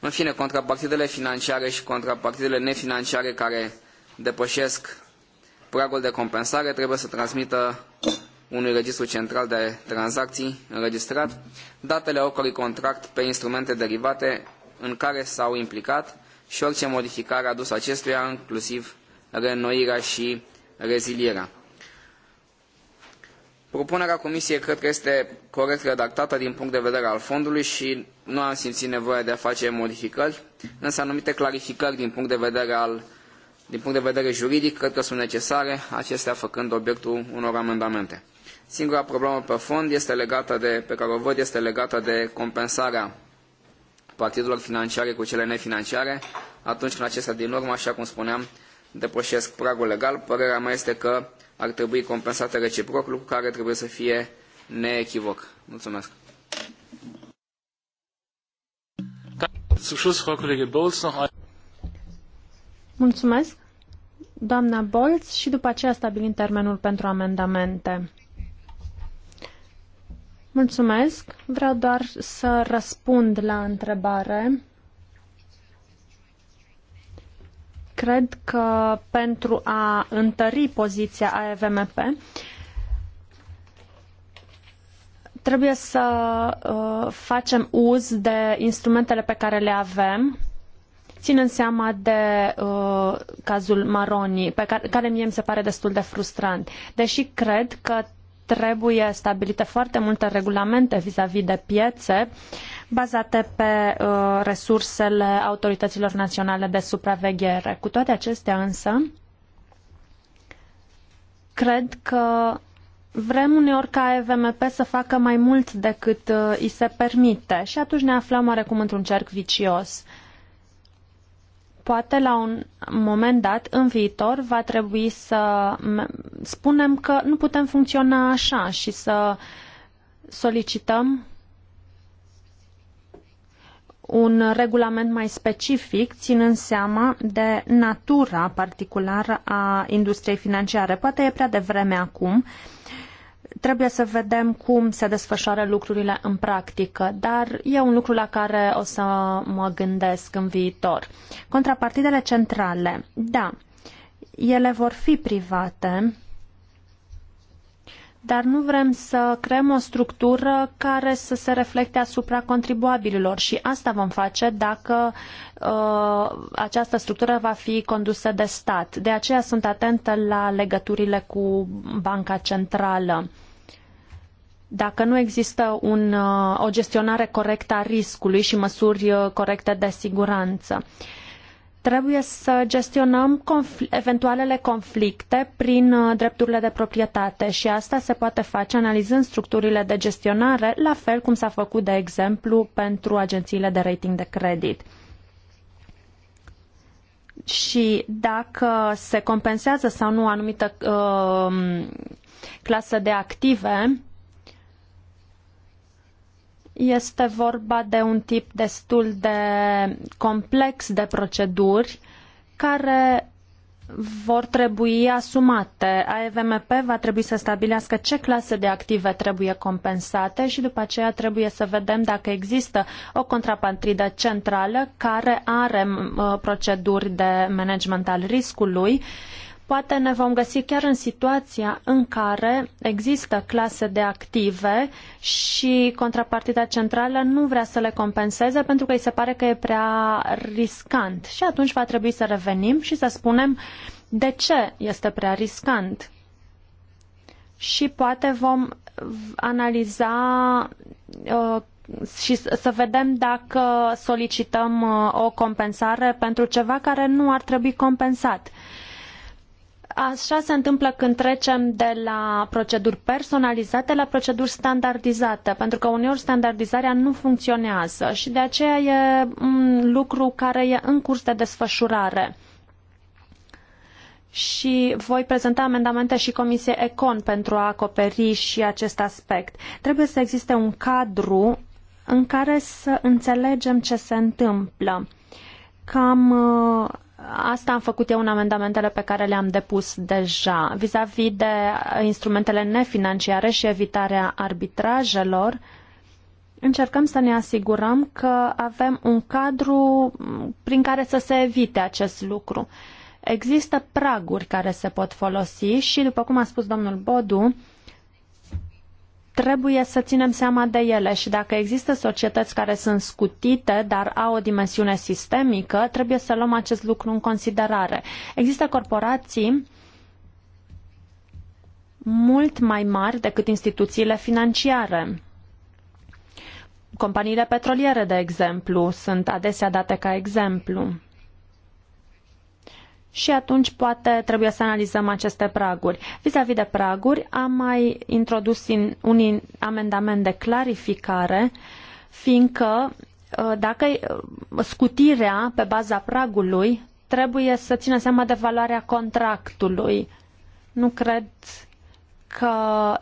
[SPEAKER 4] În fine, contrapartidele financiare și contrapartidele nefinanciare care depășesc pragul de compensare trebuie să transmită unui registru central de tranzacții înregistrat datele oricărui contract pe instrumente derivate în care s-au implicat și orice modificare adusă acestuia, inclusiv reînnoirea și rezilierea. Propunerea Comisiei cred că este corect redactată din punct de vedere al fondului și nu am simțit nevoia de a face modificări, însă anumite clarificări din punct de vedere, al, din punct de vedere juridic cred că sunt necesare, acestea făcând obiectul unor amendamente. Singura problemă pe fond este legată de, pe care o văd este legată de compensarea partidelor financiare cu cele nefinanciare, atunci când acestea din urmă, așa cum spuneam, depășesc pragul legal, părerea mea este că ar trebui compensate reciproc, lucru care trebuie să fie neechivoc. Mulțumesc.
[SPEAKER 2] Mulțumesc, doamna Bolz, și după aceea stabilim termenul pentru amendamente. Mulțumesc. Vreau doar să răspund la întrebare Cred că pentru a întări poziția AFMP trebuie să uh, facem uz de instrumentele pe care le avem ținând seama de uh, cazul Maroni, pe care, care mie mi se pare destul de frustrant. Deși cred că trebuie stabilite foarte multe regulamente vis-a-vis -vis de piețe, uh, bazate pe uh, resursele autorităților naționale de supraveghere. Cu toate acestea însă, cred că vrem uneori ca EVMP să facă mai mult decât uh, îi se permite și atunci ne aflăm oarecum într-un cerc vicios. Poate la un moment dat în viitor va trebui să spunem că nu putem funcționa așa și să solicităm un regulament mai specific, ținând seama de natura particulară a industriei financiare. Poate e prea devreme acum, trebuie să vedem cum se desfășoară lucrurile în practică, dar e un lucru la care o să mă gândesc în viitor. Contrapartidele centrale, da, ele vor fi private, dar nu vrem să creăm o structură care să se reflecte asupra contribuabililor și asta vom face dacă uh, această structură va fi condusă de stat. De aceea sunt atentă la legăturile cu Banca Centrală. Dacă nu există un, uh, o gestionare corectă a riscului și măsuri uh, corecte de siguranță. Uh, Trebuie să gestionăm confl- eventualele conflicte prin uh, drepturile de proprietate și asta se poate face analizând structurile de gestionare, la fel cum s-a făcut, de exemplu, pentru agențiile de rating de credit și dacă se compensează sau nu o anumită uh, clasă de active, este vorba de un tip destul de complex de proceduri care vor trebui asumate. AEVMP va trebui să stabilească ce clase de active trebuie compensate și după aceea trebuie să vedem dacă există o contrapartidă centrală care are uh, proceduri de management al riscului uh, poate ne vom găsi chiar în situația în care există clase de active și contrapartida centrală nu vrea să le compenseze pentru că îi se pare că e prea riscant. Și atunci va trebui să revenim și să spunem de ce este prea riscant. Și poate vom analiza uh, și să vedem dacă solicităm uh, o compensare pentru ceva care nu ar trebui compensat. Uh, Așa se întâmplă când trecem de la proceduri personalizate la proceduri standardizate, pentru că uneori standardizarea nu funcționează și de aceea e un lucru care e în curs de desfășurare. Și voi prezenta amendamente și Comisie Econ pentru a acoperi și acest aspect. Trebuie să existe un cadru în care să înțelegem ce se întâmplă. Cam uh, Asta am făcut eu în amendamentele pe care le-am depus deja. Vis-a-vis -vis de instrumentele nefinanciare și evitarea arbitrajelor, încercăm să ne asigurăm că avem un cadru prin care să se evite acest lucru. Există praguri care se pot folosi și, după cum a spus domnul Bodu, trebuie să ținem seama de ele și dacă există societăți care sunt scutite, dar au o dimensiune sistemică, trebuie să luăm acest lucru în considerare. Există corporații mult mai mari decât instituțiile financiare. Companiile petroliere, de exemplu, sunt adesea date ca exemplu și atunci poate trebuie să analizăm aceste praguri. Vis-a-vis -vis de praguri, am mai introdus un amendament de clarificare, fiindcă uh, dacă uh, scutirea pe baza pragului trebuie să țină seama de valoarea contractului. Nu cred că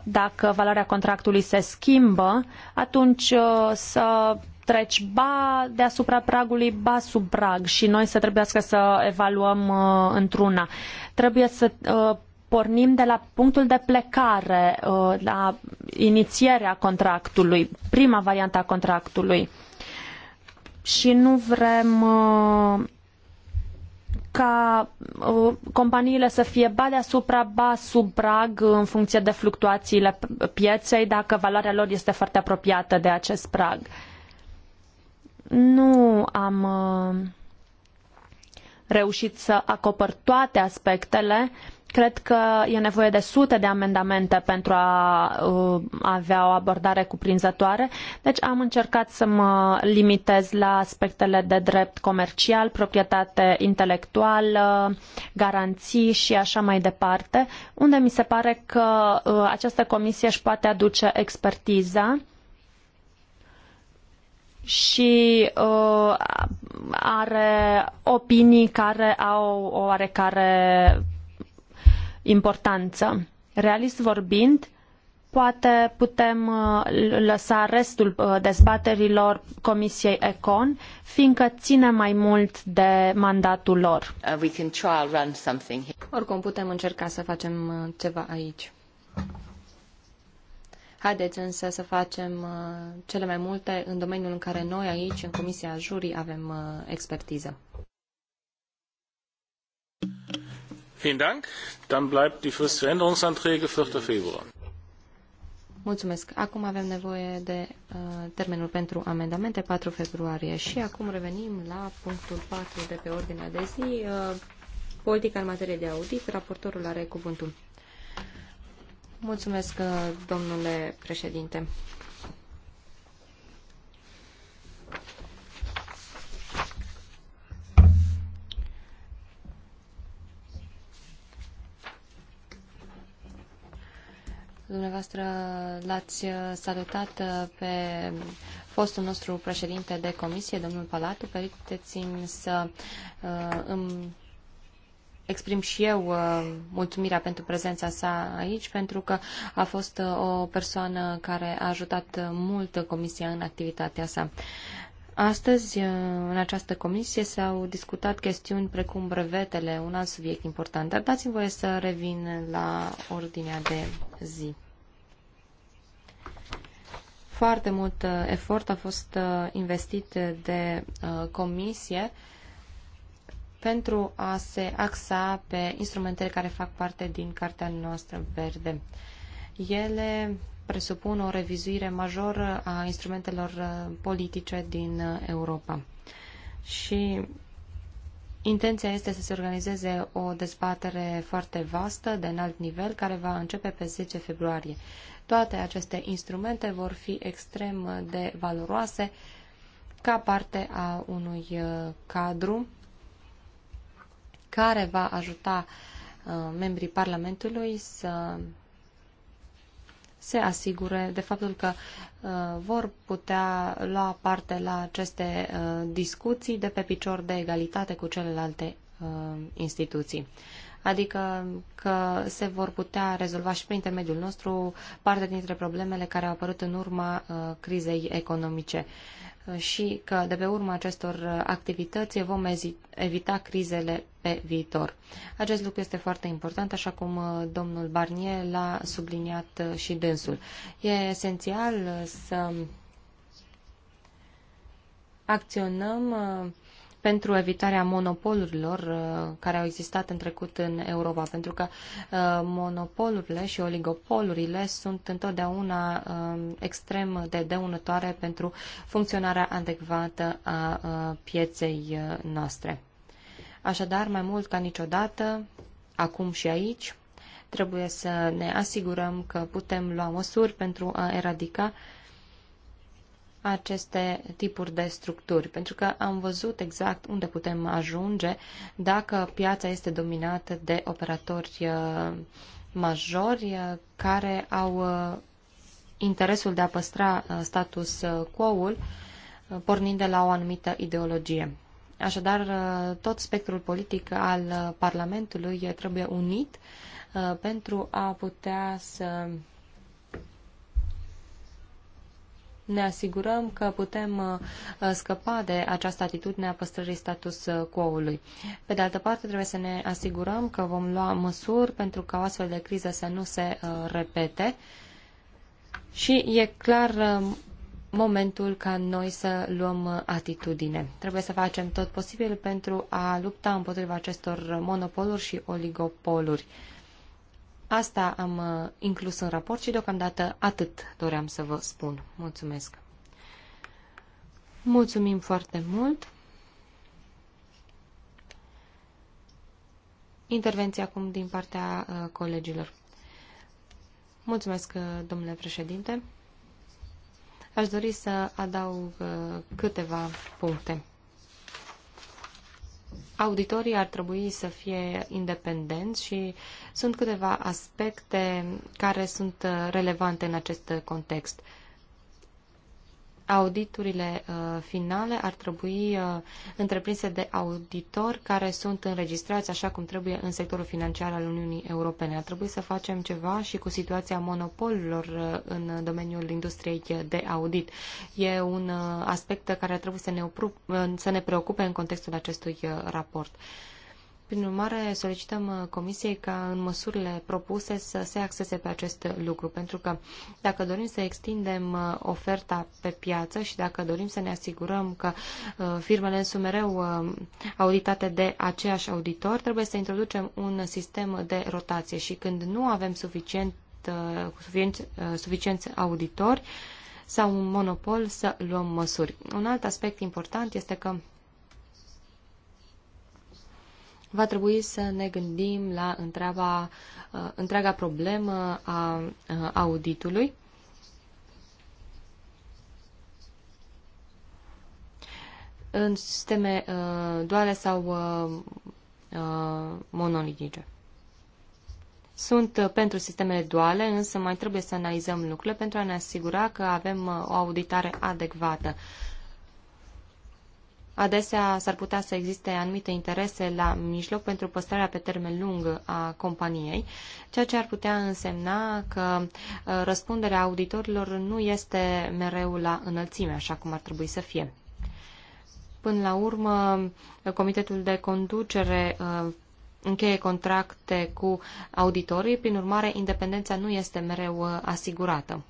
[SPEAKER 2] dacă valoarea contractului se schimbă, atunci uh, să treci ba deasupra pragului, ba sub prag și noi să trebuiască să evaluăm uh, într-una. Trebuie să uh, pornim de la punctul de plecare, uh, la inițierea contractului, prima variantă a contractului. Și nu vrem uh, ca uh, companiile să fie ba deasupra, ba sub prag în funcție de fluctuațiile pieței, dacă valoarea lor este foarte apropiată de acest prag. Uh, nu am uh, reușit să acopăr toate aspectele. Cred că e nevoie de sute de amendamente pentru a uh, avea o abordare cuprinzătoare, deci am încercat să mă limitez la aspectele de drept comercial, proprietate intelectuală, garanții și așa mai departe, unde mi se pare că uh, această comisie își poate aduce expertiza și uh, are opinii care au o oarecare importanță. Realist vorbind, poate putem uh, lăsa restul uh, dezbaterilor Comisiei Econ, fiindcă ține mai mult de mandatul
[SPEAKER 3] lor. Uh, Oricum putem încerca să facem ceva aici. Haideți însă să facem uh, cele mai multe în domeniul în care noi aici, în Comisia Jurii, avem uh, expertiză.
[SPEAKER 1] Vielen Dank. Dann bleibt die Frist für Änderungsanträge 4. Februar.
[SPEAKER 3] Mulțumesc. Acum avem nevoie de uh, termenul pentru amendamente 4 februarie și acum revenim la punctul 4 de pe ordinea de zi. Uh, politica în materie de audit. Raportorul are cuvântul. Mulțumesc, uh, domnule președinte. Dumneavoastră l-ați uh, salutat uh, pe fostul nostru președinte de comisie, domnul Palatu. Permiteți-mi să uh, îmi exprim și eu uh, mulțumirea pentru prezența sa aici, pentru că a fost uh, o persoană care a ajutat uh, mult Comisia în activitatea sa. Astăzi, în această comisie, s-au discutat chestiuni precum brevetele, un alt subiect important, dar dați-mi voie să revin la ordinea de zi. Foarte mult efort a fost investit de comisie pentru a se axa pe instrumentele care fac parte din cartea noastră verde. Ele presupun o revizuire majoră a instrumentelor uh, politice din uh, Europa. Și intenția este să se organizeze o dezbatere foarte vastă, de înalt nivel, care va începe pe 10 februarie. Toate aceste instrumente vor fi extrem de valoroase ca parte a unui uh, cadru care va ajuta uh, membrii Parlamentului să se asigure de faptul că uh, vor putea lua parte la aceste uh, discuții de pe picior de egalitate cu celelalte instituții. Adică că se vor putea rezolva și prin intermediul nostru parte dintre problemele care au apărut în urma crizei economice și că de pe urma acestor activități vom evita crizele pe viitor. Acest lucru este foarte important, așa cum uh, domnul Barnier l-a subliniat uh, și dânsul. E esențial să acționăm uh, pentru evitarea monopolurilor uh, care au existat în trecut în Europa, pentru că uh, monopolurile și oligopolurile sunt întotdeauna um, extrem de dăunătoare pentru funcționarea adecvată a uh, pieței noastre. Așadar, mai mult ca niciodată, acum și aici, trebuie să ne asigurăm că putem lua măsuri pentru a eradica uh, aceste tipuri de structuri, pentru că am văzut exact unde putem ajunge dacă piața este dominată de operatori uh, majori uh, care au uh, interesul de a păstra status quo-ul pornind de la o anumită ideologie. Așadar, tot spectrul politic al Parlamentului trebuie unit pentru a putea să ne asigurăm că putem uh, scăpa de această atitudine a păstrării status uh, quo-ului. Pe de altă parte, trebuie să ne asigurăm că vom lua măsuri pentru ca o astfel de criză să nu se uh, repete și e clar momentul ca noi să luăm atitudine. Trebuie să facem tot posibil pentru a lupta împotriva acestor monopoluri și oligopoluri. Asta am uh, inclus în raport și deocamdată atât doream să vă spun. Mulțumesc! Mulțumim foarte mult! Intervenția acum din partea uh, colegilor. Mulțumesc, uh, domnule președinte! Aș dori să adaug câteva puncte auditorii ar trebui să fie independenți și sunt câteva aspecte care sunt uh, relevante în acest context auditurile uh, finale ar trebui uh, întreprinse de auditori care sunt înregistrați așa cum trebuie în sectorul financiar al Uniunii Europene. Ar trebui să facem ceva și cu situația monopolurilor uh, în domeniul industriei de audit. E un uh, aspect care ar trebui să ne, opru- uh, să ne preocupe în contextul acestui uh, raport. Uh, prin urmare, solicităm uh, Comisiei ca în măsurile propuse să se axeze pe acest lucru, pentru că dacă dorim să extindem uh, oferta pe piață și dacă dorim să ne asigurăm că uh, firmele sunt mereu auditate de aceeași auditor, trebuie să introducem un sistem de rotație și când nu avem suficient, suficient, suficient auditori sau un monopol, să luăm măsuri. Un alt aspect important este că va trebui să ne gândim la întreaba, uh, întreaga problemă a uh, auditului. în sisteme uh, duale sau uh, uh, monolitice. Sunt uh, pentru sistemele duale, însă mai trebuie să analizăm lucrurile pentru a ne asigura că avem o auditare adecvată. Uh, Adesea s-ar putea să existe anumite interese la mijloc pentru păstrarea pe termen lung a companiei, ceea ce ar putea însemna că uh, răspunderea auditorilor nu este mereu la înălțime, așa cum ar trebui să fie. Până la urmă, Comitetul de Conducere uh, încheie contracte cu auditorii, prin urmare, independența nu este mereu uh, asigurată.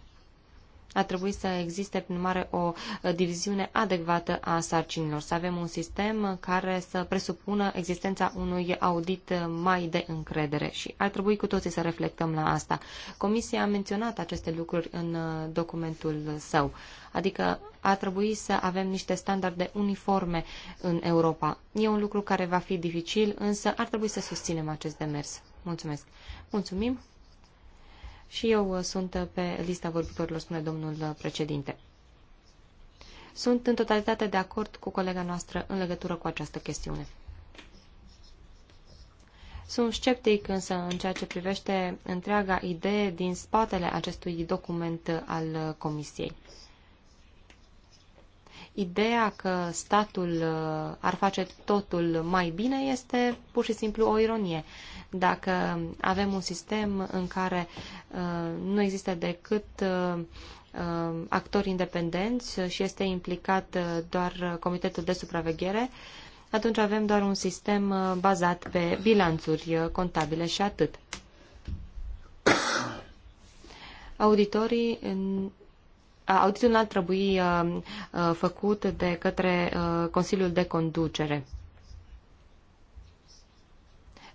[SPEAKER 3] A trebui să existe, prin urmare, o eh, diviziune adecvată a sarcinilor, să avem un sistem care să presupună existența unui audit eh, mai de încredere și ar trebui cu toții să reflectăm la asta. Comisia a menționat aceste lucruri în eh, documentul său, adică ar trebui să avem niște standarde uniforme în Europa. E un lucru care va fi dificil, însă ar trebui să susținem acest demers. Mulțumesc! Mulțumim! Și eu uh, sunt uh, pe lista vorbitorilor, spune domnul uh, președinte. Sunt în totalitate de acord cu colega noastră în legătură cu această chestiune. Sunt sceptic însă în ceea ce privește întreaga idee din spatele acestui document al Comisiei. Ideea că statul ar face totul mai bine este pur și simplu o ironie. Uh, dacă avem un sistem în care uh, nu există decât uh, uh, actori independenți și este implicat doar Comitetul de Supraveghere, atunci avem doar un sistem bazat pe bilanțuri contabile și atât. Auditorii auditul n-ar trebui făcut de către Consiliul de Conducere.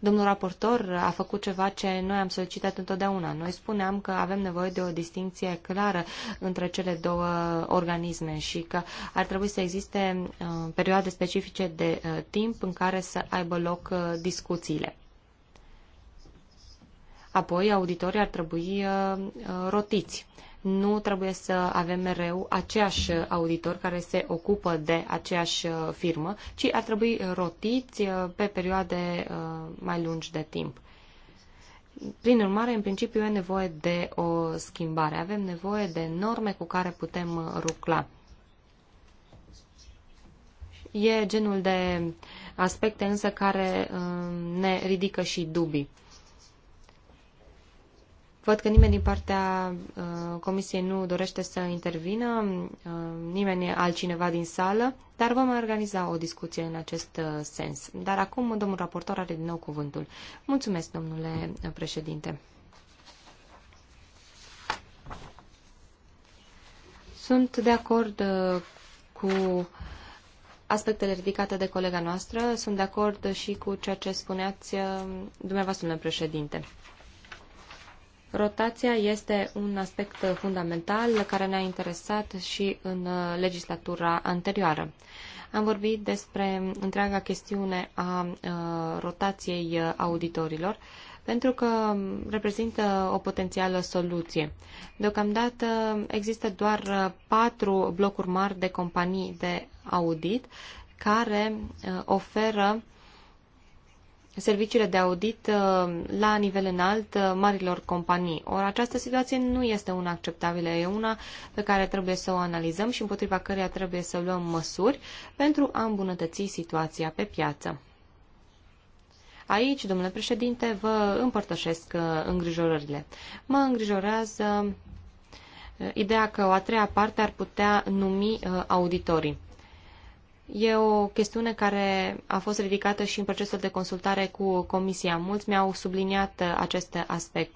[SPEAKER 3] Domnul raportor a făcut ceva ce noi am solicitat întotdeauna. Noi spuneam că avem nevoie de o distinție clară între cele două organisme și că ar trebui să existe uh, perioade specifice de uh, timp în care să aibă loc uh, discuțiile. Apoi, auditorii ar trebui rotiți nu trebuie să avem mereu aceeași auditor care se ocupă de aceeași uh, firmă, ci ar trebui uh, rotiți uh, pe perioade mai lungi de timp. Prin urmare, în principiu, e nevoie de o schimbare. Avem nevoie de norme cu care putem rucla. E genul de aspecte însă care ne ridică și dubii. Văd că nimeni din partea uh, comisiei nu dorește să intervină, uh, nimeni altcineva din sală, dar vom organiza o discuție în acest uh, sens. Dar acum domnul raportor are din nou cuvântul. Mulțumesc, domnule președinte. Sunt de acord uh, cu aspectele ridicate de colega noastră, sunt de acord și cu ceea ce spuneați uh, dumneavoastră, domnule președinte. Rotația este un aspect fundamental care ne-a interesat și în uh, legislatura anterioară. Am vorbit despre întreaga chestiune a uh, rotației uh, auditorilor, pentru că reprezintă o potențială soluție. Deocamdată există doar patru blocuri mari de companii de audit care oferă serviciile de audit uh, la nivel înalt uh, marilor companii. Ori această situație nu este una acceptabilă, e una pe care trebuie să o analizăm și împotriva căreia trebuie să luăm măsuri pentru a îmbunătăți situația pe piață. Aici, domnule președinte, vă împărtășesc uh, îngrijorările. Mă îngrijorează ideea că o a treia parte ar putea numi auditorii. E o chestiune care a fost ridicată și în procesul de consultare cu Comisia. Mulți mi-au subliniat acest aspect.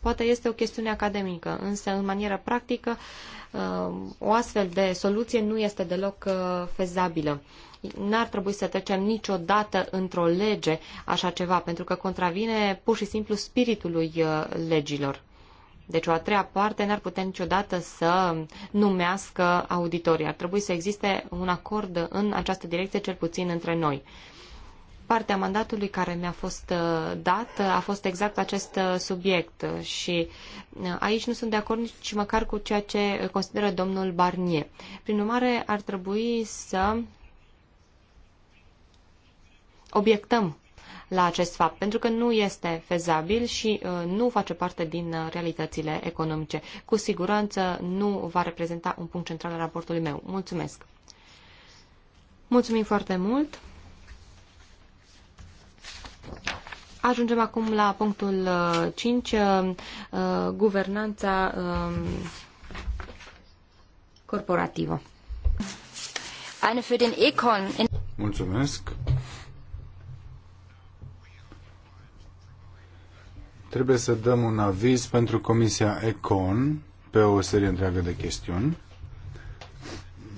[SPEAKER 3] Poate este o chestiune academică, însă în manieră practică uh, o astfel de soluție nu este deloc uh, fezabilă. N-ar trebui să trecem niciodată într-o lege așa ceva, pentru că contravine pur și simplu spiritului uh, legilor. Deci o a treia parte n-ar putea niciodată să numească auditorii. Ar trebui să existe un acord în această direcție, cel puțin între noi. Partea mandatului care mi-a fost uh, dat a fost exact acest uh, subiect și uh, aici nu sunt de acord nici măcar cu ceea ce consideră domnul Barnier. Prin urmare, ar trebui să obiectăm la acest fapt, pentru că nu este fezabil și uh, nu face parte din uh, realitățile economice. Cu siguranță nu va reprezenta un punct central al raportului meu. Mulțumesc! Mulțumim foarte mult! Ajungem acum la punctul 5, uh, guvernanța um, corporativă.
[SPEAKER 1] Mulțumesc. Trebuie să dăm un aviz pentru Comisia Econ pe o serie întreagă de chestiuni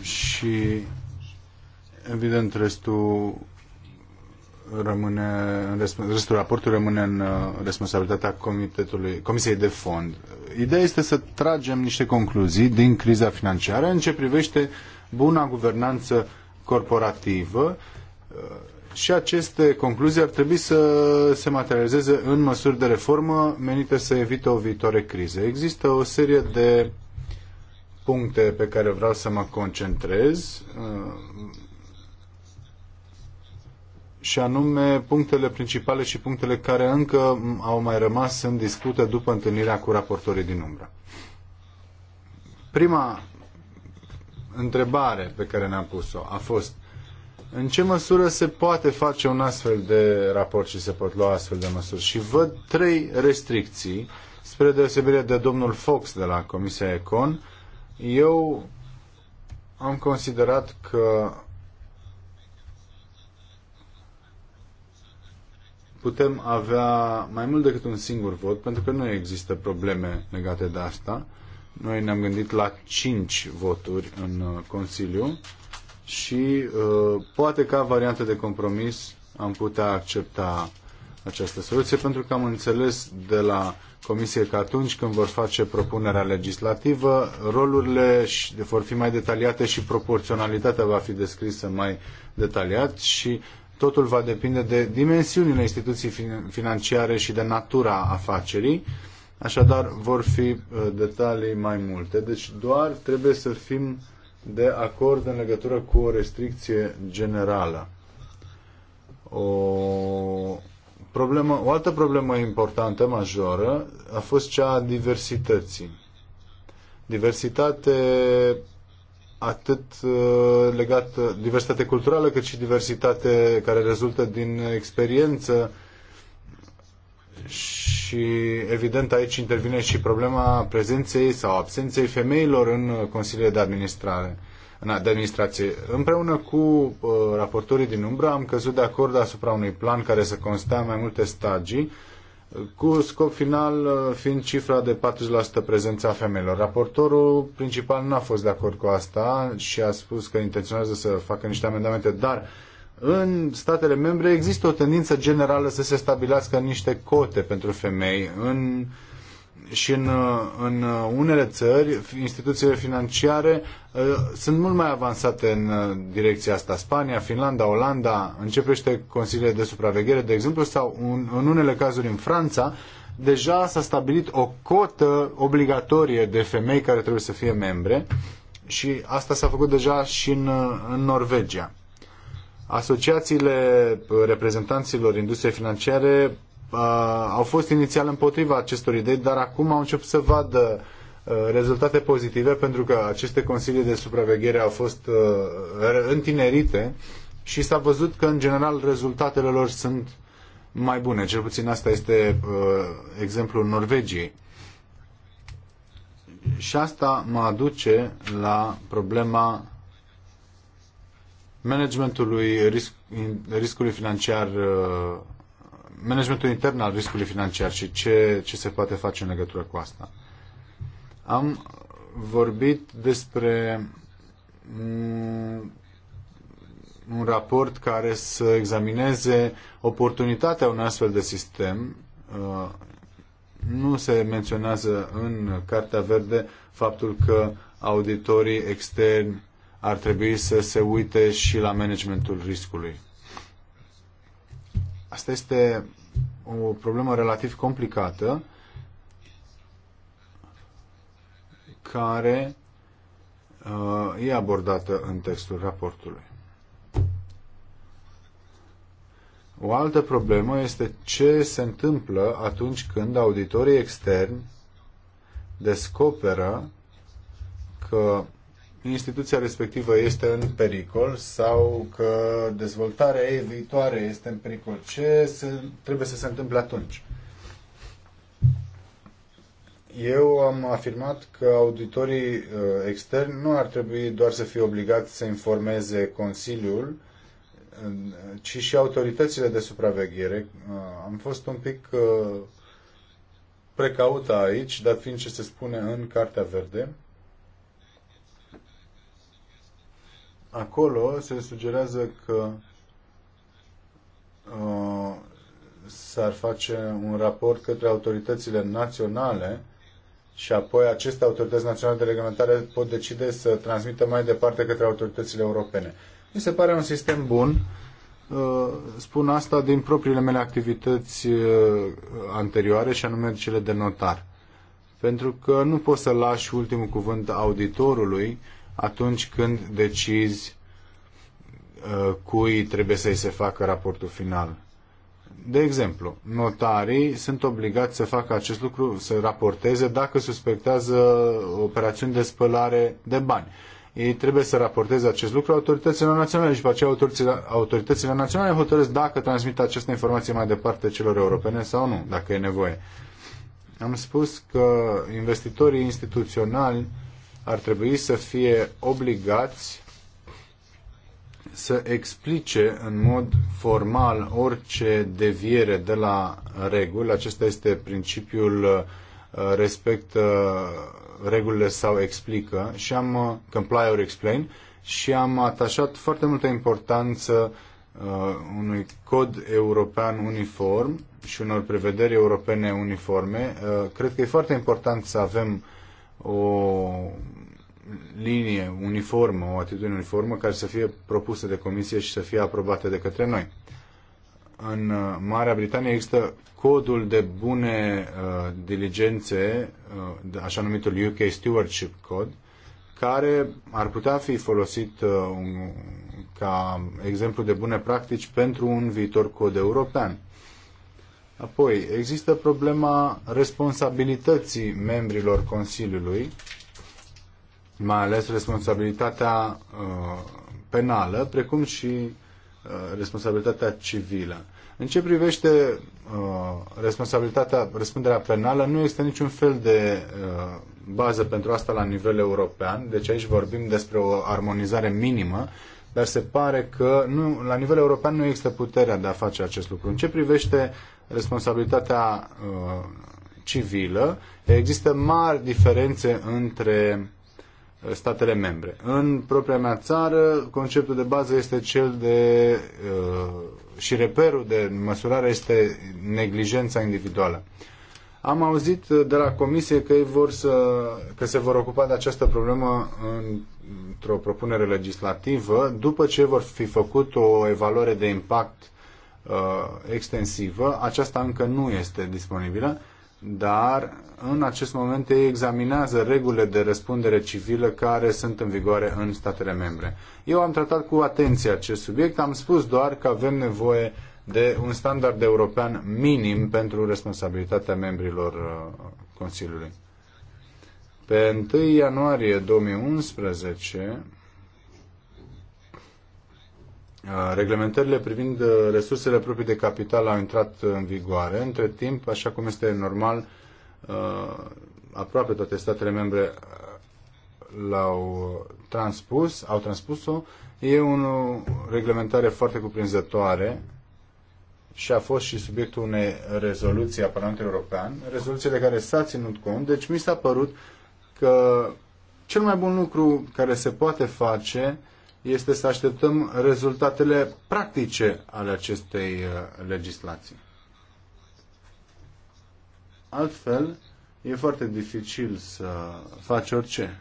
[SPEAKER 1] și evident restul rămâne restul raportului rămâne în uh, responsabilitatea comitetului, Comisiei de Fond. Ideea este să tragem niște concluzii din criza financiară în ce privește buna guvernanță corporativă uh, și aceste concluzii ar trebui să se materializeze în măsuri de reformă menite să evite o viitoare criză. Există o serie de puncte pe care vreau să mă concentrez uh, și anume punctele principale și punctele care încă au mai rămas în discută după întâlnirea cu raportorii din umbră. Prima întrebare pe care ne-am pus-o a fost în ce măsură se poate face un astfel de raport și se pot lua astfel de măsuri. Și văd trei restricții, spre deosebire de domnul Fox de la Comisia Econ. Eu am considerat că putem avea mai mult decât un singur vot, pentru că nu există probleme legate de asta. Noi ne-am gândit la cinci voturi în uh, Consiliu și uh, poate ca variantă de compromis am putea accepta această soluție, pentru că am înțeles de la Comisie că atunci când vor face propunerea legislativă, rolurile vor fi mai detaliate și proporționalitatea va fi descrisă mai detaliat și totul va depinde de dimensiunile instituției financiare și de natura afacerii. Așadar, vor fi uh, detalii mai multe. Deci doar trebuie să fim de acord în legătură cu o restricție generală. O, problemă, o altă problemă importantă, majoră, a fost cea a diversității. Diversitate atât uh, legată, diversitate culturală, cât și diversitate care rezultă din experiență și evident aici intervine și problema prezenței sau absenței femeilor în consiliul de administrare de administrație. Împreună cu uh, raportorii din umbră am căzut de acord asupra unui plan care să constea mai multe stagii, cu scop final uh, fiind cifra de 40% prezența femeilor. Raportorul principal nu a fost de acord cu asta și a spus că intenționează să facă niște amendamente, dar uh, în statele membre există o tendință generală să se stabilească niște cote pentru femei. În, și în, în unele țări, instituțiile financiare uh, sunt mult mai avansate în uh, direcția asta. Spania, Finlanda, Olanda, începește consiliile de supraveghere, de exemplu, sau un, în unele cazuri în Franța, deja s-a stabilit o cotă obligatorie de femei care trebuie să fie membre și asta s-a făcut deja și în, uh, în Norvegia. Asociațiile reprezentanților industriei financiare uh, au fost inițial împotriva acestor idei, dar acum au început să vadă uh, rezultate pozitive pentru că aceste consilii de supraveghere au fost uh, întinerite și s-a văzut că, în general, rezultatele lor sunt mai bune. Cel puțin asta este uh, exemplul Norvegiei. Și asta mă aduce la problema managementului risc, riscului financiar, uh, managementul intern al riscului financiar și ce, ce se poate face în legătură cu asta. Am vorbit despre un raport care să examineze oportunitatea unui astfel de sistem. Uh, nu se menționează în Cartea Verde faptul că auditorii externi ar trebui să se uite și la managementul riscului. Asta este o problemă relativ complicată care uh, e abordată în textul raportului. O altă problemă este ce se întâmplă atunci când auditorii externi descoperă că instituția respectivă este în pericol sau că dezvoltarea ei viitoare este în pericol. Ce se, trebuie să se întâmple atunci? Eu am afirmat că auditorii uh, externi nu ar trebui doar să fie obligați să informeze Consiliul, ci și autoritățile de supraveghere. Uh, am fost un pic uh, precaută aici, dar fiind ce se spune în Cartea Verde, acolo se sugerează că uh, s-ar face un raport către autoritățile naționale și apoi aceste autorități naționale de reglementare pot decide să transmită mai departe către autoritățile europene. Mi se pare un sistem bun. Uh, spun asta din propriile mele activități uh, anterioare și anume cele de notar. Pentru că nu poți să lași ultimul cuvânt auditorului atunci când decizi Uh, cui trebuie să-i se facă raportul final. De exemplu, notarii sunt obligați să facă acest lucru, să raporteze dacă suspectează operațiuni de spălare de bani. Ei trebuie să raporteze acest lucru autorităților naționale și după aceea autoritățile, autoritățile naționale hotărăsc dacă transmit această informație mai departe celor europene sau nu, dacă e nevoie. Am spus că investitorii instituționali ar trebui să fie obligați să explice în mod formal orice deviere de la reguli. Acesta este principiul uh, respect uh, regulile sau explică și am uh, comply or explain și am atașat foarte multă importanță unui cod european uniform și unor prevederi europene uniforme. Cred că e foarte important să avem o linie uniformă, o atitudine uniformă care să fie propusă de comisie și să fie aprobată de către noi. În uh, Marea Britanie există codul de bune uh, diligențe, uh, așa numitul UK Stewardship Code, care ar putea fi folosit uh, un, ca exemplu de bune practici pentru un viitor cod european. Apoi, există problema responsabilității membrilor Consiliului mai ales responsabilitatea uh, penală, precum și uh, responsabilitatea civilă. În ce privește uh, responsabilitatea, răspunderea penală, nu există niciun fel de uh, bază pentru asta la nivel european, deci aici vorbim despre o armonizare minimă, dar se pare că nu, la nivel european nu există puterea de a face acest lucru. În ce privește responsabilitatea uh, civilă, există mari diferențe între statele membre. În propria mea țară, conceptul de bază este cel de uh, și reperul de măsurare este neglijența individuală. Am auzit uh, de la comisie că, ei vor să, că se vor ocupa de această problemă într-o propunere legislativă după ce vor fi făcut o evaluare de impact uh, extensivă. Aceasta încă nu este disponibilă dar în acest moment ei examinează regulile de răspundere civilă care sunt în vigoare în statele membre. Eu am tratat cu atenție acest subiect, am spus doar că avem nevoie de un standard european minim pentru responsabilitatea membrilor uh, Consiliului. Pe 1 ianuarie 2011, Uh, reglementările privind uh, resursele proprii de capital au intrat uh, în vigoare. Între timp, așa cum este normal, aproape toate statele membre l-au transpus, au transpus-o. E o reglementare foarte cuprinzătoare și a fost și subiectul unei rezoluții a Parlamentului European, rezoluție de care s-a ținut cont. Deci mi s-a părut că cel mai bun lucru care se poate face uh, este să așteptăm rezultatele practice ale acestei uh, legislații. Altfel, e foarte dificil să faci orice.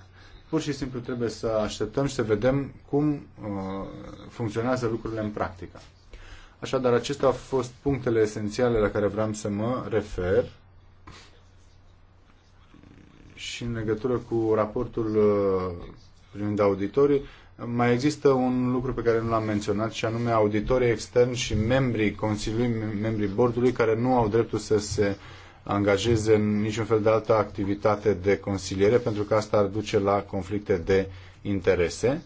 [SPEAKER 1] Pur și simplu trebuie să așteptăm și să vedem cum uh, funcționează lucrurile în practică. Așadar, acestea au fost punctele esențiale la care vreau să mă refer și în legătură cu raportul uh, privind auditorii, mai există un lucru pe care nu l-am menționat și anume auditorii externi și membrii Consiliului, membrii bordului care nu au dreptul să se angajeze în niciun fel de altă activitate de consiliere pentru că asta ar duce la conflicte de interese.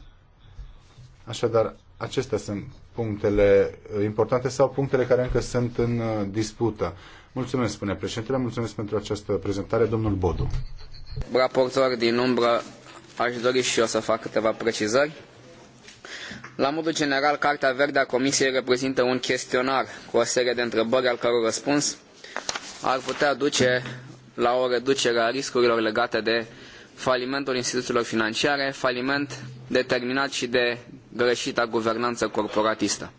[SPEAKER 1] Așadar, acestea sunt punctele importante sau punctele care încă sunt în uh, dispută. Mulțumesc, spune președintele, mulțumesc pentru această prezentare, domnul Bodu.
[SPEAKER 4] Raportor din umbră aș dori și eu să fac câteva precizări. La modul general, Cartea Verde a Comisiei reprezintă un chestionar cu o serie de întrebări al căror răspuns ar putea duce la o reducere a riscurilor legate de falimentul instituțiilor financiare, faliment determinat și de greșita guvernanță corporatistă.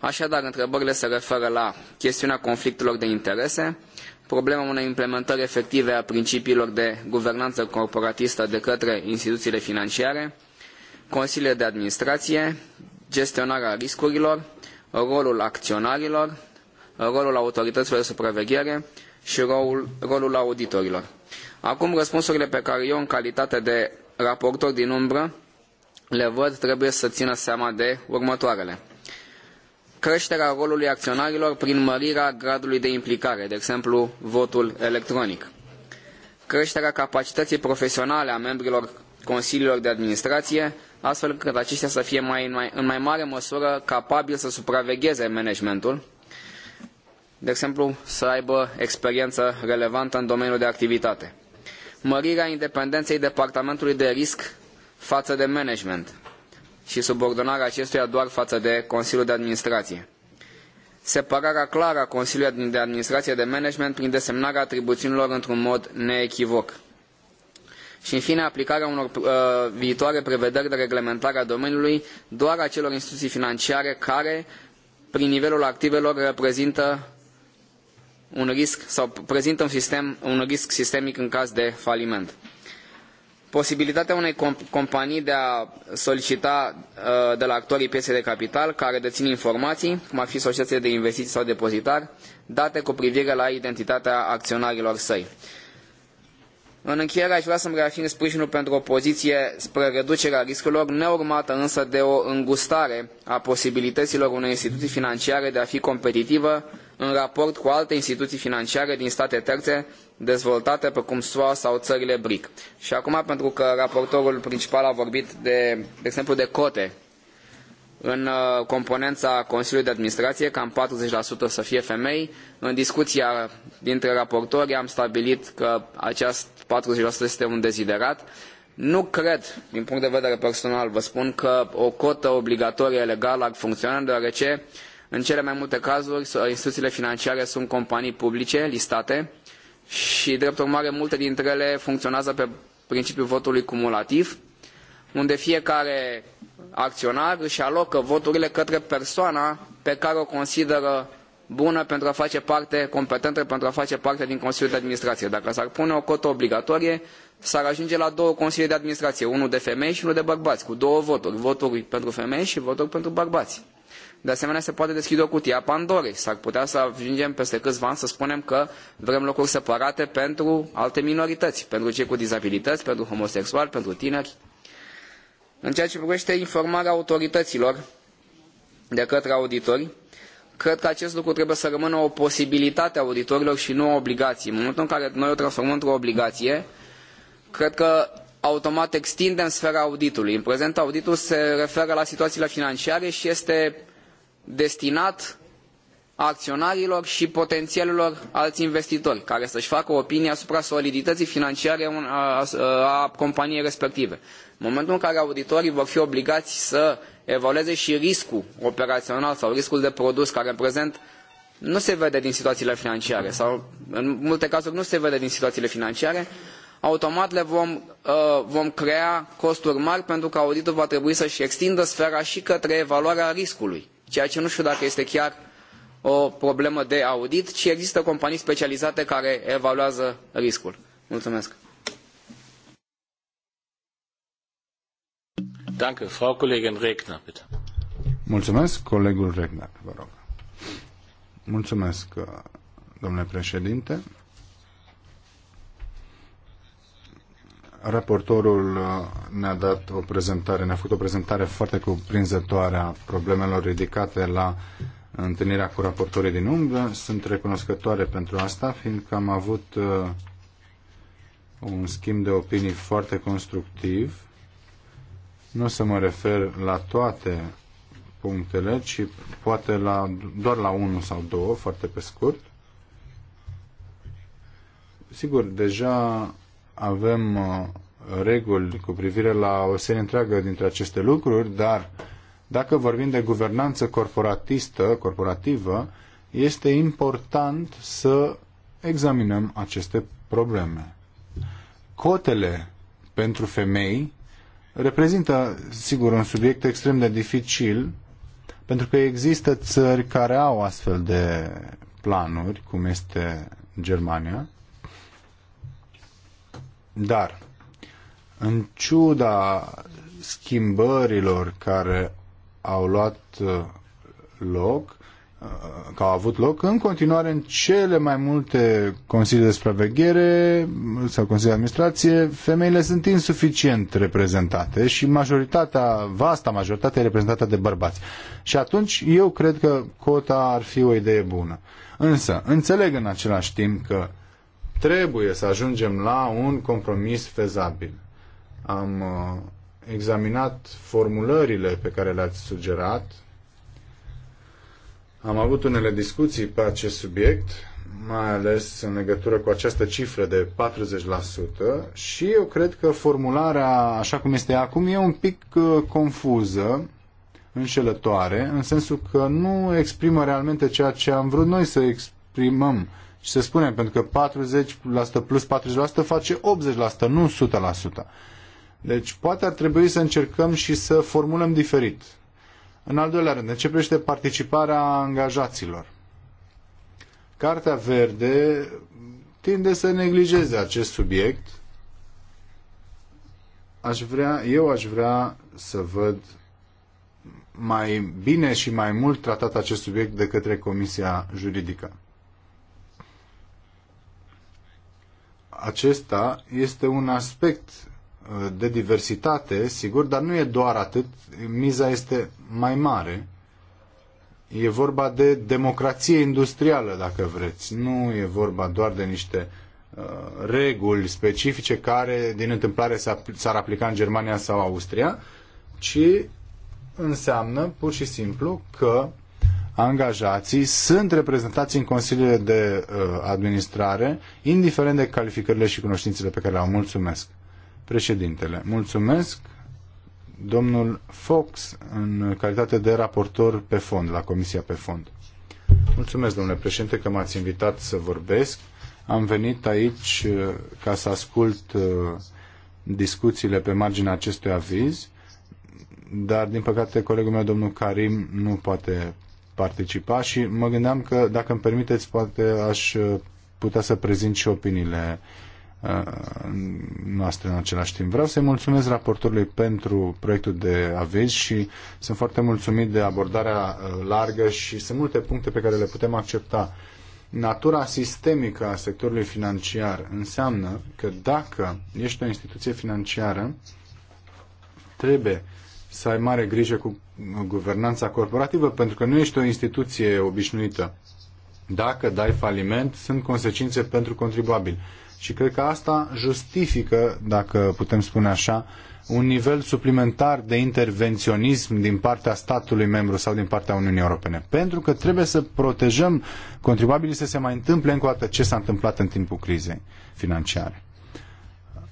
[SPEAKER 4] Așadar, întrebările se referă la chestiunea conflictelor de interese, problema unei implementări efective a principiilor de guvernanță corporatistă de către instituțiile financiare, consiliile de administrație, gestionarea riscurilor, rolul acționarilor, rolul autorităților de supraveghere și rolul, rolul auditorilor. Acum, răspunsurile pe care eu, în calitate de raportor din umbră, le văd trebuie să țină seama de următoarele creșterea rolului acționarilor prin mărirea gradului de implicare, de exemplu votul electronic, creșterea capacității profesionale a membrilor consiliilor de administrație, astfel încât aceștia să fie mai, mai, în mai mare măsură capabili să supravegheze managementul, de exemplu să aibă experiență relevantă în domeniul de activitate. Mărirea independenței departamentului de risc față de management, și subordonarea acestuia doar față de Consiliul de Administrație. Separarea clară a Consiliului de Administrație de Management prin desemnarea atribuțiunilor într-un mod neechivoc. Și, în fine, aplicarea unor uh, viitoare prevederi de reglementare a domeniului doar a celor instituții financiare care, prin nivelul activelor, reprezintă un risc sau prezintă un, sistem, un risc sistemic în caz de faliment posibilitatea unei companii de a solicita uh, de la actualii pieței de capital care dețin informații, cum ar fi societățile de investiții sau depozitar, date cu privire la identitatea acționarilor săi. În încheiere aș vrea să-mi reafirm sprijinul pentru o poziție spre reducerea riscurilor, neurmată însă de o îngustare a posibilităților unei instituții financiare de a fi competitivă în raport cu alte instituții financiare din state terțe dezvoltate precum SUA sau țările BRIC. Și acum, pentru că raportorul principal a vorbit de, de exemplu, de cote în uh, componența Consiliului de Administrație, cam 40% să fie femei. În discuția dintre raportori am stabilit că acest 40% este un deziderat. Nu cred, din punct de vedere personal, vă spun că o cotă obligatorie legală ar funcționa, deoarece în cele mai multe cazuri instituțiile financiare sunt companii publice listate, și, drept urmare, multe dintre ele funcționează pe principiul votului cumulativ, unde fiecare acționar își alocă voturile către persoana pe care o consideră bună pentru a face parte, competentă pentru a face parte din Consiliul de Administrație. Dacă s-ar pune o cotă obligatorie, s-ar ajunge la două Consilii de Administrație, unul de femei și unul de bărbați, cu două voturi, voturi pentru femei și voturi pentru bărbați. De asemenea, se poate deschide o cutie a Pandorei. S-ar putea să ajungem peste câțiva ani să spunem că vrem locuri separate pentru alte minorități, pentru cei cu dizabilități, pentru homosexuali, pentru tineri. În ceea ce privește informarea autorităților de către auditori, cred că acest lucru trebuie să rămână o posibilitate a auditorilor și nu o obligație. În momentul în care noi o transformăm într-o obligație, cred că automat extindem sfera auditului. În prezent, auditul se referă la situațiile financiare și este destinat acționarilor și potențialilor alți investitori care să-și facă opinie asupra solidității financiare a, companiei respective. În momentul în care auditorii vor fi obligați să evalueze și riscul operațional sau riscul de produs care în prezent nu se vede din situațiile financiare sau în multe cazuri nu se vede din situațiile financiare, automat le vom, ă, vom crea costuri mari pentru că auditul va trebui să-și extindă sfera și către evaluarea riscului ceea ce nu știu dacă este chiar o problemă de audit, ci există companii specializate care evaluează riscul. Mulțumesc. Danke, Frau Kollegin Regner,
[SPEAKER 1] bitte. Mulțumesc, colegul Regner, vă rog. Mulțumesc, domnule președinte. raportorul uh, ne-a dat o prezentare, ne-a făcut o prezentare foarte cuprinzătoare a problemelor ridicate la întâlnirea cu raportorii din umbră. Sunt recunoscătoare pentru asta, fiindcă am avut uh, un schimb de opinii foarte constructiv. Nu o să mă refer la toate punctele, ci poate la, doar la unul sau două, foarte pe scurt. Sigur, deja avem uh, reguli cu privire la o serie întreagă dintre aceste lucruri, dar dacă vorbim de guvernanță corporatistă, corporativă, este important să examinăm aceste probleme. Cotele pentru femei reprezintă, sigur, un subiect extrem de dificil, pentru că există țări care au astfel de planuri, cum este Germania, dar, în ciuda schimbărilor care au luat uh, loc, uh, că au avut loc, în continuare în cele mai multe consilii de supraveghere sau consilii de administrație, femeile sunt insuficient reprezentate și majoritatea, vasta majoritatea e reprezentată de bărbați. Și atunci eu cred că cota ar fi o idee bună. Însă, înțeleg în același timp că Trebuie să ajungem la un compromis fezabil. Am uh, examinat formulările pe care le-ați sugerat. Am avut unele discuții pe acest subiect, mai ales în legătură cu această cifră de 40% și eu cred că formularea așa cum este acum e un pic uh, confuză, înșelătoare, în sensul că nu exprimă realmente ceea ce am vrut noi să exprimăm și să spunem, pentru că 40% plus 40% face 80%, nu 100%. Deci poate ar trebui să încercăm și să formulăm diferit. În al doilea rând, începește participarea angajaților. Cartea verde tinde să neglijeze acest subiect. Aș vrea, eu aș vrea să văd mai bine și mai mult tratat acest subiect de către Comisia Juridică. acesta este un aspect uh, de diversitate, sigur, dar nu e doar atât. Miza este mai mare. E vorba de democrație industrială, dacă vreți. Nu e vorba doar de niște uh, reguli specifice care, din întâmplare, s-ar aplica în Germania sau Austria, ci înseamnă pur și simplu că angajații sunt reprezentați în consiliile de uh, administrare, indiferent de calificările și cunoștințele pe care le-au. Mulțumesc. Președintele, mulțumesc. Domnul Fox, în calitate de raportor pe fond, la Comisia pe fond. Mulțumesc, domnule președinte, că m-ați invitat să vorbesc. Am venit aici uh, ca să ascult uh, discuțiile pe marginea acestui aviz, dar din păcate colegul meu, domnul Karim, nu poate participa și mă gândeam că, dacă îmi permiteți, poate aș uh, putea să prezint și opiniile uh, noastre în același timp. Vreau să-i mulțumesc raportorului pentru proiectul de aviz și sunt foarte mulțumit de abordarea uh, largă și sunt multe puncte pe care le putem accepta. Natura sistemică a sectorului financiar înseamnă că dacă ești o instituție financiară, trebuie să ai mare grijă cu guvernanța corporativă, pentru că nu ești o instituție obișnuită. Dacă dai faliment, sunt consecințe pentru contribuabil. Și cred că asta justifică, dacă putem spune așa, un nivel suplimentar de intervenționism din partea statului membru sau din partea Uniunii Europene. Pentru că trebuie să protejăm contribuabilii să se mai întâmple încă o dată ce s-a întâmplat în timpul crizei financiare.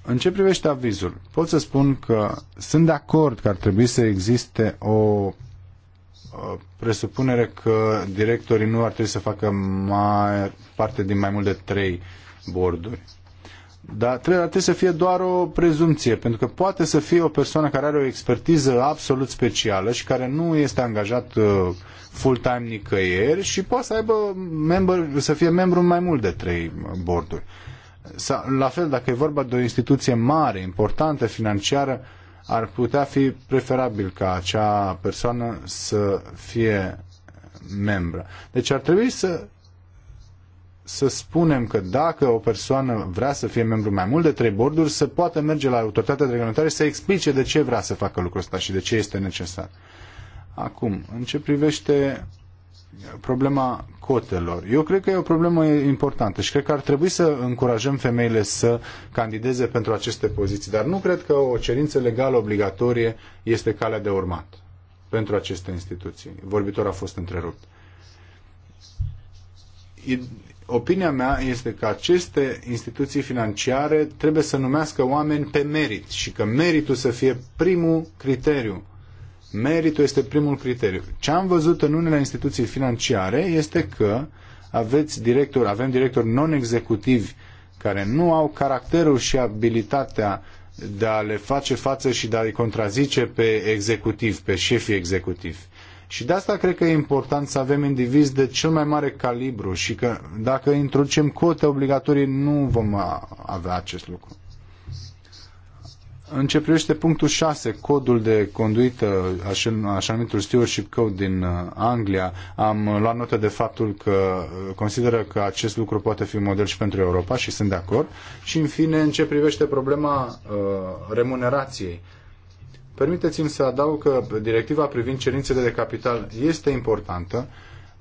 [SPEAKER 1] În ce privește avizul, pot să spun că sunt de acord că ar trebui să existe o presupunere că directorii nu ar trebui să facă mai, parte din mai mult de trei borduri. Dar trebuie, trebuie să fie doar o prezumție, pentru că poate să fie o persoană care are o expertiză absolut specială și care nu este angajat uh, full-time nicăieri și poate să aibă member, să fie membru în mai mult de trei borduri la fel, dacă e vorba de o instituție mare, importantă, financiară, ar putea fi preferabil ca acea persoană să fie membră. Deci ar trebui să să spunem că dacă o persoană vrea să fie membru mai mult de trei borduri, să poată merge la autoritatea de reglementare și să explice de ce vrea să facă lucrul ăsta și de ce este necesar. Acum, în ce privește problema cotelor. Eu cred că e o problemă importantă și cred că ar trebui să încurajăm femeile să candideze pentru aceste poziții, dar nu cred că o cerință legală obligatorie este calea de urmat pentru aceste instituții. Vorbitor a fost întrerupt. Opinia mea este că aceste instituții financiare trebuie să numească oameni pe merit și că meritul să fie primul criteriu Meritul este primul criteriu. Ce am văzut în unele instituții financiare este că aveți directori, avem directori non-executivi care nu au caracterul și abilitatea de a le face față și de a-i contrazice pe executiv, pe șefii executivi. Și de asta cred că e important să avem indivizi de cel mai mare calibru și că dacă introducem cote obligatorii nu vom avea acest lucru. În ce privește punctul 6, codul de conduită, așa numitul Stewardship Code din uh, Anglia, am luat notă de faptul că uh, consideră că acest lucru poate fi un model și pentru Europa și sunt de acord. Și în fine, în ce privește problema uh, remunerației, permiteți-mi să adaug că directiva privind cerințele de capital este importantă,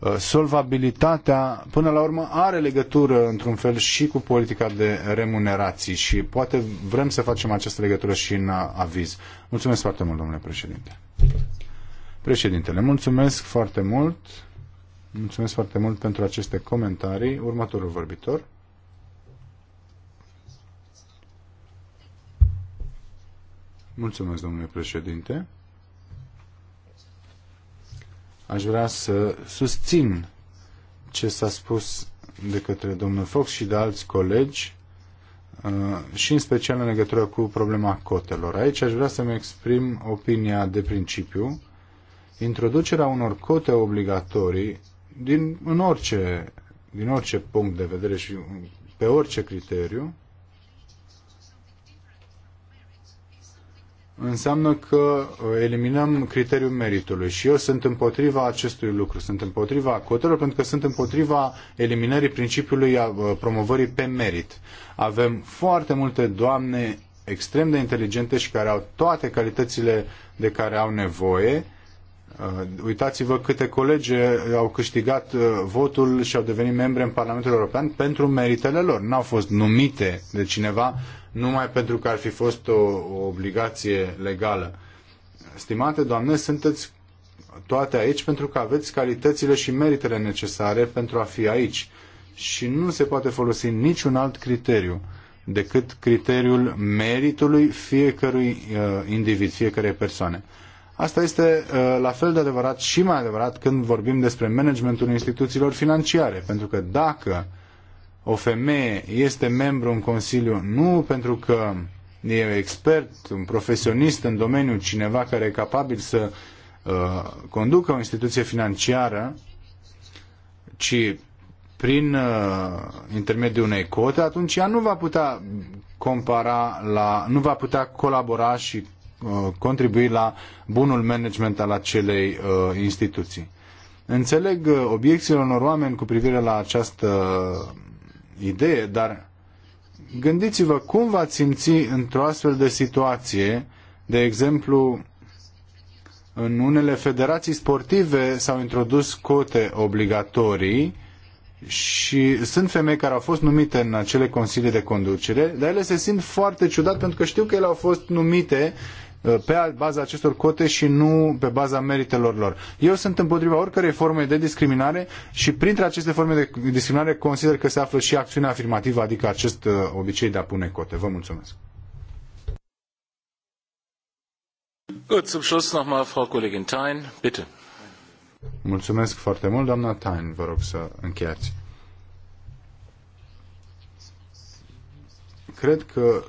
[SPEAKER 1] Uh, solvabilitatea, până la urmă, are legătură, într-un fel, și cu politica de remunerații și poate vrem să facem această legătură și în uh, aviz. Mulțumesc foarte mult, domnule președinte. Președintele, mulțumesc foarte mult. Mulțumesc foarte mult pentru aceste comentarii. Următorul vorbitor. Mulțumesc, domnule președinte. Aș vrea să susțin ce s-a spus de către domnul Fox și de alți colegi uh, și în special în legătură cu problema cotelor. Aici aș vrea să-mi exprim opinia de principiu. Introducerea unor cote obligatorii din, în orice, din orice punct de vedere și pe orice criteriu înseamnă că uh, eliminăm criteriul meritului și eu sunt împotriva acestui lucru, sunt împotriva cotelor pentru că sunt împotriva eliminării principiului a uh, promovării pe merit. Avem foarte multe doamne extrem de inteligente și care au toate calitățile de care au nevoie Uh, uitați-vă câte colegi au câștigat uh, votul și au devenit membre în Parlamentul European pentru meritele lor. N-au fost numite de cineva numai pentru că ar fi fost o, o obligație legală. Stimate doamne, sunteți toate aici pentru că aveți calitățile și meritele necesare pentru a fi aici. Și nu se poate folosi niciun alt criteriu decât criteriul meritului fiecărui uh, individ, fiecărei persoane. Asta este uh, la fel de adevărat și mai adevărat când vorbim despre managementul instituțiilor financiare, pentru că dacă o femeie este membru în Consiliu nu pentru că e expert, un profesionist în domeniu, cineva care e capabil să uh, conducă o instituție financiară, ci prin uh, intermediul unei cote, atunci ea nu va putea compara la, nu va putea colabora și Uh, contribui la bunul management al acelei uh, instituții. Înțeleg uh, obiecțiile unor oameni cu privire la această idee, dar gândiți-vă cum v-ați simți într-o astfel de situație, de exemplu, în unele federații sportive s-au introdus cote obligatorii și sunt femei care au fost numite în acele consilii de conducere, dar ele se simt foarte ciudat pentru că știu că ele au fost numite Uh, pe baza acestor cote și nu pe baza meritelor lor. Eu sunt împotriva oricărei forme de discriminare și printre aceste forme de discriminare consider că se află și acțiunea afirmativă, adică acest uh, obicei de a pune cote. Vă mulțumesc. Gut, zum Schluss nochmal Frau Kollegin Thein, bitte. Mulțumesc foarte mult, doamna Tain, vă rog să încheiați. Cred că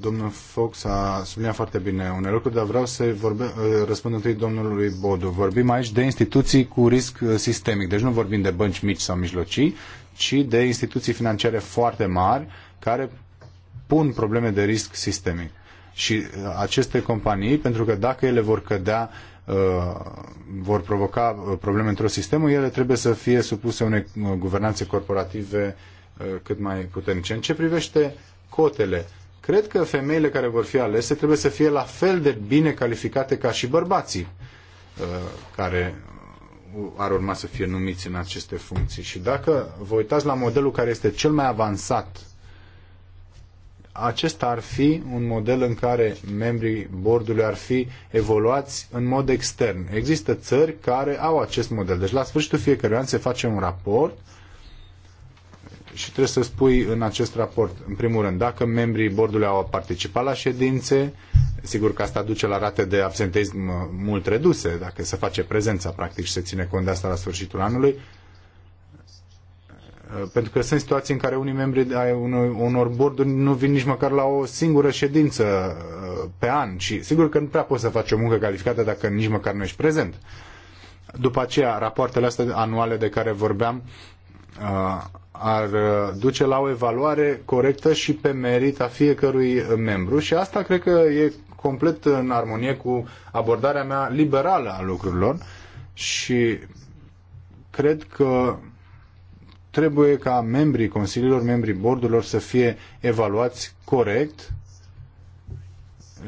[SPEAKER 1] domnul Fox a subliniat foarte bine unele lucruri, dar vreau să vorbe, uh, răspund întâi domnului Bodu. Vorbim aici de instituții cu risc uh, sistemic, deci nu vorbim de bănci mici sau mijlocii, ci de instituții financiare foarte mari care pun probleme de risc sistemic. Și uh, aceste companii, pentru că dacă ele vor cădea, vor provoca probleme într-o sistemă, ele trebuie să fie supuse unei guvernanțe corporative cât mai puternice. În ce privește cotele, Cred că femeile care vor fi alese trebuie să fie la fel de bine calificate ca și bărbații uh, care uh, ar urma să fie numiți în aceste funcții. Și dacă vă uitați la modelul care este cel mai avansat, acesta ar fi un model în care membrii bordului ar fi evoluați în mod extern. Există țări care au acest model. Deci la sfârșitul fiecărui an se face un raport uh, și trebuie să spui în acest raport, în primul rând, dacă membrii bordului au participat la ședințe, sigur că asta duce la rate de absenteism mult reduse, dacă se face prezența, practic, și se ține cont de asta la sfârșitul anului, pentru că sunt situații în care unii membri ai unor borduri nu vin nici măcar la o singură ședință uh, pe an și sigur că nu prea poți să faci o muncă calificată dacă nici măcar nu ești prezent. După aceea, rapoartele astea anuale de care vorbeam uh, ar uh, duce la o evaluare corectă și pe merit a fiecărui membru și asta cred că e complet în armonie cu abordarea mea liberală a lucrurilor și cred că trebuie ca membrii consiliilor, membrii bordurilor să fie evaluați corect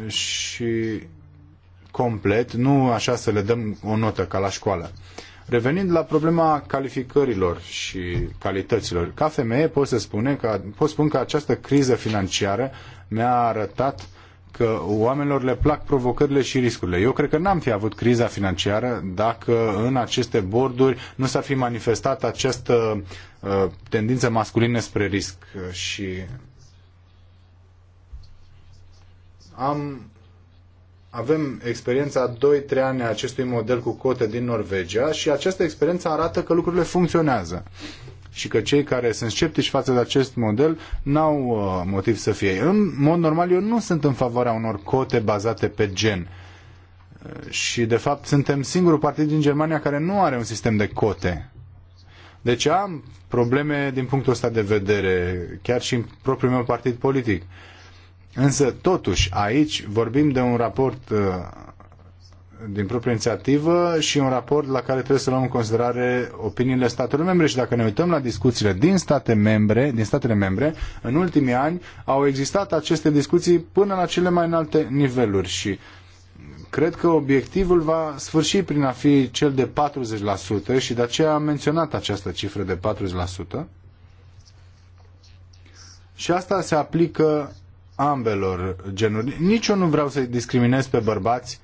[SPEAKER 1] și complet, nu așa să le dăm o notă ca la școală. Revenind la problema calificărilor și calităților, ca femeie pot, să spune că, pot spun că această criză financiară mi-a arătat că oamenilor le plac provocările și riscurile. Eu cred că n-am fi avut criza financiară dacă în aceste borduri nu s-ar fi manifestat această uh, tendință masculină spre risc și am avem experiența 2-3 ani a acestui model cu cote din Norvegia și această experiență arată că lucrurile funcționează și că cei care sunt sceptici față de acest model n-au uh, motiv să fie. În mod normal, eu nu sunt în favoarea unor cote bazate pe gen. Uh, și, de fapt, suntem singurul partid din Germania care nu are un sistem de cote. Deci am probleme din punctul ăsta de vedere, chiar și în propriul meu partid politic. Uh, Însă, totuși, aici vorbim de un raport uh, din proprie inițiativă și un raport la care trebuie să luăm în considerare opiniile statelor membre și dacă ne uităm la discuțiile din, state membre, din statele membre, în ultimii ani au existat aceste discuții până la cele mai înalte niveluri și cred că obiectivul va sfârși prin a fi cel de 40% și de aceea am menționat această cifră de 40%. Și asta se aplică ambelor genuri. Nici eu nu vreau să-i discriminez pe bărbați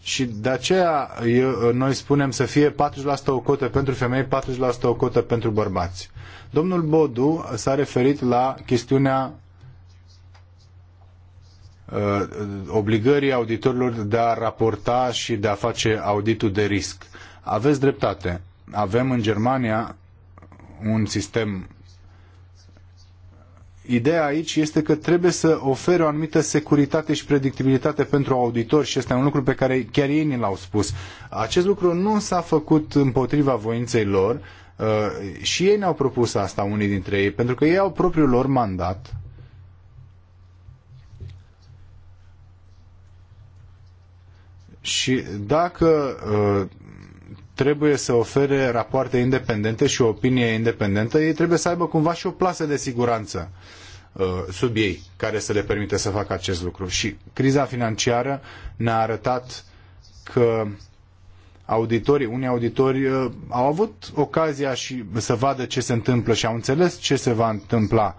[SPEAKER 1] și de aceea eu, noi spunem să fie 40% o cotă pentru femei, 40% o cotă pentru bărbați. Domnul Bodu s-a referit la chestiunea uh, obligării auditorilor de a raporta și de a face auditul de risc. Aveți dreptate. Avem în Germania un sistem Ideea aici este că trebuie să ofere o anumită securitate și predictibilitate pentru auditori și este un lucru pe care chiar ei ni l-au spus. Acest lucru nu s-a făcut împotriva voinței lor uh, și ei ne-au propus asta, unii dintre ei, pentru că ei au propriul lor mandat și dacă uh, trebuie să ofere rapoarte independente și o opinie independentă, ei trebuie să aibă cumva și o plasă de siguranță. Uh, sub ei care să le permită să facă acest lucru. Și criza financiară ne-a arătat că auditorii, unii auditori uh, au avut ocazia și să vadă ce se întâmplă și au înțeles ce se va întâmpla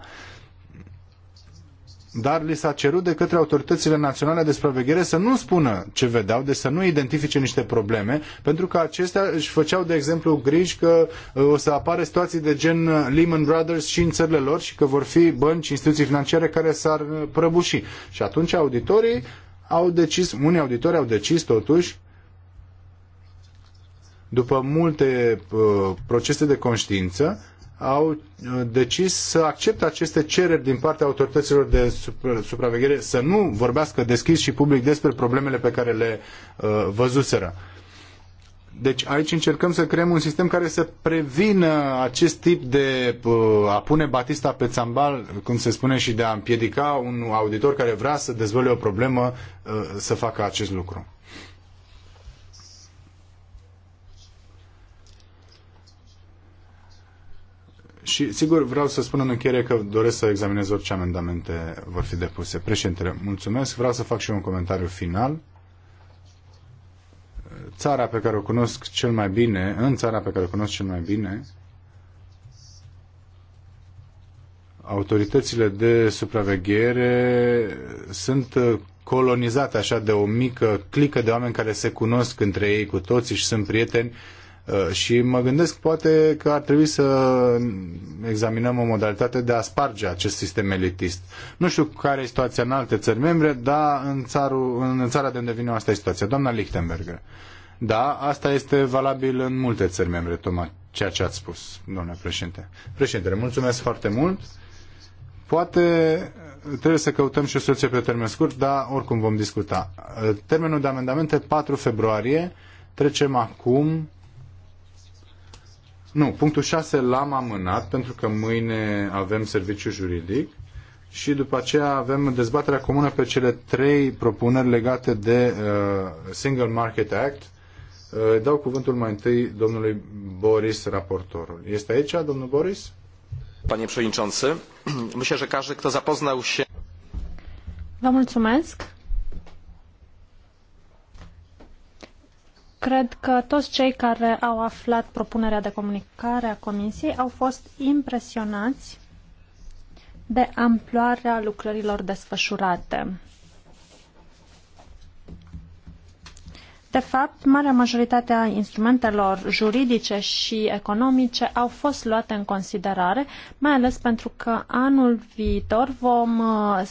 [SPEAKER 1] dar li s-a cerut de către autoritățile naționale de supraveghere să nu spună ce vedeau, deci să nu identifice niște probleme, pentru că acestea își făceau, de exemplu, griji că uh, o să apară situații de gen uh, Lehman Brothers și în țările lor și că vor fi bănci, instituții financiare care s-ar uh, prăbuși. Și atunci auditorii au decis, unii auditori au decis totuși, după multe uh, procese de conștiință, au uh, decis să accepte aceste cereri din partea autorităților de supraveghere să nu vorbească deschis și public despre problemele pe care le uh, văzuseră. Deci aici încercăm să creăm un sistem care să prevină acest tip de uh, a pune Batista pe țambal, cum se spune, și de a împiedica un auditor care vrea să dezvăluie o problemă să facă acest lucru. Și, sigur, vreau să spun în încheiere că doresc să examinez orice amendamente vor fi depuse. Președintele, mulțumesc. Vreau să fac și eu un comentariu final. Țara pe care o cunosc cel mai bine, în țara pe care o cunosc cel mai bine, autoritățile de supraveghere sunt colonizate așa de o mică clică de oameni care se cunosc între ei cu toții și sunt prieteni Uh, și mă gândesc poate că ar trebui să examinăm o modalitate de a sparge acest sistem elitist. Nu știu care e situația în alte țări membre, dar în, țarul, în țara de unde vine asta e situația. Doamna Lichtenberger. Da, asta este valabil în multe țări membre, tocmai ceea ce ați spus, domnule președinte. Președinte, mulțumesc foarte mult. Poate trebuie să căutăm și o soluție pe termen scurt, dar oricum vom discuta. Termenul de amendamente 4 februarie. Trecem acum nu, punctul 6 l-am amânat pentru că mâine avem serviciu juridic și după aceea avem dezbaterea comună pe cele trei propuneri legate de uh, Single Market Act. Uh, dau cuvântul mai întâi domnului Boris, raportorul. Este aici, domnul Boris?
[SPEAKER 3] Panie przewodniczący, myślę, że każdy, kto zapoznał się...
[SPEAKER 1] Vă
[SPEAKER 2] mulțumesc. Cred că toți cei care au aflat propunerea de comunicare a Comisiei au fost impresionați de amploarea lucrărilor desfășurate. De fapt, marea majoritate a instrumentelor juridice și economice au fost luate în considerare, mai ales pentru că anul viitor vom uh,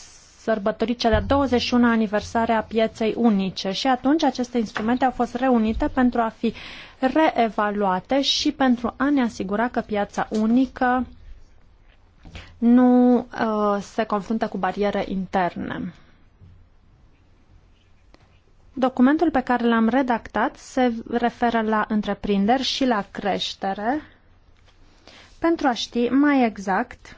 [SPEAKER 2] sărbătorit cea de-a 21-a aniversare a pieței unice și atunci aceste instrumente au fost reunite pentru a fi reevaluate și pentru a ne asigura că piața unică nu uh, se confruntă cu bariere interne. Documentul pe care l-am redactat se referă la întreprinderi și la creștere pentru a ști mai exact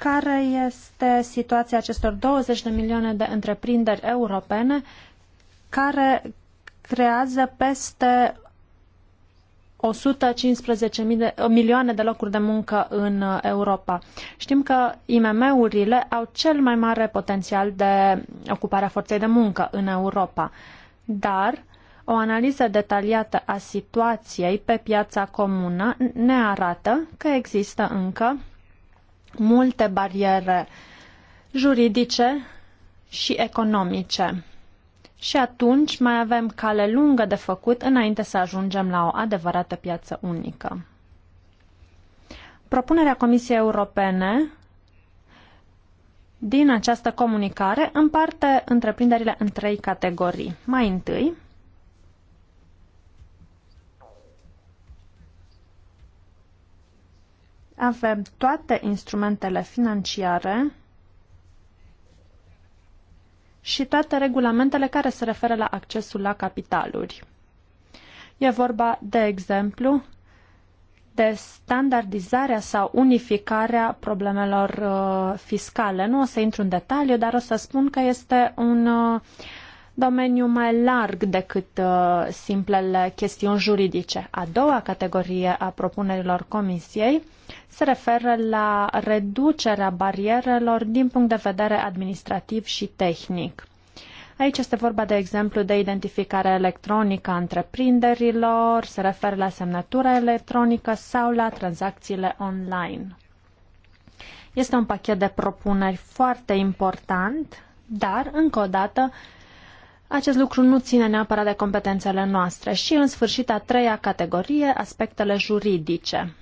[SPEAKER 2] care este situația acestor 20 de milioane de întreprinderi europene care creează peste 115 de, milioane de locuri de muncă în Europa. Știm că IMM-urile au cel mai mare potențial de ocupare a forței de muncă în Europa, dar o analiză detaliată a situației pe piața comună ne arată că există încă multe bariere juridice și economice. Și atunci mai avem cale lungă de făcut înainte să ajungem la o adevărată piață unică. Propunerea Comisiei Europene din această comunicare împarte întreprinderile în trei categorii. Mai întâi, Avem toate instrumentele financiare și toate regulamentele care se referă la accesul la capitaluri. E vorba, de exemplu, de standardizarea sau unificarea problemelor uh, fiscale. Nu o să intru în detaliu, dar o să spun că este un uh, domeniu mai larg decât uh, simplele chestiuni juridice. A doua categorie a propunerilor Comisiei se referă la reducerea barierelor din punct de vedere administrativ și tehnic. Aici este vorba, de exemplu, de identificare electronică a întreprinderilor, se referă la semnătura electronică sau la tranzacțiile online. Este un pachet de propuneri foarte important, dar, încă o dată, acest lucru nu ține neapărat de competențele noastre. Și, în sfârșit, a treia categorie, aspectele juridice.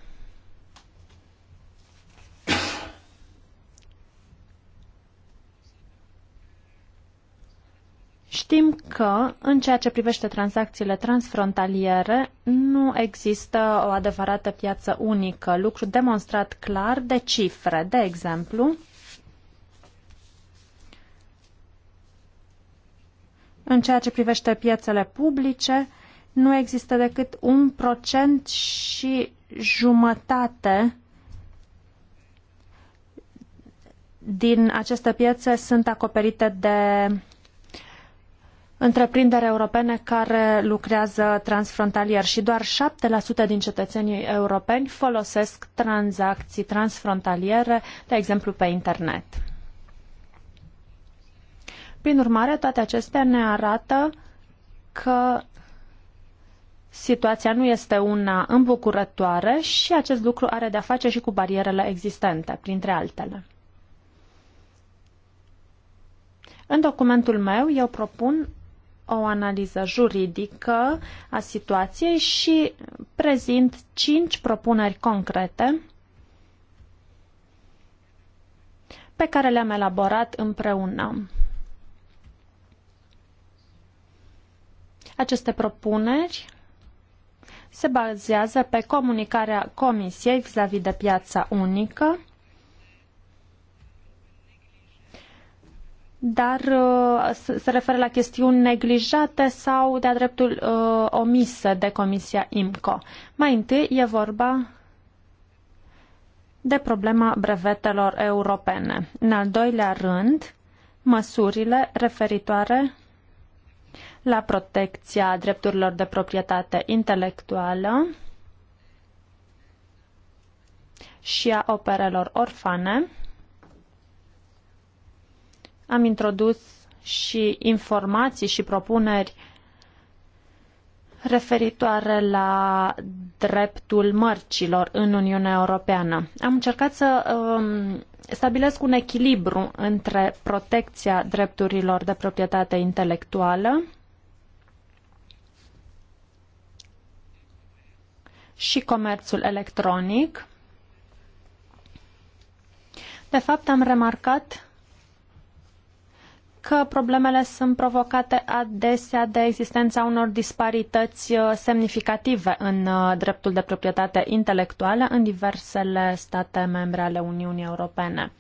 [SPEAKER 2] Știm că, în ceea ce privește tranzacțiile transfrontaliere, nu există o adevărată piață unică, lucru demonstrat clar de cifre. De exemplu, În ceea ce privește piețele publice, nu există decât un procent și jumătate din aceste piețe sunt acoperite de întreprinderi europene care lucrează transfrontalier și doar 7% din cetățenii europeni folosesc tranzacții transfrontaliere, de exemplu pe internet. Prin urmare, toate acestea ne arată că situația nu este una îmbucurătoare și acest lucru are de-a face și cu barierele existente, printre altele. În documentul meu eu propun o analiză juridică a situației și prezint cinci propuneri concrete pe care le-am elaborat împreună. Aceste propuneri se bazează pe comunicarea Comisiei vis-a-vis -vis de piața unică, dar uh, se referă la chestiuni neglijate sau de-a dreptul uh, omise de Comisia IMCO. Mai întâi e vorba de problema brevetelor europene. În al doilea rând, măsurile referitoare la protecția drepturilor de proprietate intelectuală și a operelor orfane. Am introdus și informații și propuneri referitoare la dreptul mărcilor în Uniunea Europeană. Am încercat să um, stabilesc un echilibru între protecția drepturilor de proprietate intelectuală și comerțul electronic. De fapt, am remarcat că problemele sunt provocate adesea de existența unor disparități uh, semnificative în uh, dreptul de proprietate intelectuală în diversele state membre ale Uniunii Europene.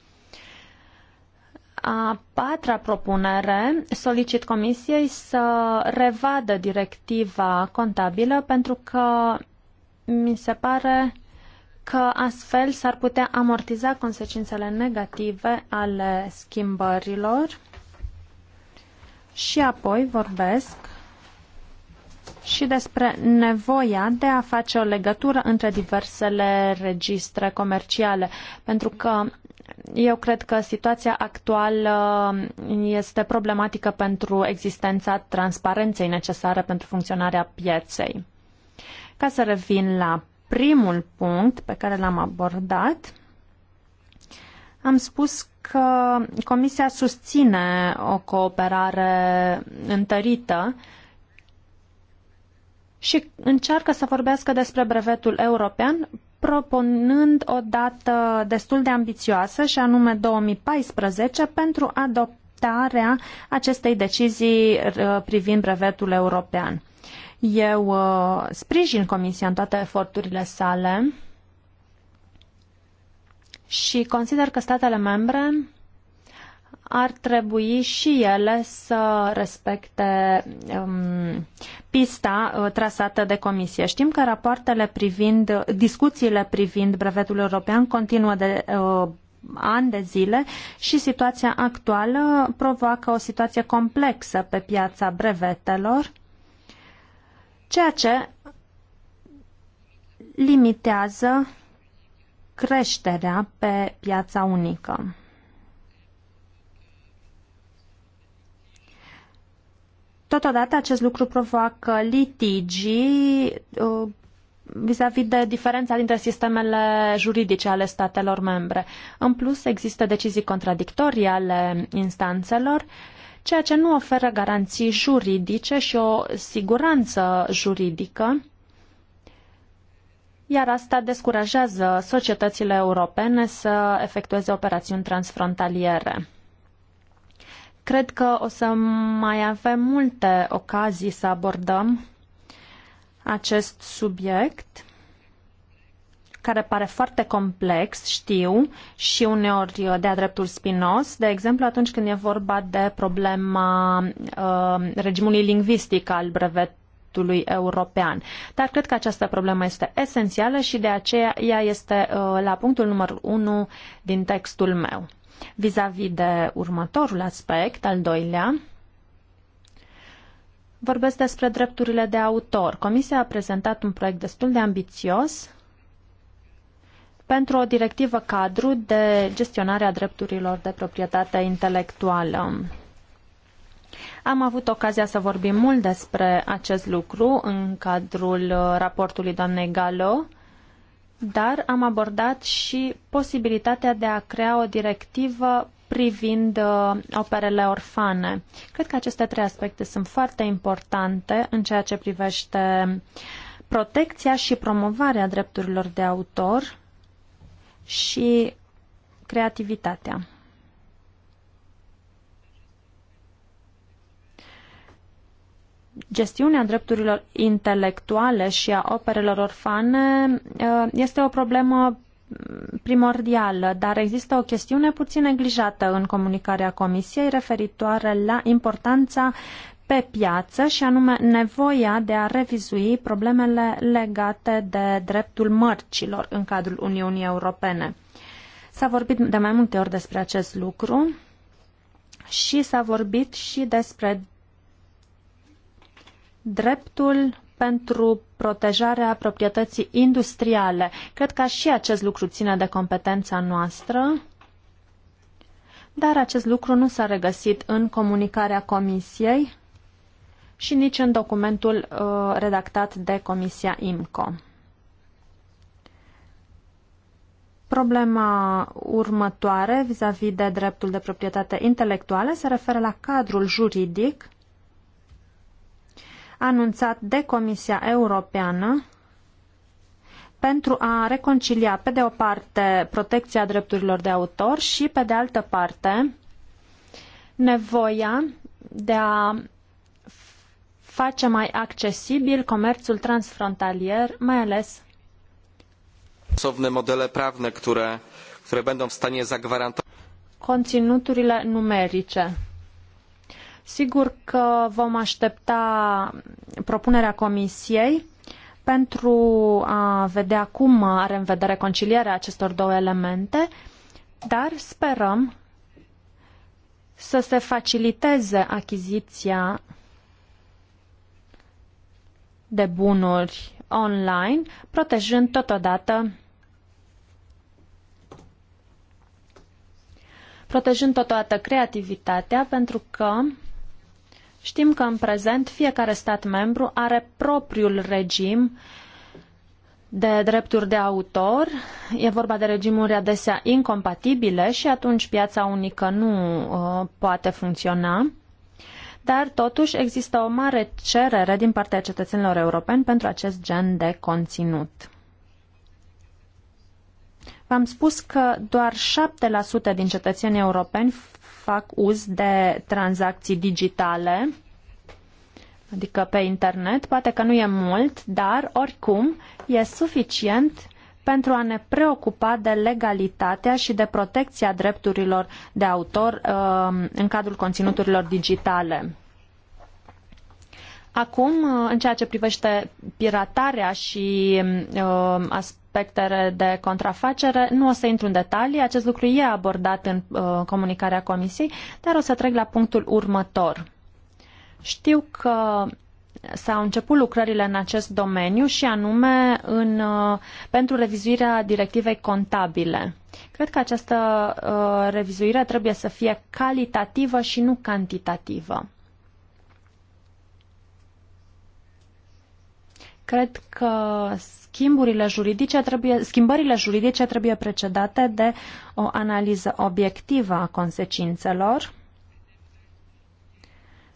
[SPEAKER 2] A patra propunere solicit Comisiei să revadă directiva contabilă pentru că mi se pare că astfel s-ar putea amortiza consecințele negative ale schimbărilor și apoi vorbesc și despre nevoia de a face o legătură între diversele registre comerciale, pentru că eu cred că situația actuală este problematică pentru existența transparenței necesare pentru funcționarea pieței. Ca să revin la primul punct pe care l-am abordat, am spus că Comisia susține o cooperare întărită și încearcă să vorbească despre brevetul european, propunând o dată destul de ambițioasă, și anume 2014, pentru adoptarea acestei decizii uh, privind brevetul european. Eu uh, sprijin Comisia în toate eforturile sale și consider că statele membre ar trebui și ele să respecte um, pista uh, trasată de comisie. Știm că rapoartele privind, discuțiile privind brevetul european continuă de uh, ani de zile și situația actuală provoacă o situație complexă pe piața brevetelor ceea ce limitează creșterea pe piața unică. Totodată, acest lucru provoacă litigii uh, vis-a-vis -vis de diferența dintre sistemele juridice ale statelor membre. În plus, există decizii contradictorii ale instanțelor uh, ceea ce nu oferă garanții juridice și o siguranță juridică, iar asta descurajează societățile europene să efectueze operațiuni transfrontaliere. Cred că o să mai avem multe ocazii să abordăm acest subiect care pare foarte complex, știu, și uneori uh, de-a dreptul spinos, de exemplu atunci când e vorba de problema uh, regimului lingvistic al brevetului european. Dar cred că această problemă este esențială și de aceea ea este uh, la punctul numărul 1 din textul meu. Vis-a-vis de următorul aspect, al doilea, Vorbesc despre drepturile de autor. Comisia a prezentat un proiect destul de ambițios pentru o directivă cadru de gestionare a drepturilor de proprietate intelectuală. Am avut ocazia să vorbim mult despre acest lucru în cadrul raportului doamnei Galo, dar am abordat și posibilitatea de a crea o directivă privind uh, operele orfane. Cred că aceste trei aspecte sunt foarte importante în ceea ce privește protecția și promovarea drepturilor de autor și creativitatea. Gestiunea drepturilor intelectuale și a operelor orfane eh, este o problemă primordială, dar există o chestiune puțin neglijată în comunicarea Comisiei referitoare la importanța pe piață și anume nevoia de a revizui problemele legate de dreptul mărcilor în cadrul Uniunii Europene. S-a vorbit de mai multe ori despre acest lucru și s-a vorbit și despre dreptul pentru protejarea proprietății industriale. Cred că și acest lucru ține de competența noastră, dar acest lucru nu s-a regăsit în comunicarea Comisiei și nici în documentul uh, redactat de Comisia IMCO. Problema următoare vis-a-vis -vis de dreptul de proprietate intelectuală se referă la cadrul juridic anunțat de Comisia Europeană pentru a reconcilia, pe de o parte, protecția drepturilor de autor și, pe de altă parte, nevoia de a face mai accesibil comerțul transfrontalier, mai ales
[SPEAKER 4] stosowne modele prawne, które, które będą w stanie zagwarantować
[SPEAKER 2] conținuturile numerice. Sigur că vom aștepta propunerea Comisiei pentru a vedea cum are în vedere concilierea acestor două elemente, dar sperăm să se faciliteze achiziția de bunuri online, protejând totodată protejând totodată creativitatea, pentru că știm că în prezent fiecare stat membru are propriul regim de drepturi de autor. E vorba de regimuri adesea incompatibile și atunci piața unică nu uh, poate funcționa dar totuși există o mare cerere din partea cetățenilor europeni pentru acest gen de conținut. V-am spus că doar 7% din cetățenii europeni fac uz de tranzacții digitale, adică pe internet. Poate că nu e mult, dar oricum e suficient pentru a ne preocupa de legalitatea și de protecția drepturilor de autor uh, în cadrul conținuturilor digitale. Acum, uh, în ceea ce privește piratarea și uh, aspectele de contrafacere, nu o să intru în detalii, acest lucru e abordat în uh, comunicarea Comisiei, dar o să trec la punctul următor. Știu că s-au început lucrările în acest domeniu și anume în, uh, pentru revizuirea directivei contabile. Cred că această uh, revizuire trebuie să fie calitativă și nu cantitativă. Cred că schimburile juridice trebuie, schimbările juridice trebuie precedate de o analiză obiectivă a consecințelor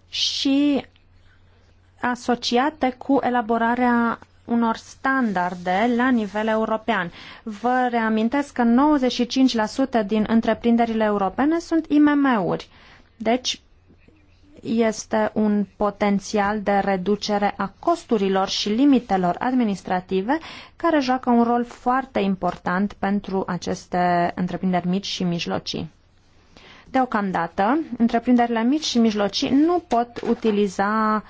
[SPEAKER 2] și asociate cu elaborarea unor standarde la nivel european. Vă reamintesc că 95% din întreprinderile europene sunt IMM-uri. Deci este un potențial de reducere a costurilor și limitelor administrative care joacă un rol foarte important pentru aceste întreprinderi mici și mijlocii. Deocamdată, întreprinderile mici și mijlocii nu pot utiliza uh,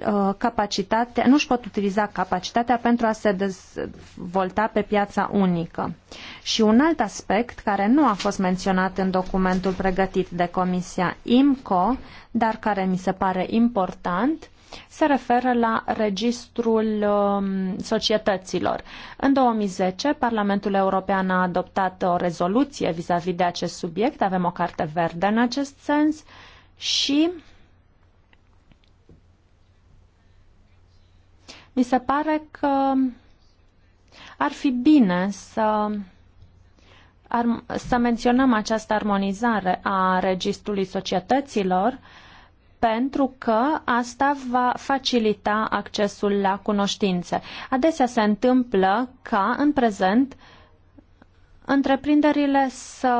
[SPEAKER 2] Uh, capacitatea, nu își pot utiliza capacitatea pentru a se dezvolta pe piața unică. Și un alt aspect care nu a fost menționat în documentul pregătit de Comisia IMCO, dar care mi se pare important, se referă la registrul um, societăților. În 2010, Parlamentul European a adoptat o rezoluție vis-a-vis -vis de acest subiect, avem o carte verde în acest sens și Mi se pare că ar fi bine să, ar, să menționăm această armonizare a registrului societăților pentru că asta va facilita accesul la cunoștințe. Adesea se întâmplă ca în prezent întreprinderile să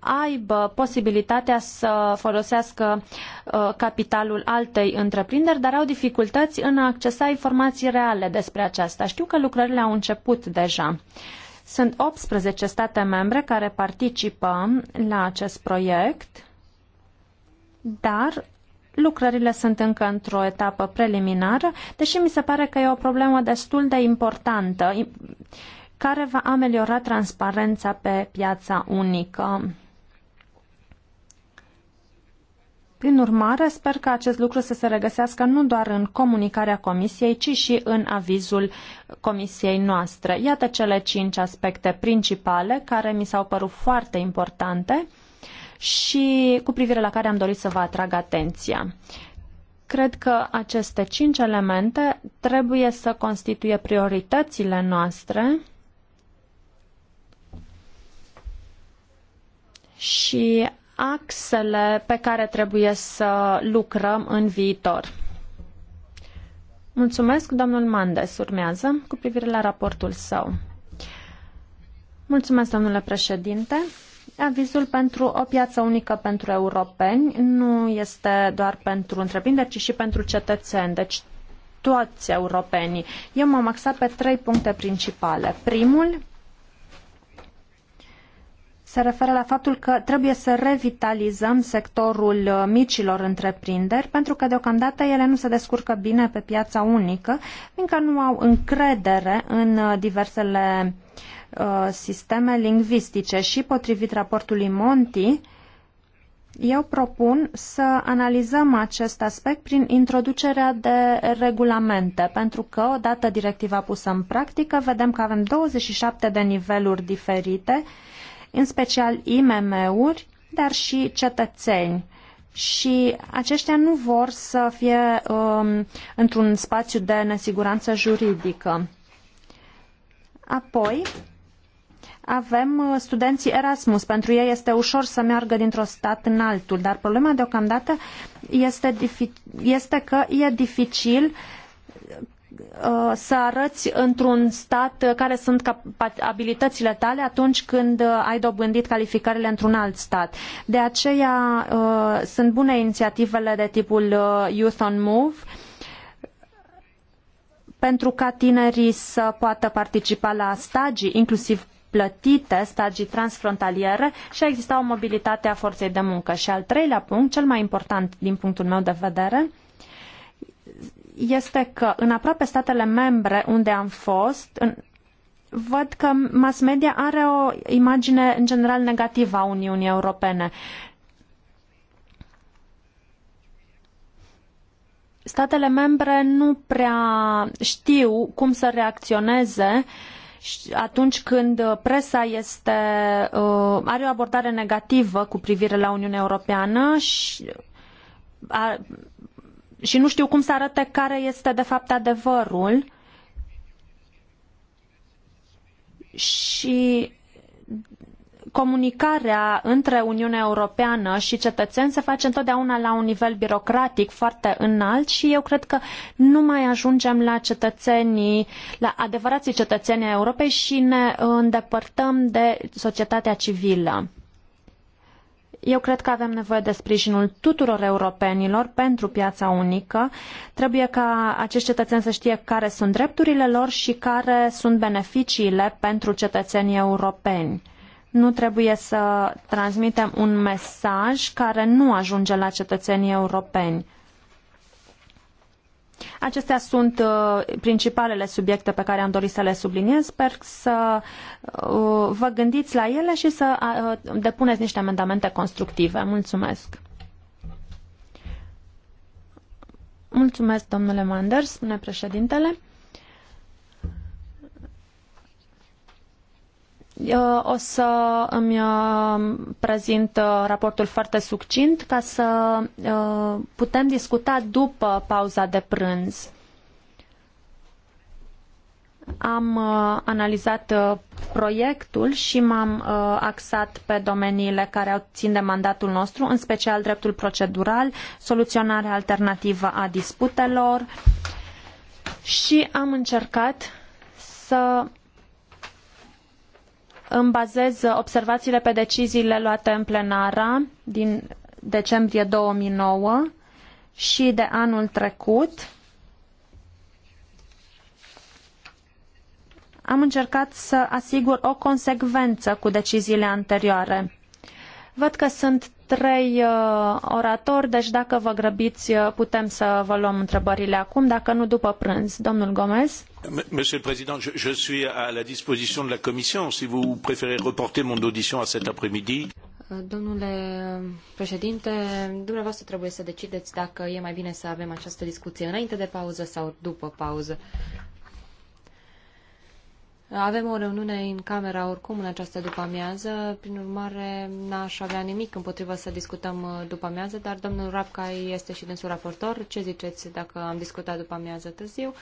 [SPEAKER 2] aibă posibilitatea să folosească uh, capitalul altei întreprinderi, dar au dificultăți în a accesa informații reale despre aceasta. Știu că lucrările au început deja. Sunt 18 state membre care participă la acest proiect, dar lucrările sunt încă într-o etapă preliminară, deși mi se pare că e o problemă destul de importantă care va ameliora transparența pe piața unică. Prin urmare, sper că acest lucru să se regăsească nu doar în comunicarea Comisiei, ci și în avizul Comisiei noastre. Iată cele cinci aspecte principale care mi s-au părut foarte importante și cu privire la care am dorit să vă atrag atenția. Cred că aceste cinci elemente trebuie să constituie prioritățile noastre și axele pe care trebuie să lucrăm în viitor. Mulțumesc, domnul Mandes. Urmează cu privire la raportul său. Mulțumesc, domnule președinte. Avizul pentru o piață unică pentru europeni nu este doar pentru întreprinderi, ci și pentru cetățeni, deci toți europenii. Eu m-am axat pe trei puncte principale. Primul, se referă la faptul că trebuie să revitalizăm sectorul uh, micilor întreprinderi, pentru că deocamdată ele nu se descurcă bine pe piața unică, fiindcă nu au încredere în uh, diversele uh, sisteme lingvistice și, potrivit raportului Monti, eu propun să analizăm acest aspect prin introducerea de regulamente, pentru că odată directiva pusă în practică, vedem că avem 27 de niveluri diferite uh, în special IMM-uri, dar și cetățeni. Și aceștia nu vor să fie um, într-un spațiu de nesiguranță juridică. Apoi, avem uh, studenții Erasmus. Pentru ei este ușor să meargă dintr-un stat în altul, dar problema deocamdată este, este că e dificil Uh, să arăți într-un stat care sunt abilitățile tale atunci când uh, ai dobândit calificările într-un alt stat. De aceea uh, sunt bune inițiativele de tipul Youth on Move pentru ca tinerii să poată participa la stagii, inclusiv plătite, stagii transfrontaliere și a exista o mobilitate a forței de muncă. Și al treilea punct, cel mai important din punctul meu de vedere, este că în aproape statele membre unde am fost, în, văd că mass media are o imagine în general negativă a Uniunii Europene. Statele membre nu prea știu cum să reacționeze atunci când presa este, uh, are o abordare negativă cu privire la Uniunea Europeană și și nu știu cum să arate care este de fapt adevărul. Și comunicarea între Uniunea Europeană și cetățeni se face întotdeauna la un nivel birocratic foarte înalt și eu cred că nu mai ajungem la cetățenii, la adevărații cetățenii Europei și ne îndepărtăm de societatea civilă. Eu cred că avem nevoie de sprijinul tuturor europenilor pentru piața unică. Trebuie ca acești cetățeni să știe care sunt drepturile lor și care sunt beneficiile pentru cetățenii europeni. Nu trebuie să transmitem un mesaj care nu ajunge la cetățenii europeni. Acestea sunt uh, principalele subiecte pe care am dorit să le subliniez. Sper să uh, vă gândiți la ele și să uh, depuneți niște amendamente constructive. Mulțumesc! Mulțumesc, domnule Manders, spune președintele. O să îmi uh, prezint uh, raportul foarte succint ca să uh, putem discuta după pauza de prânz. Am analizat proiectul și m-am axat pe domeniile care țin de mandatul nostru, în special dreptul procedural, soluționarea alternativă a disputelor și am încercat să îmi bazez observațiile pe deciziile luate în plenara din decembrie 2009 și de anul trecut. Am încercat să asigur o consecvență cu deciziile anterioare. Văd că sunt trei uh, oratori, deci dacă vă grăbiți uh, putem să vă luăm întrebările acum, dacă nu după prânz. Domnul Gomez.
[SPEAKER 1] Monsieur le Président, je, je suis à la disposition de la Commission si vous préférez reporter mon audition à cet après-midi.
[SPEAKER 3] Uh, domnule președinte, dumneavoastră trebuie să decideți dacă e mai bine să avem această discuție înainte de pauză sau după pauză. Avem o reuniune în camera oricum în această după-amiază, prin urmare n-aș avea nimic împotriva să discutăm uh, după-amiază, dar domnul Rapca este și dânsul raportor. Ce ziceți dacă am discutat după-amiază târziu?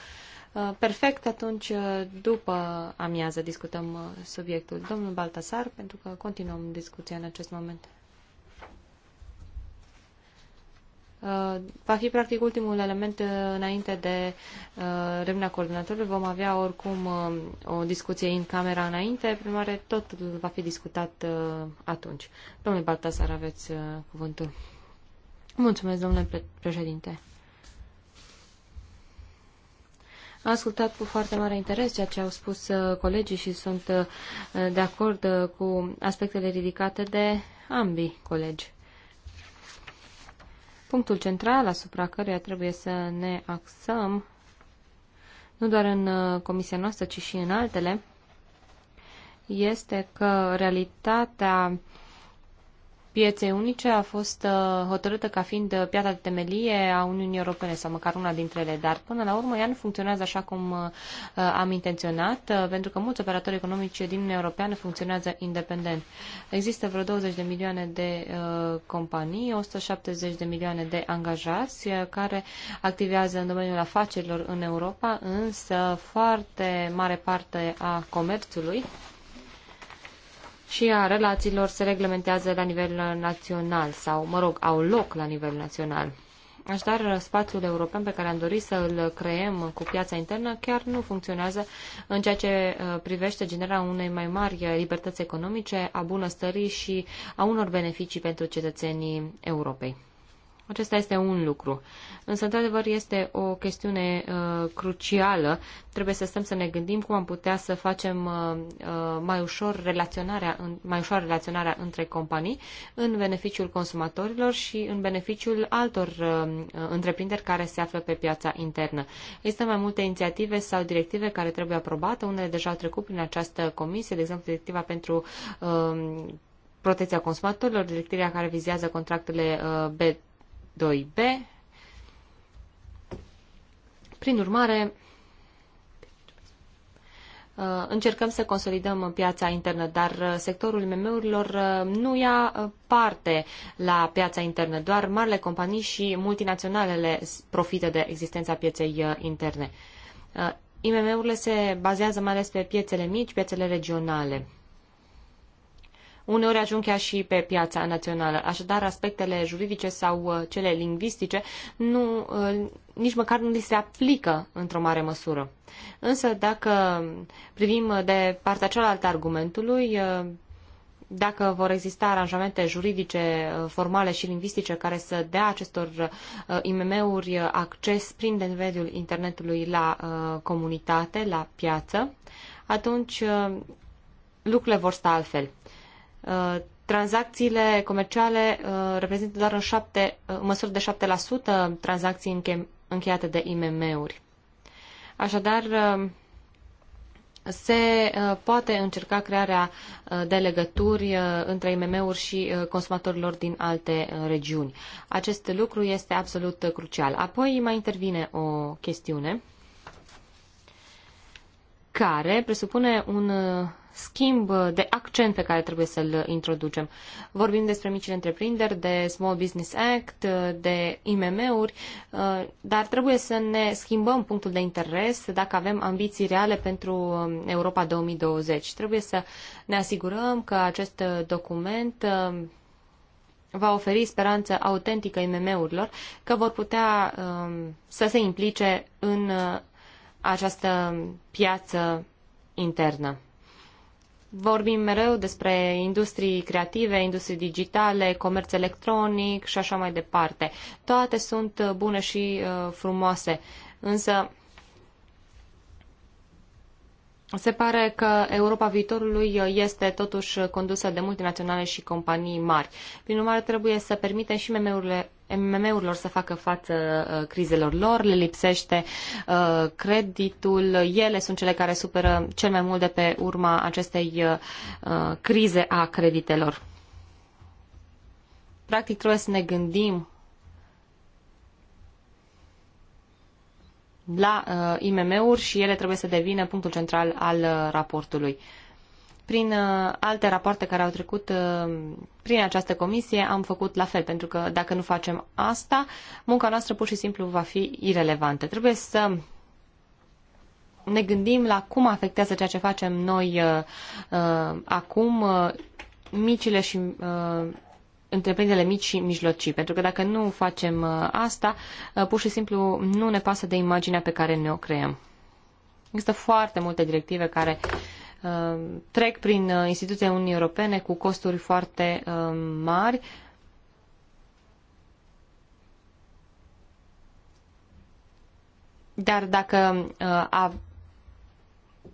[SPEAKER 3] Uh, perfect, atunci uh, după amiază discutăm subiectul. Domnul Baltasar, pentru că continuăm discuția în acest moment. Uh, va fi practic ultimul element uh, înainte de uh, reuniunea coordonatorului. Vom avea oricum o discuție în camera înainte, prin urmare tot va fi discutat atunci. Domnule Baltasar, aveți cuvântul. Mulțumesc, domnule pre președinte. Am ascultat cu foarte mare interes ceea ce au spus colegii și sunt de acord cu aspectele ridicate de ambii colegi. Punctul central asupra căruia trebuie să ne axăm, nu doar în uh, comisia noastră, ci și în altele, este că realitatea uh, pieței unice a fost uh, hotărâtă ca fiind uh, piatra de temelie a Uniunii Europene sau măcar una dintre ele, dar până la urmă ea nu funcționează așa cum uh, am intenționat, pentru că mulți operatori economici din Uniunea Europeană funcționează independent. Există vreo 20 de milioane de companii, 170 de milioane de angajați care activează în domeniul afacerilor în Europa, însă foarte mare parte a comerțului și a relațiilor se reglementează la nivel național sau, mă rog, au loc la nivel național. Așadar, uh, spațiul european pe care am dorit să îl creăm cu piața internă chiar nu funcționează în ceea ce uh, privește generarea unei mai mari uh, libertăți economice, a bunăstării și a unor beneficii pentru cetățenii Europei. Acesta este un lucru. Însă, într-adevăr, este o chestiune uh, crucială. Trebuie să stăm să ne gândim cum am putea să facem uh, uh mai, ușor relaționarea, mai ușor relaționarea între companii în beneficiul consumatorilor și în beneficiul altor uh, uh, întreprinderi care se află pe piața internă. Există mai multe inițiative sau directive care trebuie aprobate. Unele deja au trecut prin această comisie, de exemplu, directiva pentru uh, protecția consumatorilor, directiva care vizează contractele uh, 2b. Prin urmare, uh, încercăm să consolidăm piața internă, dar uh, sectorul MM-urilor uh, nu ia parte la piața internă, doar marile companii și multinaționalele profită de existența pieței interne. IMM-urile se bazează mai ales pe piețele mici, piețele regionale uneori ajung chiar și pe piața națională. Așadar, aspectele juridice sau uh, cele lingvistice nu, uh, nici măcar nu li se aplică într-o mare măsură. Însă, dacă privim de partea cealaltă a argumentului, uh, dacă vor exista aranjamente juridice, formale și lingvistice care să dea acestor IMM-uri acces prin intermediul internetului la comunitate, la piață, atunci lucrurile vor sta altfel. Uh, tranzacțiile comerciale uh, reprezintă doar în șapte, uh, măsură de 7% tranzacții înche- încheiate de IMM-uri. Așadar, se poate încerca crearea de legături între IMM-uri și consumatorilor din alte regiuni. Acest lucru este absolut crucial. Apoi mai intervine o chestiune care presupune un schimb de accent pe care trebuie să-l introducem. Vorbim despre micile întreprinderi, de Small Business Act, de IMM-uri, uh, dar trebuie să ne schimbăm punctul de interes dacă avem ambiții reale pentru um, Europa 2020. Trebuie să ne asigurăm că acest document um, va oferi speranță autentică IMM-urilor că vor putea um, să se implice în uh, această piață internă. Vorbim mereu despre industrii creative, industrii digitale, comerț electronic și așa mai departe. Toate sunt bune și uh, frumoase, însă se pare că Europa viitorului este totuși condusă de multinaționale și companii mari. Prin urmare, trebuie să permitem și MM-urile MMM-urilor să facă față uh, crizelor lor, le lipsește uh, creditul, ele sunt cele care superă cel mai mult de pe urma acestei uh, uh, crize a creditelor. Practic trebuie să ne gândim la uh, IMM-uri și ele trebuie să devină punctul central al uh, raportului. Prin uh, alte rapoarte care au trecut uh, prin această comisie am făcut la fel, pentru că dacă nu facem asta, munca noastră pur și simplu va fi irelevantă. Trebuie să ne gândim la cum afectează ceea ce facem noi uh, uh, acum uh, micile și uh, întreprinderile mici și mijlocii, pentru că dacă nu facem uh, asta, uh, pur și simplu nu ne pasă de imaginea pe care ne-o creăm. Există foarte multe directive care uh, trec prin uh, instituția Unii Europene cu costuri foarte uh, mari. Dar dacă uh, a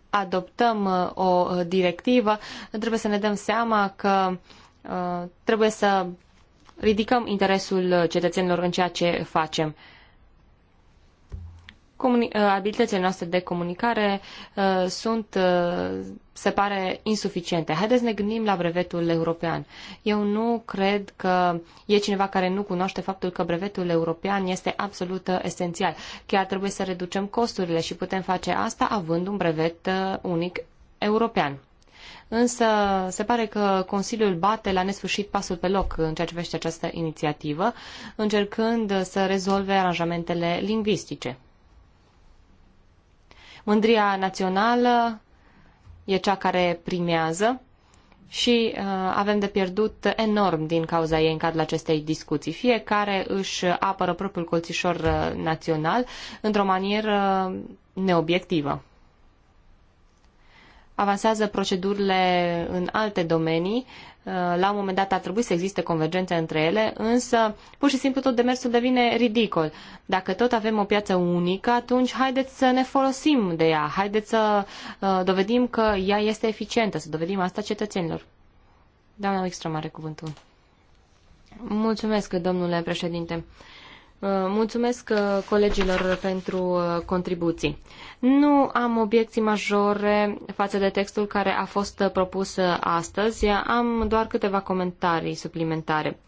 [SPEAKER 3] adoptăm o directivă, trebuie să ne dăm seama că uh, Uh, trebuie să ridicăm interesul cetățenilor în ceea ce facem. Comuni- uh, abilitățile noastre de comunicare uh, sunt, uh, se pare, insuficiente. Haideți să ne gândim la brevetul european. Eu nu cred că e cineva care nu cunoaște faptul că brevetul european este absolut uh, esențial. Chiar trebuie să reducem costurile și putem face asta având un brevet uh, unic european însă se pare că Consiliul bate la nesfârșit pasul pe loc în ceea ce privește această inițiativă, încercând să rezolve aranjamentele lingvistice. Mândria națională e cea care primează și uh, avem de pierdut enorm din cauza ei în cadrul acestei discuții. Fiecare își apără propriul colțișor uh, național într-o manieră uh, neobiectivă avansează procedurile în alte domenii. Uh, la un moment dat ar trebui să existe convergențe între ele, însă pur și simplu tot demersul devine ridicol. Dacă tot avem o piață unică, atunci haideți să ne folosim de ea, haideți să uh, dovedim că ea este eficientă, să dovedim asta cetățenilor. Doamna Wickstrom are cuvântul. Mulțumesc, domnule președinte. Uh, mulțumesc uh, colegilor pentru uh, contribuții. Nu am obiecții majore față de textul care a fost propus astăzi. Am doar câteva comentarii suplimentare.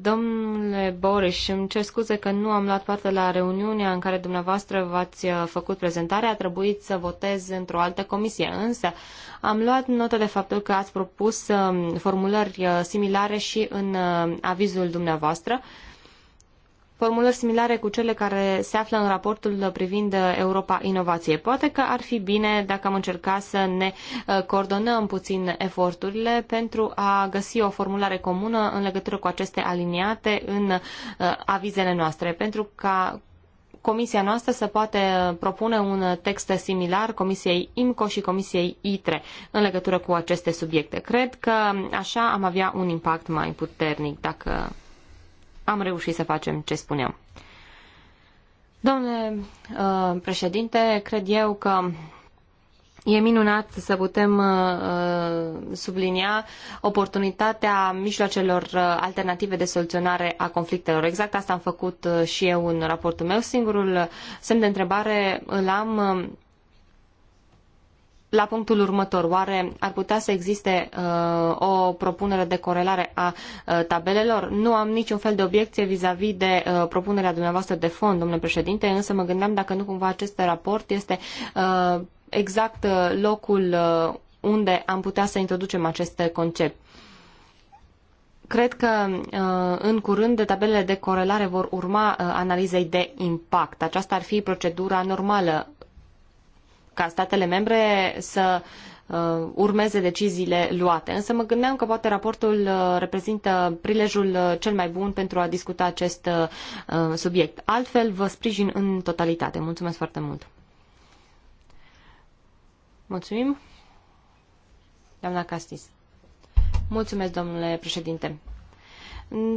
[SPEAKER 3] Domnule Boris, îmi cer scuze că nu am luat parte la reuniunea în care dumneavoastră v-ați făcut prezentarea. A trebuit să votez într-o altă comisie, însă am luat notă de faptul că ați propus um, formulări similare și în avizul dumneavoastră. Uh, formulări similare cu cele care se află în raportul privind uh, Europa Inovație. Poate că ar fi bine dacă am încerca să ne uh, coordonăm puțin eforturile pentru a găsi o formulare comună în legătură cu aceste aliniate în uh, avizele noastre, pentru ca comisia noastră să poate propune un text similar Comisiei IMCO și Comisiei ITRE în legătură cu aceste subiecte. Cred că așa am avea un impact mai puternic dacă am reușit să facem ce spuneam. Domnule uh, președinte, cred eu că E minunat să putem uh, uh sublinia oportunitatea mijloacelor uh, alternative de soluționare a conflictelor. Exact asta am făcut uh, și eu în raportul meu. Singurul semn de întrebare îl am la punctul următor, oare ar putea să existe uh, o propunere de corelare a uh, tabelelor? Nu am niciun fel de obiecție vis-a-vis de uh, propunerea dumneavoastră de fond, domnule președinte, însă mă gândeam dacă nu cumva acest raport este uh, exact uh, locul uh, unde am putea să introducem acest concept. Cred că uh, în curând tabelele de corelare vor urma uh, analizei de impact. Aceasta ar fi procedura normală ca statele membre să uh, urmeze deciziile luate. Însă mă gândeam că poate raportul uh, reprezintă prilejul uh, cel mai bun pentru a discuta acest subiect. Altfel, vă sprijin în totalitate. Mulțumesc foarte mult! Mulțumim! Doamna Castis. Mulțumesc, domnule președinte.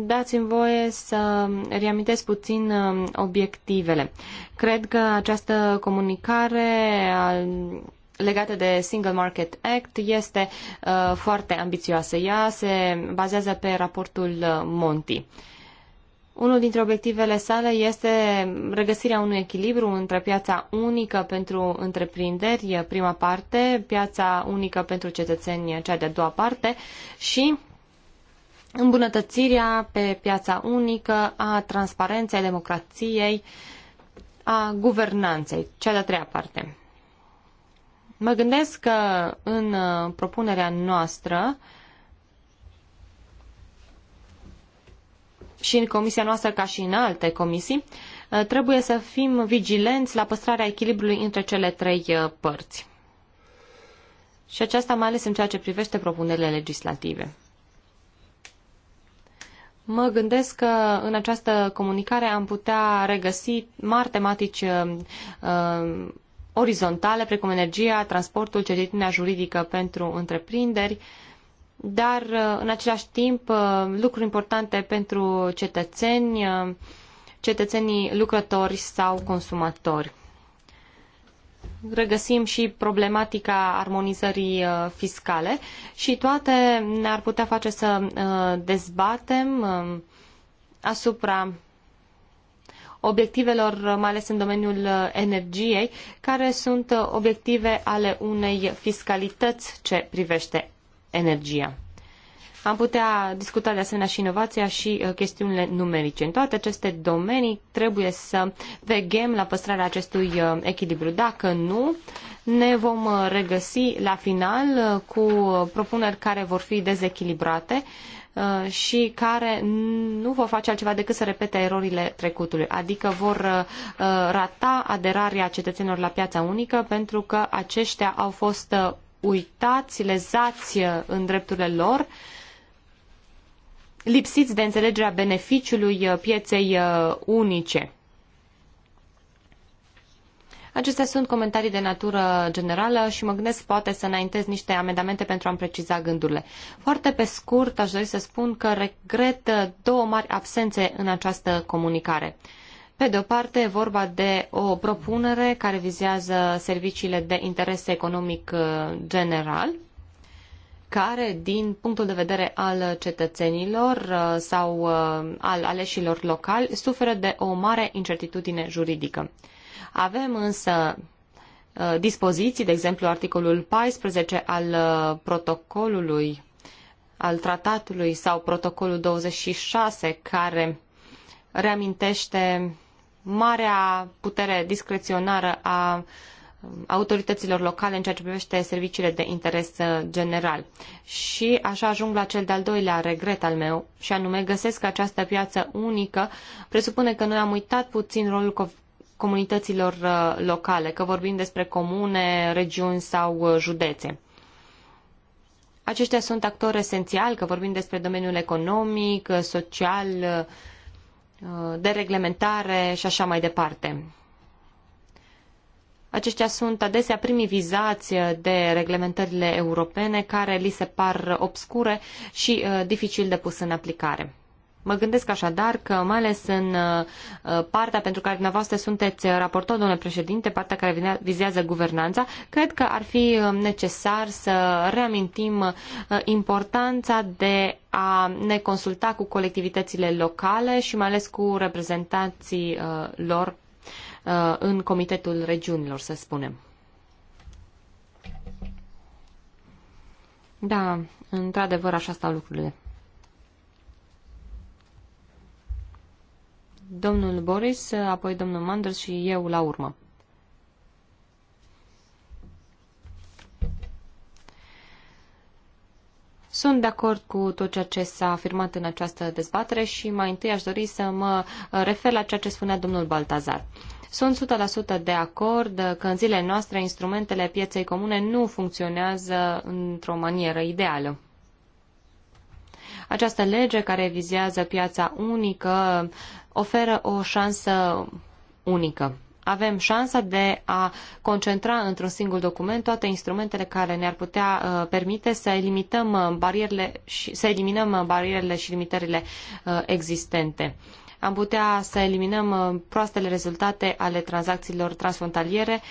[SPEAKER 3] Dați-mi voie să reamintesc puțin um, obiectivele. Cred că această comunicare legată de Single Market Act este uh, foarte ambițioasă. Ea se bazează pe raportul uh, Monti. Unul dintre obiectivele sale este regăsirea unui echilibru între piața unică pentru întreprinderi, prima parte, piața unică pentru cetățenii cea de-a doua parte și îmbunătățirea pe piața unică a transparenței, a democrației, a guvernanței, cea de-a treia parte. Mă gândesc că în uh, propunerea noastră și în comisia noastră ca și în alte comisii, uh, trebuie să fim vigilenți la păstrarea echilibrului între cele trei uh, părți. Și aceasta mai ales în ceea ce privește propunerile legislative. Mă gândesc că în această comunicare am putea regăsi mari tematici uh, uh, orizontale, precum energia, transportul, certitudinea juridică pentru întreprinderi, dar uh, în același timp uh, lucruri importante pentru cetățeni, uh, cetățenii lucrători sau consumatori regăsim și problematica armonizării uh, fiscale și toate ne-ar putea face să uh, dezbatem um, asupra obiectivelor, uh, mai ales în domeniul energiei, care sunt obiective ale unei fiscalități ce privește energia. Am putea discuta de asemenea și inovația și uh, chestiunile numerice. În toate aceste domenii trebuie să veghem la păstrarea acestui uh, echilibru. Dacă nu, ne vom uh, regăsi la final cu propuneri care vor fi dezechilibrate și care nu vor face altceva decât să repete erorile trecutului, adică vor rata aderarea cetățenilor la piața unică pentru că aceștia au fost uitați, lezați în drepturile lor lipsiți de înțelegerea beneficiului uh, pieței uh, unice. Acestea sunt comentarii de natură generală și mă gândesc poate să înaintez niște amendamente pentru a-mi preciza gândurile. Foarte pe scurt aș dori să spun că regret uh, două mari absențe în această comunicare. Pe de o parte, e vorba de o propunere care vizează serviciile de interes economic general, care, din punctul de vedere al cetățenilor uh, sau uh, al aleșilor locali, suferă de o mare incertitudine juridică. Avem însă uh, dispoziții, de exemplu articolul 14 al protocolului, al tratatului sau protocolul 26, care reamintește marea putere discreționară a autorităților locale în ceea ce privește serviciile de interes uh, general. Și așa ajung la cel de-al doilea regret al meu, și anume găsesc că această piață unică presupune că noi am uitat puțin rolul comunităților uh, locale, că vorbim despre comune, regiuni sau uh, județe. Aceștia sunt actori esențiali, că vorbim despre domeniul economic, social, de reglementare și așa mai departe. Aceștia sunt adesea primii vizați uh, de reglementările europene care li se par obscure și uh, dificil de pus în aplicare. Mă gândesc așadar că, mai ales în uh, partea pentru care dumneavoastră sunteți raportor, domnule președinte, partea care vizează guvernanța, cred că ar fi necesar să reamintim importanța de a ne consulta cu colectivitățile locale și mai ales cu reprezentanții lor Uh, în Comitetul Regiunilor, să spunem. Da, într-adevăr așa stau lucrurile. Domnul Boris, apoi domnul Manders și eu la urmă. Sunt de acord cu tot ceea ce s-a afirmat în această dezbatere și mai întâi aș dori să mă refer la ceea ce spunea domnul Baltazar. Sunt 100% de acord că în zilele noastre instrumentele pieței comune nu funcționează într-o manieră ideală. Această lege care vizează piața unică oferă o șansă unică avem șansa de a concentra într-un singur document toate instrumentele care ne-ar putea uh, permite să eliminăm uh, barierele și, să eliminăm uh, barierele și limitările existente am putea să eliminăm proastele rezultate ale tranzacțiilor transfrontaliere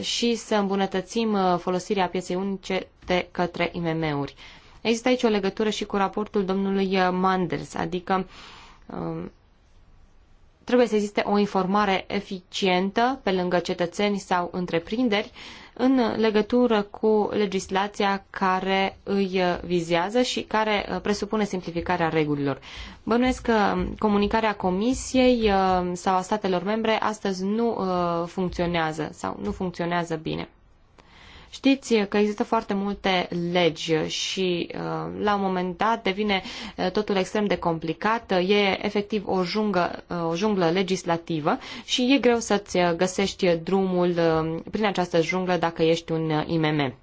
[SPEAKER 3] și să îmbunătățim folosirea pieței unice de către IMM-uri. Există aici o legătură și cu raportul domnului Manders, adică um, trebuie să existe o informare eficientă pe lângă cetățeni sau întreprinderi în legătură cu legislația care îi vizează și care uh, presupune simplificarea regulilor. Bănuiesc că comunicarea Comisiei uh, sau a statelor membre astăzi nu uh, funcționează sau nu funcționează bine. Știți că există foarte multe legi și uh, la un moment dat devine uh, totul extrem de complicat. E efectiv o, jungă, uh, o junglă legislativă și e greu să-ți găsești drumul prin această junglă dacă ești un IMM.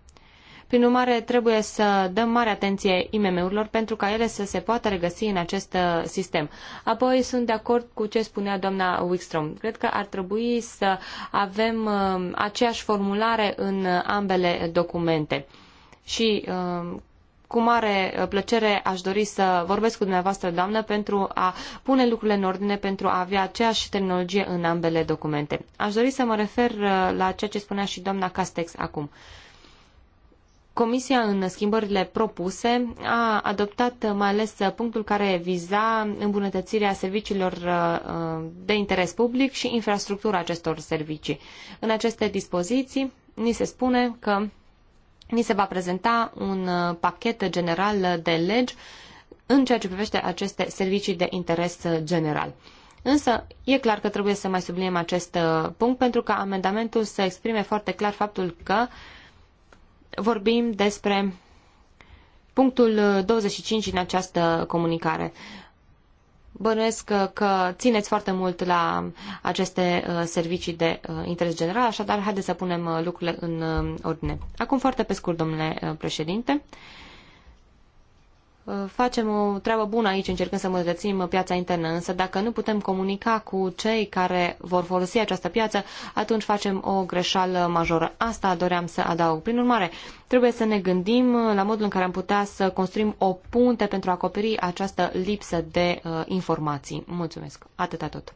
[SPEAKER 3] Prin urmare, trebuie să dăm mare atenție IMM-urilor pentru ca ele să se poată regăsi în acest uh, sistem. Apoi sunt de acord cu ce spunea doamna Wickstrom. Cred că ar trebui să avem uh, aceeași formulare în uh, ambele documente. Și cu mare plăcere aș dori să vorbesc cu dumneavoastră, doamnă, pentru a pune lucrurile în ordine, pentru a avea aceeași terminologie în ambele documente. Aș dori să mă refer la ceea ce spunea și doamna Castex acum. Uh, Comisia, în schimbările propuse, a adoptat mai ales punctul care viza îmbunătățirea serviciilor uh, uh, de interes public și infrastructura acestor servicii. În aceste dispoziții, ni se spune că ni se va prezenta un uh, pachet general de legi în ceea ce privește aceste servicii de interes general. Însă, e clar că trebuie să mai subliniem acest punct pentru ca amendamentul să exprime foarte clar faptul că uh, vorbim despre punctul 25 în această comunicare. Bănuiesc că, că țineți foarte mult la aceste uh, servicii de uh, interes general, așadar haideți să punem uh, lucrurile în ordine. Acum foarte pe scurt, domnule președinte. Uh, facem o treabă bună aici încercând să îmbunătățim piața internă, însă dacă nu putem comunica cu cei care vor folosi această piață, atunci facem o greșeală majoră. Asta doream să adaug. Prin urmare, trebuie să ne gândim la modul în care am putea să construim o punte pentru a acoperi această lipsă de uh, informații. Mulțumesc. Atâta tot.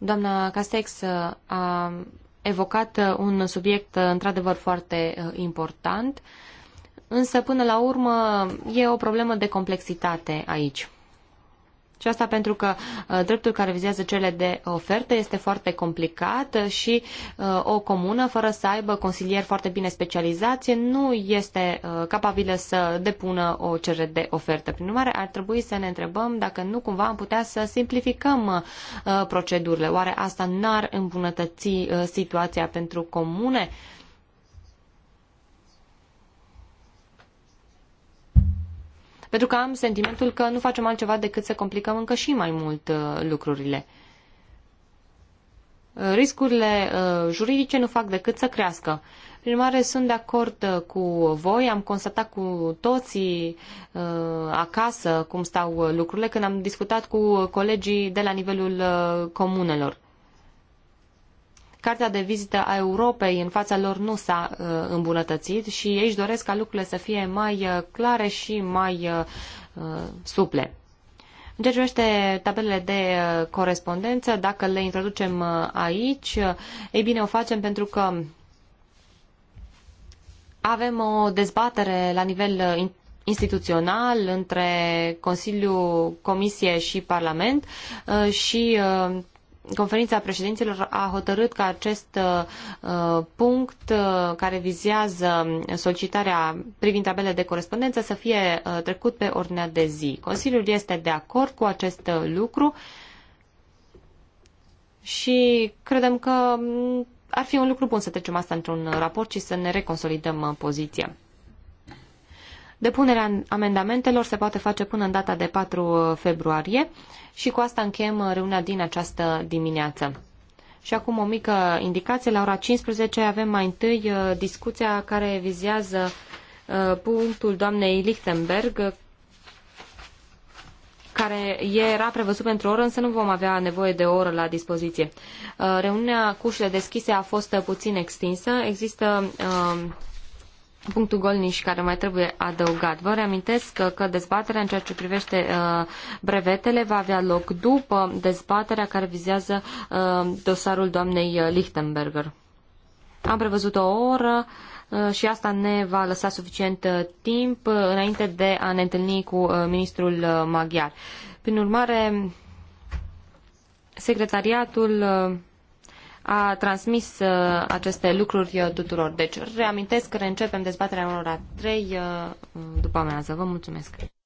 [SPEAKER 3] Doamna Castex uh, a evocat uh, un subiect uh, într-adevăr foarte uh, important, însă până la urmă e o problemă de complexitate aici. Și asta pentru că uh, dreptul care vizează cele de ofertă este foarte complicat și uh, o comună fără să aibă consilieri foarte bine specializați nu este uh, capabilă să depună o cerere de ofertă. Prin urmare, ar trebui să ne întrebăm dacă nu cumva am putea să simplificăm procedurile. Oare asta n-ar îmbunătăți situația pentru comune? Pentru că am sentimentul că nu facem altceva decât să complicăm încă și mai mult uh, lucrurile. Uh, riscurile uh, juridice nu fac decât să crească. Prin urmare, sunt de acord cu voi, am constatat cu toții uh, acasă cum stau lucrurile când am discutat cu colegii de la nivelul uh, comunelor. Cartea de vizită a Europei în fața lor nu s-a uh, îmbunătățit și ei își doresc ca lucrurile să fie mai uh, clare și mai uh, suple. În ce privește tabelele de corespondență, dacă le introducem aici, ei bine, o facem pentru că avem o dezbatere la nivel instituțional între Consiliu, Comisie și Parlament și conferința președinților a hotărât că acest uh, punct uh, care vizează solicitarea privind tabele de corespondență să fie uh, trecut pe ordinea de zi. Consiliul este de acord cu acest lucru și credem că mm, ar fi un lucru bun să trecem asta într-un raport și să ne reconsolidăm poziția. Depunerea amendamentelor se poate face până în data de 4 uh, februarie și cu asta încheiem uh, reuniunea din această dimineață. Și acum o mică indicație. La ora 15 avem mai întâi uh, discuția care vizează punctul doamnei Lichtenberg, care era prevăzut pentru o oră, însă nu vom avea nevoie de o oră la dispoziție. Reuniunea cu ușile deschise a fost puțin extinsă. Există punctul Golniș care mai trebuie adăugat. Vă reamintesc că, că dezbaterea în ceea ce privește uh, brevetele va avea loc după dezbaterea care vizează uh, dosarul doamnei uh, Lichtenberger. Am prevăzut o oră uh, și asta ne va lăsa suficient uh, timp înainte de a ne întâlni cu ministrul maghiar. Prin urmare, secretariatul a transmis uh, aceste lucruri uh, tuturor. Deci
[SPEAKER 1] reamintesc că reîncepem dezbaterea ora trei uh, după amiază. Vă mulțumesc!